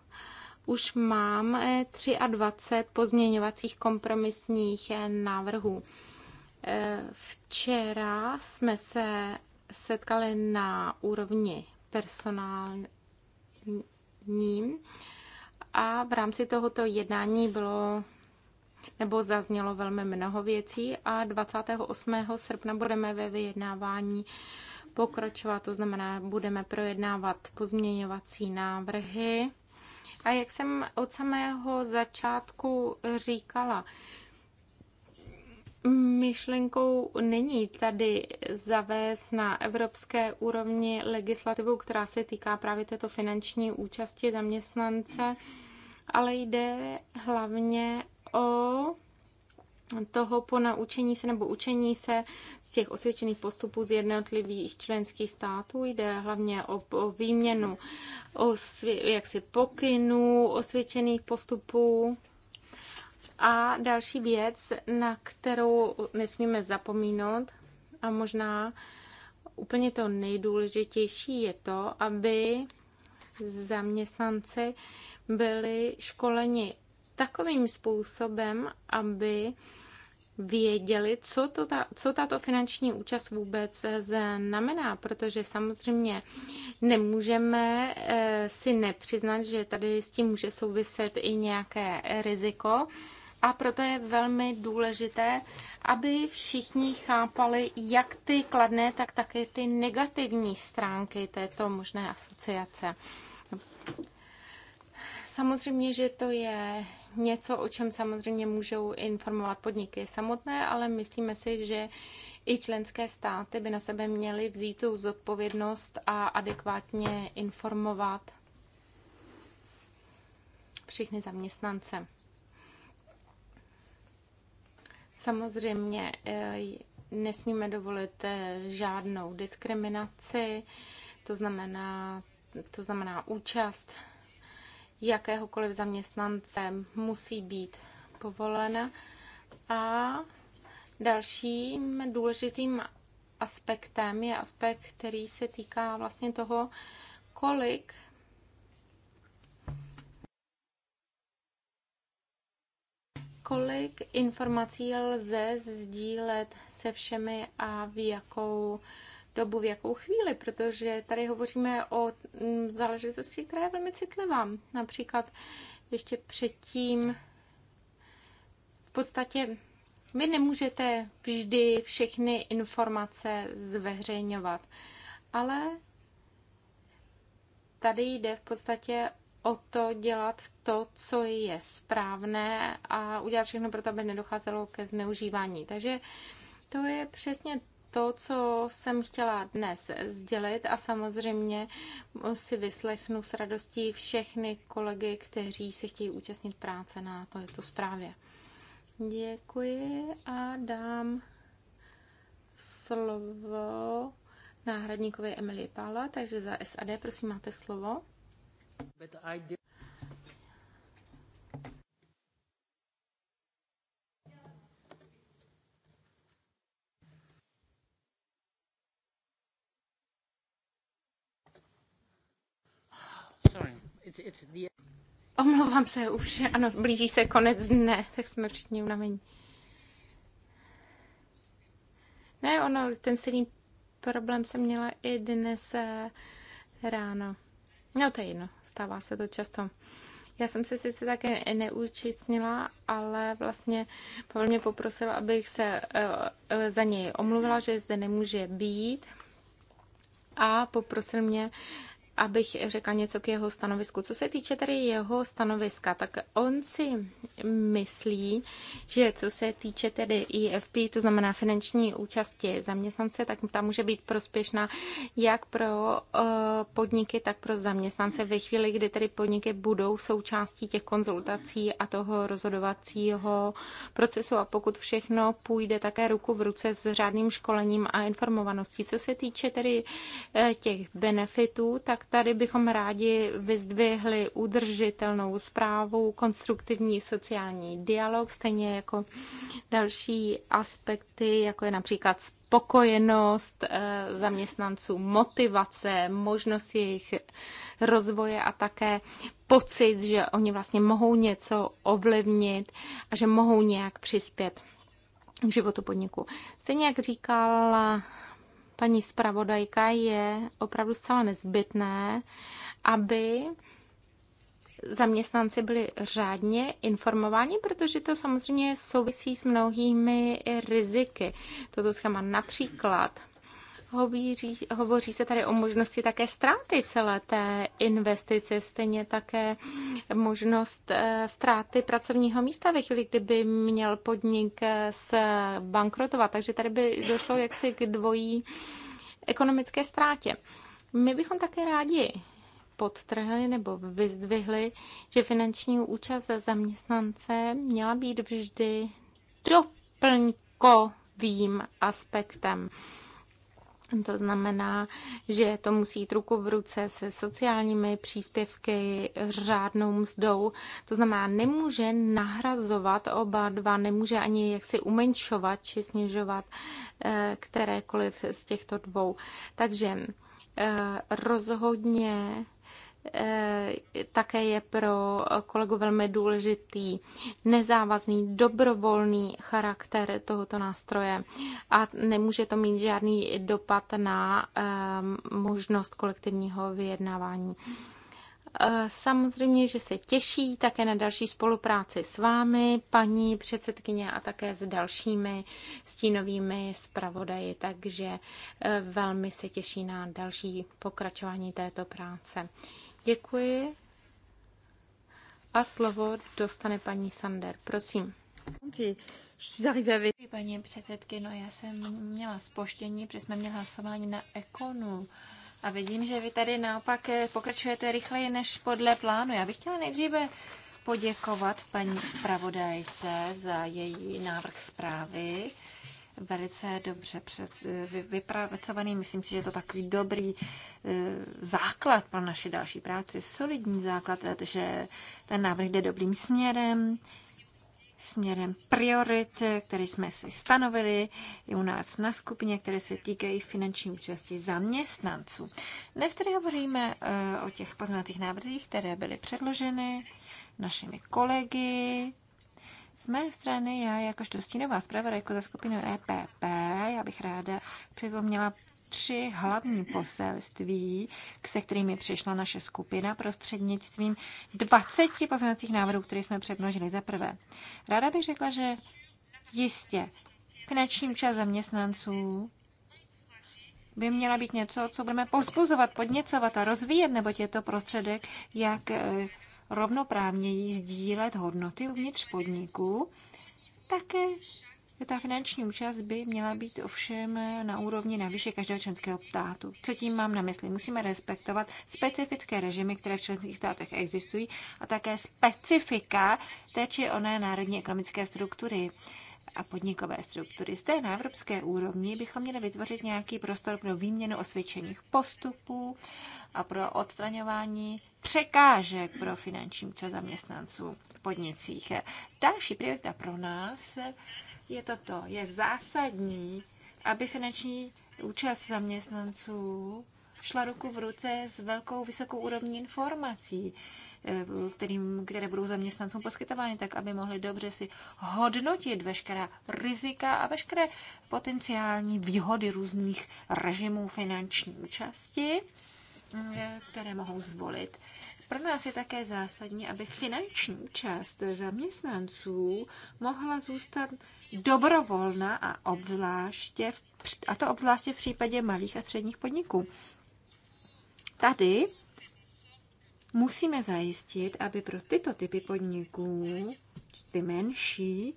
už mám 23 eh, pozměňovacích kompromisních eh, návrhů. Eh, včera jsme se setkali na úrovni personálním a v rámci tohoto jednání bylo nebo zaznělo velmi mnoho věcí a 28. srpna budeme ve vyjednávání pokračovat, to znamená, budeme projednávat pozměňovací návrhy a jak jsem od samého začátku říkala, myšlenkou není tady zavést na evropské úrovni legislativu, která se týká právě této finanční účasti zaměstnance, ale jde hlavně o toho po naučení se nebo učení se z těch osvědčených postupů z jednotlivých členských států. Jde hlavně o, o výměnu svě, jaksi pokynů, osvědčených postupů. A další věc, na kterou nesmíme zapomínat, a možná úplně to nejdůležitější je to, aby zaměstnanci byli školeni takovým způsobem, aby věděli, co, to ta, co tato finanční účast vůbec eh, znamená, protože samozřejmě nemůžeme eh, si nepřiznat, že tady s tím může souviset i nějaké riziko. A proto je velmi důležité, aby všichni chápali jak ty kladné, tak také ty negativní stránky této možné asociace. Samozřejmě, že to je něco, o čem samozřejmě můžou informovat podniky samotné, ale myslíme si, že i členské státy by na sebe měly vzít tu zodpovědnost a adekvátně informovat všechny zaměstnance. Samozřejmě eh, nesmíme dovolit eh, žádnou diskriminaci, to znamená, to znamená účast jakéhokoliv zaměstnance musí být povolena. A dalším důležitým aspektem je aspekt, který se týká vlastně toho, kolik kolik informací lze sdílet se všemi a v jakou dobu, v jakou chvíli, protože tady hovoříme o mm, záležitosti, která je velmi citlivá. Například ještě předtím v podstatě vy nemůžete vždy všechny informace zveřejňovat, ale tady jde v podstatě o to dělat to, co je správné a udělat všechno pro to, aby nedocházelo ke zneužívání. Takže to je přesně to, co jsem chtěla dnes sdělit a samozřejmě si vyslechnu s radostí všechny kolegy, kteří se chtějí účastnit práce na této zprávě. Děkuji a dám slovo náhradníkovi Emily Pála, takže za SAD, prosím, máte slovo. Omlouvám se už, ano, blíží se konec dne, tak jsme všichni unavení. Ne, ono, ten stejný problém jsem měla i dnes eh, ráno. No to je jedno, stává se to často. Já jsem se sice také neúčastnila, ale vlastně Pavel mě poprosil, abych se eh, eh, za něj omluvila, že zde nemůže být a poprosil mě, abych řekla něco k jeho stanovisku. Co se týče tedy jeho stanoviska, tak on si myslí, že co se týče tedy IFP, e to znamená finanční účasti zaměstnance, tak ta může být prospěšná jak pro eh, podniky, tak pro zaměstnance ve chvíli, kdy tedy podniky budou součástí těch konzultací a toho rozhodovacího procesu a pokud všechno půjde také ruku v ruce s řádným školením a informovaností. Co se týče tedy eh, těch benefitů, tak Tady bychom rádi vyzdvihli udržitelnou zprávu, konstruktivní sociální dialog, stejně jako další aspekty, jako je například spokojenost eh, zaměstnanců, motivace, možnost jejich rozvoje a také pocit, že oni vlastně mohou něco ovlivnit a že mohou nějak přispět k životu podniku. Stejně jak říkala paní zpravodajka, je opravdu zcela nezbytné, aby zaměstnanci byli řádně informováni, protože to samozřejmě souvisí s mnohými riziky. Toto schéma například Hovíří, hovoří se tady o možnosti také ztráty celé té investice, stejně také možnost eh, ztráty pracovního místa ve chvíli, kdyby měl podnik se eh, bankrotovat. Takže tady by došlo jaksi k dvojí ekonomické ztrátě. My bychom také rádi podtrhli nebo vyzdvihli, že finanční účast zaměstnance měla být vždy doplňkovým aspektem. To znamená, že to musí jít ruku v ruce se sociálními příspěvky, řádnou mzdou. To znamená, nemůže nahrazovat oba dva, nemůže ani jaksi umenšovat či snižovat eh, kterékoliv z těchto dvou. Takže eh, rozhodně Eh, také je pro kolegu velmi důležitý nezávazný, dobrovolný charakter tohoto nástroje a nemůže to mít žádný dopad na eh, možnost kolektivního vyjednávání. Eh, samozřejmě, že se těší také na další spolupráci s vámi, paní předsedkyně, a také s dalšími stínovými zpravodaji, takže velmi se těší na další pokračování této práce. Děkuji. A slovo dostane paní Sander. Prosím. Paní No, já jsem měla spoštění, protože jsme měli hlasování na ekonu. A vidím, že vy tady naopak eh, pokračujete rychleji než podle plánu. Já bych chtěla nejdříve poděkovat paní zpravodajce za její návrh zprávy velice dobře před, eh, vypracovaný. Myslím si, že je to takový dobrý eh, základ pro naši další práci, solidní základ, že ten návrh jde dobrým směrem, směrem priorit, které jsme si stanovili i u nás na skupině, které se týkají finanční účasti zaměstnanců. Dnes tedy hovoříme eh, o těch pozměňovacích návrzích, které byly předloženy našimi kolegy z mé strany, já jakožto stínová zpravodajka za skupinu EPP, já bych ráda připomněla tři hlavní poselství, se kterými přišla naše skupina prostřednictvím 20 pozměňovacích návrhů, které jsme předložili. Za prvé, ráda bych řekla, že jistě finanční účast zaměstnanců by měla být něco, co budeme pozbuzovat, podněcovat a rozvíjet, neboť je to prostředek, jak eh, rovnoprávněji sdílet hodnoty uvnitř podniku. Také ta finanční účast by měla být ovšem na úrovni na výše každého členského státu. Co tím mám na mysli? Musíme respektovat specifické režimy, které v členských státech existují a také specifika té či oné národní ekonomické struktury a podnikové struktury. Zde na evropské úrovni bychom měli vytvořit nějaký prostor pro výměnu osvědčených postupů a pro odstraňování překážek pro finanční účast zaměstnanců v podnicích. Další priorita pro nás je toto. Je zásadní, aby finanční účast zaměstnanců šla ruku v ruce s velkou vysokou úrovní informací, eh, kterým, které budou zaměstnancům poskytovány, tak aby mohli dobře si hodnotit veškerá rizika a veškeré potenciální výhody různých režimů finanční účasti, eh, které mohou zvolit. Pro nás je také zásadní, aby finanční část zaměstnanců mohla zůstat dobrovolná a obzvláště v, a to obzvláště v případě malých a středních podniků. Tady musíme zajistit, aby pro tyto typy podniků, ty menší,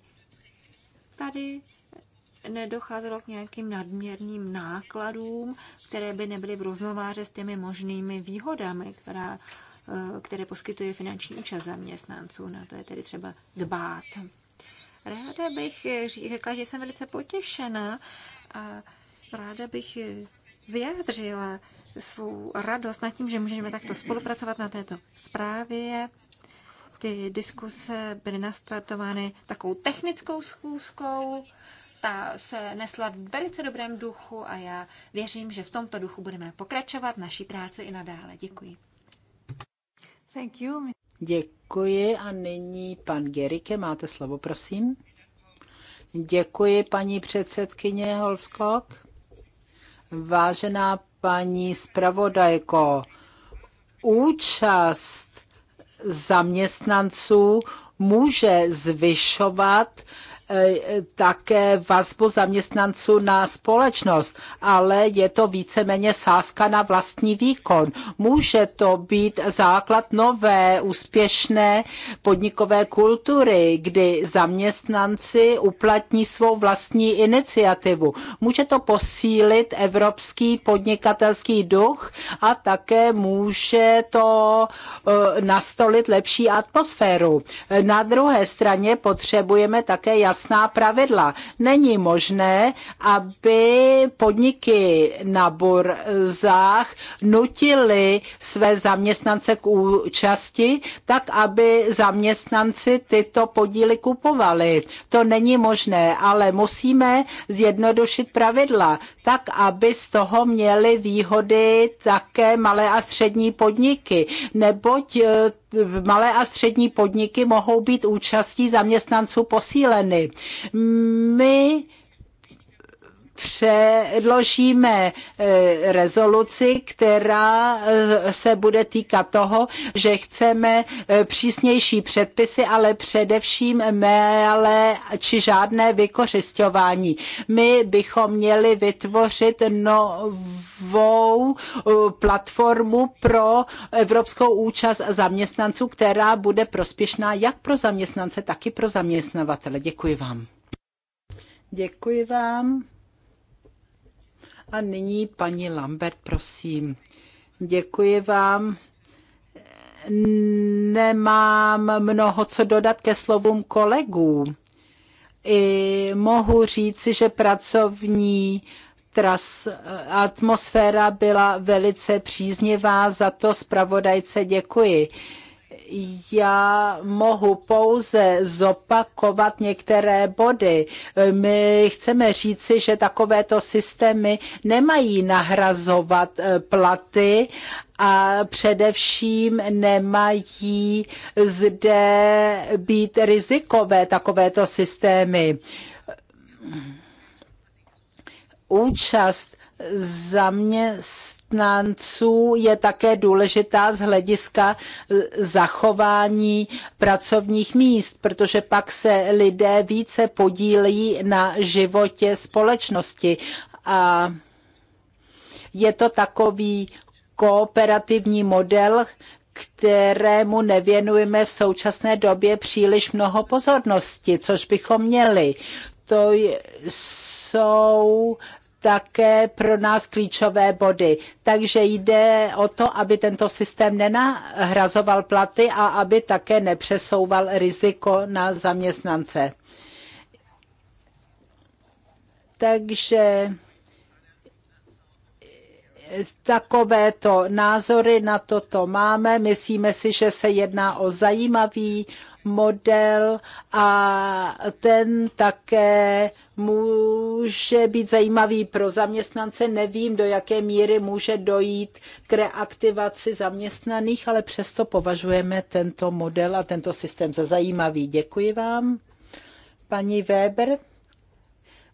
tady nedocházelo k nějakým nadměrným nákladům, které by nebyly v rozhováře s těmi možnými výhodami, která, eh, které poskytuje finanční účast zaměstnanců. Na to je tedy třeba dbát. Ráda bych eh, řekla, že jsem velice potěšena a ráda bych eh, vyjádřila svou radost nad tím, že můžeme takto spolupracovat na této zprávě. Ty diskuse byly nastartovány takovou technickou schůzkou, ta se nesla v velice dobrém duchu a já věřím, že v tomto duchu budeme pokračovat naší práci i nadále. Děkuji. Thank you. Děkuji a nyní pan Gerike, máte slovo, prosím. Děkuji, paní předsedkyně Holskok. Vážená paní zpravodajko. Účast zaměstnanců může zvyšovat také vazbu zaměstnanců na společnost, ale je to víceméně sázka na vlastní výkon. Může to být základ nové úspěšné podnikové kultury, kdy zaměstnanci uplatní svou vlastní iniciativu. Může to posílit evropský podnikatelský duch a také může to e, nastolit lepší atmosféru. Na druhé straně potřebujeme také jasnou jasná pravidla. Není možné, aby podniky na burzách nutily své zaměstnance k účasti, tak aby zaměstnanci tyto podíly kupovali. To není možné, ale musíme zjednodušit pravidla, tak aby z toho měly výhody také malé a střední podniky, neboť eh, malé a střední podniky mohou být účastí zaměstnanců posíleny. My předložíme eh, rezoluci, která eh, se bude týkat toho, že chceme eh, přísnější předpisy, ale především méle či žádné vykořišťování. My bychom měli vytvořit novou platformu pro evropskou účast zaměstnanců, která bude prospěšná jak pro zaměstnance, tak i pro zaměstnavatele. Děkuji vám. Děkuji vám. A nyní paní Lambert, prosím. Děkuji vám. Nemám mnoho co dodat ke slovům kolegů. I mohu říci, že pracovní tras, atmosféra byla velice příznivá, za to zpravodajce děkuji já mohu pouze zopakovat některé body. My chceme říci, že takovéto systémy nemají nahrazovat eh, platy a především nemají zde být rizikové takovéto systémy. Účast zaměst zaměstnanců je také důležitá z hlediska e, zachování pracovních míst, protože pak se lidé více podílí na životě společnosti. A je to takový kooperativní model, kterému nevěnujeme v současné době příliš mnoho pozornosti, což bychom měli. To jsou také pro nás klíčové body. Takže jde o to, aby tento systém nenahrazoval platy a aby také nepřesouval riziko na zaměstnance. Takže takovéto názory na toto máme. Myslíme si, že se jedná o zajímavý model a ten také může být zajímavý pro zaměstnance. Nevím, do jaké míry může dojít k reaktivaci zaměstnaných, ale přesto považujeme tento model a tento systém za zajímavý. Děkuji vám. Paní Weber,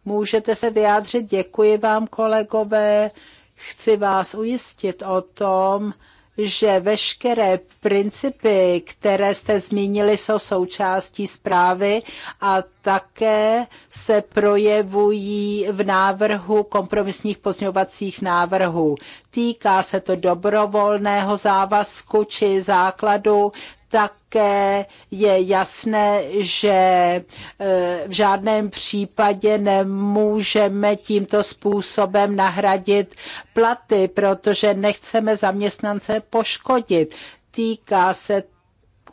můžete se vyjádřit. Děkuji vám, kolegové. Chci vás ujistit o tom, že veškeré principy, které jste zmínili, jsou součástí zprávy a také se projevují v návrhu kompromisních pozňovacích návrhů. Týká se to dobrovolného závazku či základu, také je jasné, že e, v žádném případě nemůžeme tímto způsobem nahradit platy, protože nechceme zaměstnance poškodit. Týká se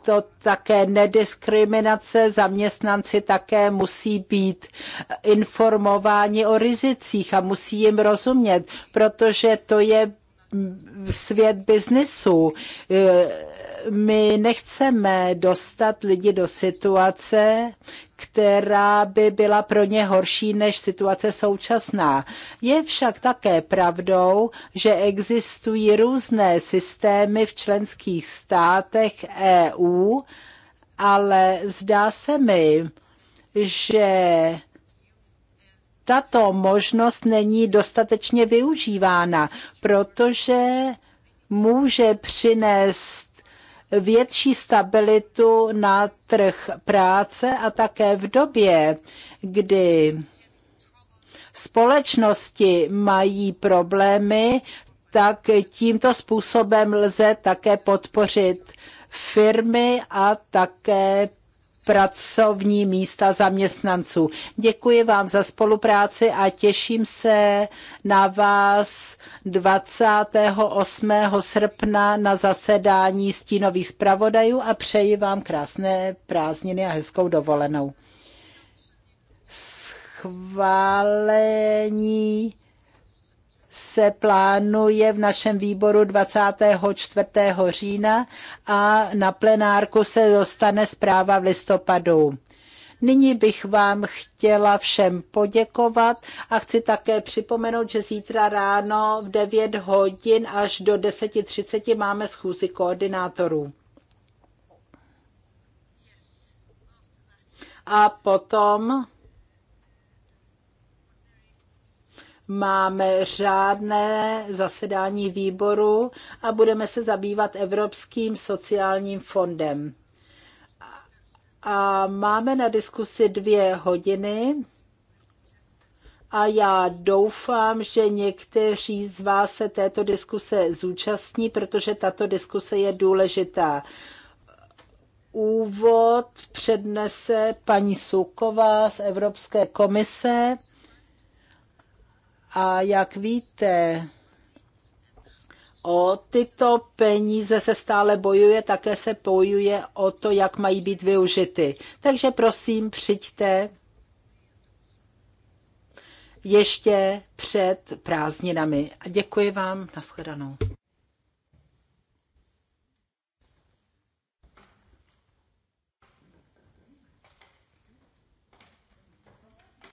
to také nediskriminace. Zaměstnanci také musí být informováni o rizicích a musí jim rozumět, protože to je svět biznesu e, my nechceme dostat lidi do situace, která by byla pro ně horší než situace současná. Je však také pravdou, že existují různé systémy v členských státech EU, ale zdá se mi, že tato možnost není dostatečně využívána, protože může přinést větší stabilitu na trh práce a také v době, kdy společnosti mají problémy, tak tímto způsobem lze také podpořit firmy a také pracovní místa zaměstnanců. Děkuji vám za spolupráci a těším se na vás 28. srpna na zasedání stínových zpravodajů a přeji vám krásné prázdniny a hezkou dovolenou. Schválení se plánuje v našem výboru 24. října a na plenárku se dostane zpráva v listopadu. Nyní bych vám chtěla všem poděkovat a chci také připomenout, že zítra ráno v 9 hodin až do 10.30 máme schůzi koordinátorů. A potom máme řádné zasedání výboru a budeme se zabývat Evropským sociálním fondem. A máme na diskusi dvě hodiny a já doufám, že někteří z vás se této diskuse zúčastní, protože tato diskuse je důležitá. Úvod přednese paní Suková z Evropské komise a jak víte, o tyto peníze se stále bojuje, také se bojuje o to, jak mají být využity. Takže prosím, přijďte ještě před prázdninami. A děkuji vám, nashledanou.